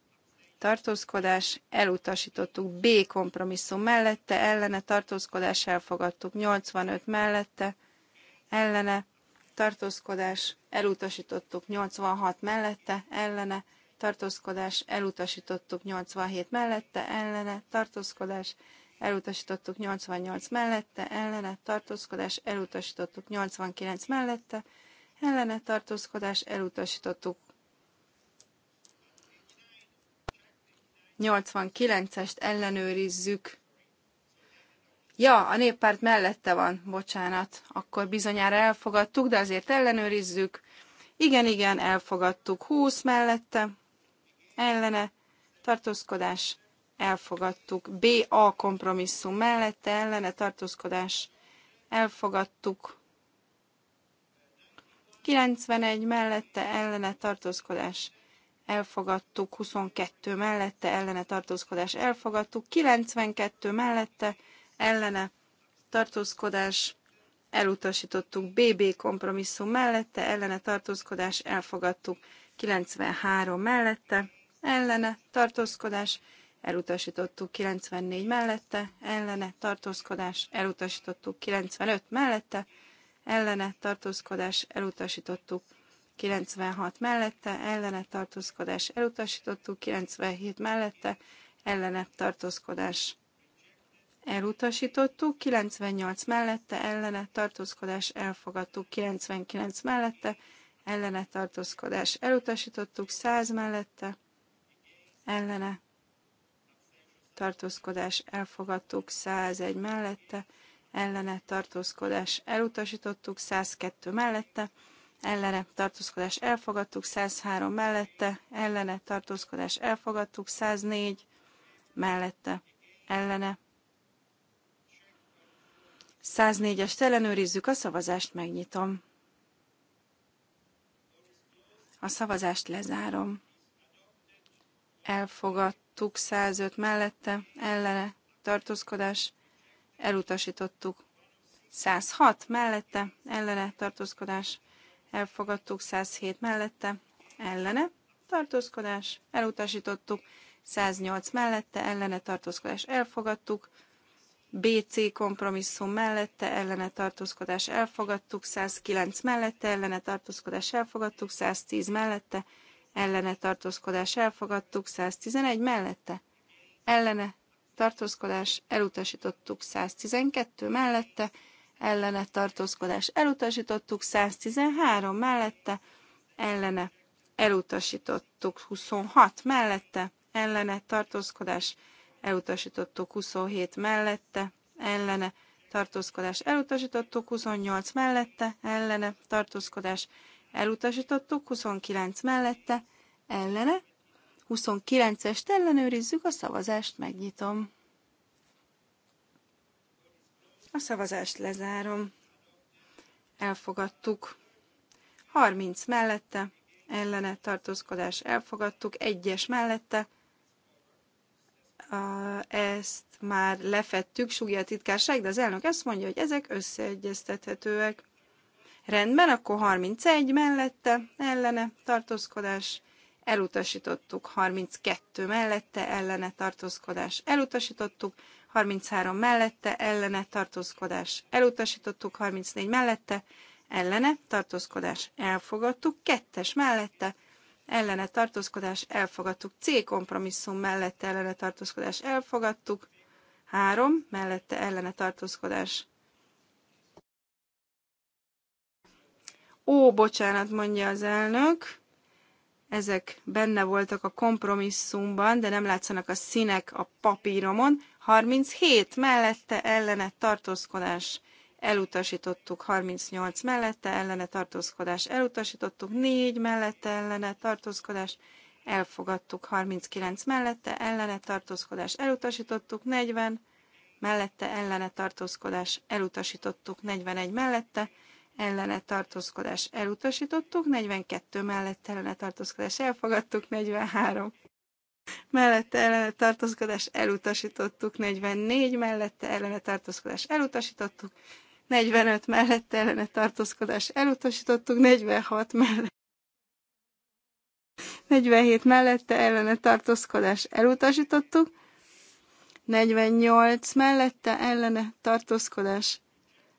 tartózkodás, elutasítottuk B kompromisszum mellette, ellene tartózkodás elfogadtuk 85 mellette, ellene tartózkodás, elutasítottuk 86 mellette, ellene tartózkodás, elutasítottuk 87 mellette, ellene, tartózkodás, elutasítottuk 88 mellette, ellene, tartózkodás, elutasítottuk 89 mellette, ellene, tartózkodás, elutasítottuk 89-est ellenőrizzük. Ja, a néppárt mellette van, bocsánat. Akkor bizonyára elfogadtuk, de azért ellenőrizzük. Igen, igen, elfogadtuk. 20 mellette, ellene tartózkodás elfogadtuk. BA kompromisszum mellette ellene tartózkodás elfogadtuk. 91 mellette ellene tartózkodás elfogadtuk, 22 mellette ellene tartózkodás elfogadtuk, 92 mellette ellene tartózkodás elutasítottuk, BB kompromisszum mellette ellene tartózkodás elfogadtuk, 93 mellette ellene tartózkodás, elutasítottuk 94 mellette, ellene tartózkodás, elutasítottuk 95 mellette, ellene tartózkodás, elutasítottuk 96 mellette, ellene tartózkodás, elutasítottuk 97 mellette, ellene tartózkodás, elutasítottuk, 98 mellette ellene tartózkodás elfogadtuk, 99 mellette ellene tartózkodás elutasítottuk, 100 mellette ellene tartózkodás elfogadtuk 101 mellette, ellene tartózkodás elutasítottuk 102 mellette, ellene tartózkodás elfogadtuk 103 mellette, ellene tartózkodás elfogadtuk 104 mellette, ellene. 104-est ellenőrizzük, a szavazást megnyitom. A szavazást lezárom elfogadtuk, 105 mellette, ellene, tartózkodás, elutasítottuk. 106 mellette, ellene, tartózkodás, elfogadtuk, 107 mellette, ellene, tartózkodás, elutasítottuk, 108 mellette, ellene, tartózkodás, elfogadtuk, BC kompromisszum mellette ellene tartózkodás elfogadtuk, 109 mellette ellene tartózkodás elfogadtuk, 110 mellette ellene tartózkodás elfogadtuk, 111 mellette ellene tartózkodás elutasítottuk, 112 mellette ellene tartózkodás elutasítottuk, 113 mellette ellene elutasítottuk, 26 mellette ellene tartózkodás elutasítottuk, 27 mellette ellene tartózkodás elutasítottuk, 28 mellette ellene tartózkodás elutasítottuk, elutasítottuk, 29 mellette, ellene, 29-est ellenőrizzük, a szavazást megnyitom. A szavazást lezárom. Elfogadtuk. 30 mellette, ellene tartózkodás elfogadtuk, es mellette, ezt már lefettük, sugja a titkárság, de az elnök ezt mondja, hogy ezek összeegyeztethetőek. Rendben, akkor 31 mellette ellene tartózkodás elutasítottuk, 32 mellette ellene tartózkodás elutasítottuk, 33 mellette ellene tartózkodás elutasítottuk, 34 mellette ellene tartózkodás elfogadtuk, 2-es mellette ellene tartózkodás elfogadtuk, C kompromisszum mellette ellene tartózkodás elfogadtuk, 3 mellette ellene tartózkodás Ó, bocsánat, mondja az elnök. Ezek benne voltak a kompromisszumban, de nem látszanak a színek a papíromon. 37 mellette ellene tartózkodás elutasítottuk 38 mellette ellene tartózkodás, elutasítottuk 4 mellette ellene tartózkodás, elfogadtuk 39 mellette ellene tartózkodás, elutasítottuk 40 mellette ellene tartózkodás, elutasítottuk 41 mellette ellene tartózkodás elutasítottuk, 42 mellett ellene tartózkodás elfogadtuk, 43 mellette ellene tartózkodás elutasítottuk, 44 mellette ellene tartózkodás elutasítottuk, 45 mellette ellene tartózkodás elutasítottuk, 46 mellett 47 mellette ellene tartózkodás elutasítottuk, 48 mellette ellene tartózkodás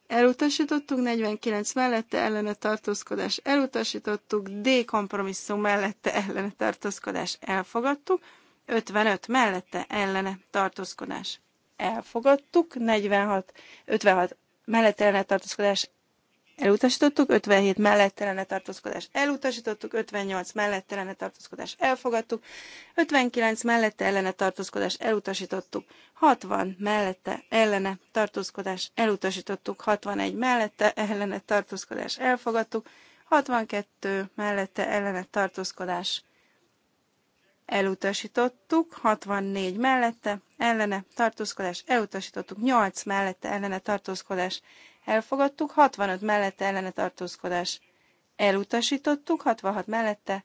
elutasítottuk, 49 mellette ellene tartózkodás elutasítottuk, D kompromisszum mellette ellene tartózkodás elfogadtuk, 55 mellette ellene tartózkodás elfogadtuk, 46, 56 mellette ellene tartózkodás elutasítottuk, 57 mellettelene tartózkodás elutasítottuk, 58 mellettelene tartózkodás elfogadtuk, 59 mellette ellene tartózkodás elutasítottuk, 60 mellette ellene tartózkodás elutasítottuk, 61 mellette ellene tartózkodás elfogadtuk, 62 mellette ellene tartózkodás elutasítottuk, 64 mellette ellene tartózkodás elutasítottuk, 8 mellette ellene tartózkodás elfogadtuk, 65 mellette ellene tartózkodás elutasítottuk, 66 mellette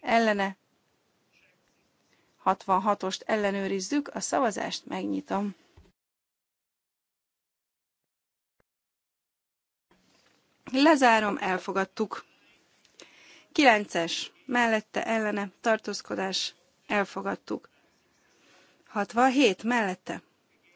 ellene 66-ost ellenőrizzük, a szavazást megnyitom. Lezárom, elfogadtuk. 9-es, mellette ellene, tartózkodás, elfogadtuk. 67, mellette,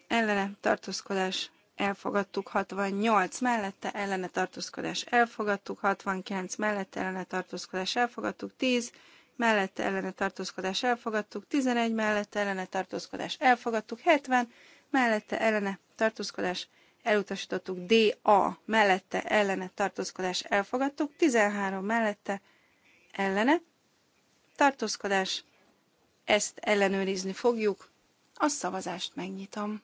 ellene, tartózkodás, elfogadtuk 68 mellette, ellene tartózkodás elfogadtuk 69 mellette, ellene tartózkodás elfogadtuk 10 mellette, ellene tartózkodás elfogadtuk 11 mellette, ellene tartózkodás elfogadtuk 70 mellette, ellene tartózkodás elutasítottuk DA mellette, ellene tartózkodás elfogadtuk 13 mellette, ellene tartózkodás ezt ellenőrizni fogjuk. A szavazást megnyitom.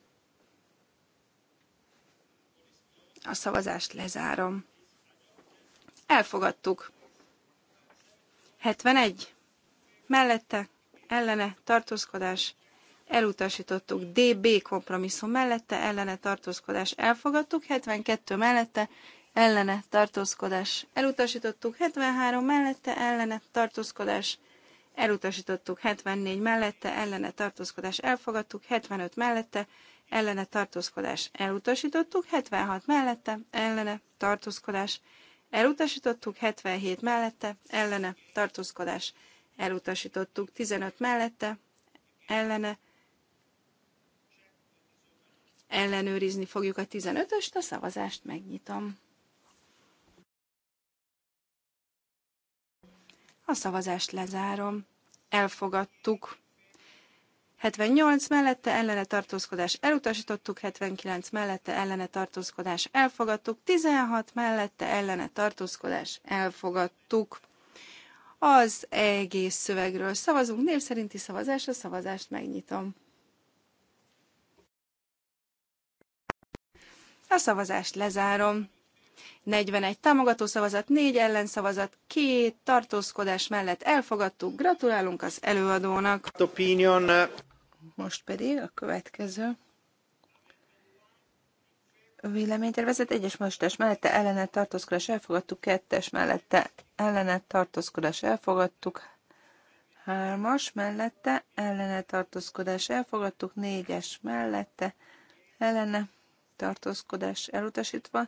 A szavazást lezárom. Elfogadtuk. 71. Mellette, ellene, tartózkodás, elutasítottuk. DB kompromisszum mellette, ellene, tartózkodás, elfogadtuk. 72 mellette, ellene, tartózkodás, elutasítottuk. 73 mellette, ellene, tartózkodás, elutasítottuk. 74 mellette, ellene, tartózkodás, elfogadtuk. 75 mellette, ellene tartózkodás elutasítottuk, 76 mellette, ellene tartózkodás elutasítottuk, 77 mellette, ellene tartózkodás elutasítottuk, 15 mellette, ellene ellenőrizni fogjuk a 15-öst, a szavazást megnyitom. A szavazást lezárom. Elfogadtuk. 78 mellette ellene tartózkodás elutasítottuk, 79 mellette ellene tartózkodás elfogadtuk, 16 mellette ellene tartózkodás elfogadtuk. Az egész szövegről szavazunk, név szerinti szavazásra szavazást megnyitom. A szavazást lezárom. 41 támogató szavazat, 4 ellenszavazat, 2 tartózkodás mellett elfogadtuk. Gratulálunk az előadónak. Opinion. Most pedig a következő véleménytervezet egyes mostás mellette ellene tartózkodás elfogadtuk, kettes mellette ellene tartózkodás elfogadtuk, hármas mellette ellene tartózkodás elfogadtuk, négyes mellette ellene tartózkodás elutasítva,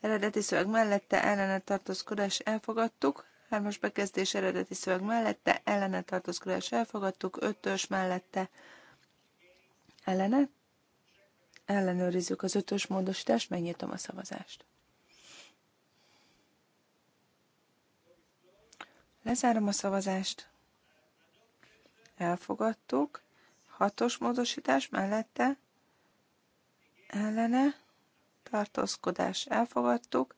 eredeti szöveg mellette ellene tartózkodás elfogadtuk, hármas bekezdés eredeti szöveg mellette ellene tartózkodás elfogadtuk, ötös mellette Ellene? Ellenőrizzük az ötös módosítást, megnyitom a szavazást. Lezárom a szavazást. Elfogadtuk. Hatos módosítás mellette. Ellene. Tartózkodás. Elfogadtuk.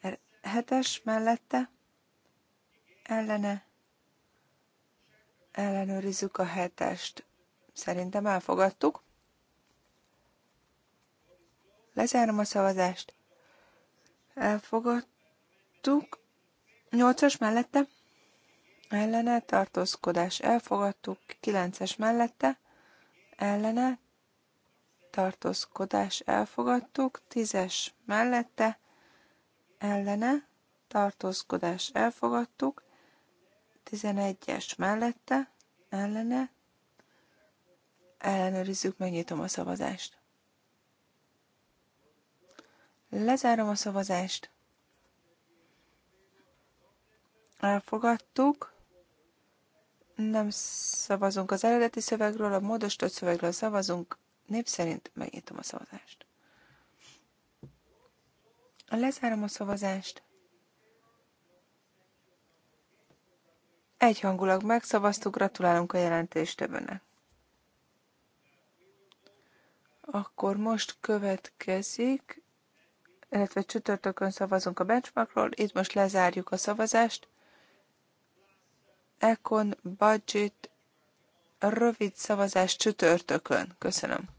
Er- hetes mellette. Ellene. Ellenőrizzük a hetest. Szerintem elfogadtuk. Lezárom a szavazást. Elfogadtuk. Nyolcas mellette. Ellene tartózkodás. Elfogadtuk. Kilences mellette. Ellene tartózkodás. Elfogadtuk. Tízes mellette. Ellene tartózkodás. Elfogadtuk. Tizenegyes mellette. Ellene Ellenőrizzük, megnyitom a szavazást. Lezárom a szavazást. Elfogadtuk. Nem szavazunk az eredeti szövegről, a módosított szövegről szavazunk. Név szerint megnyitom a szavazást. Lezárom a szavazást. Egyhangulag megszavaztuk, gratulálunk a jelentést többenek. Akkor most következik, illetve csütörtökön szavazunk a benchmarkról, itt most lezárjuk a szavazást. Econ Budget rövid szavazás csütörtökön. Köszönöm.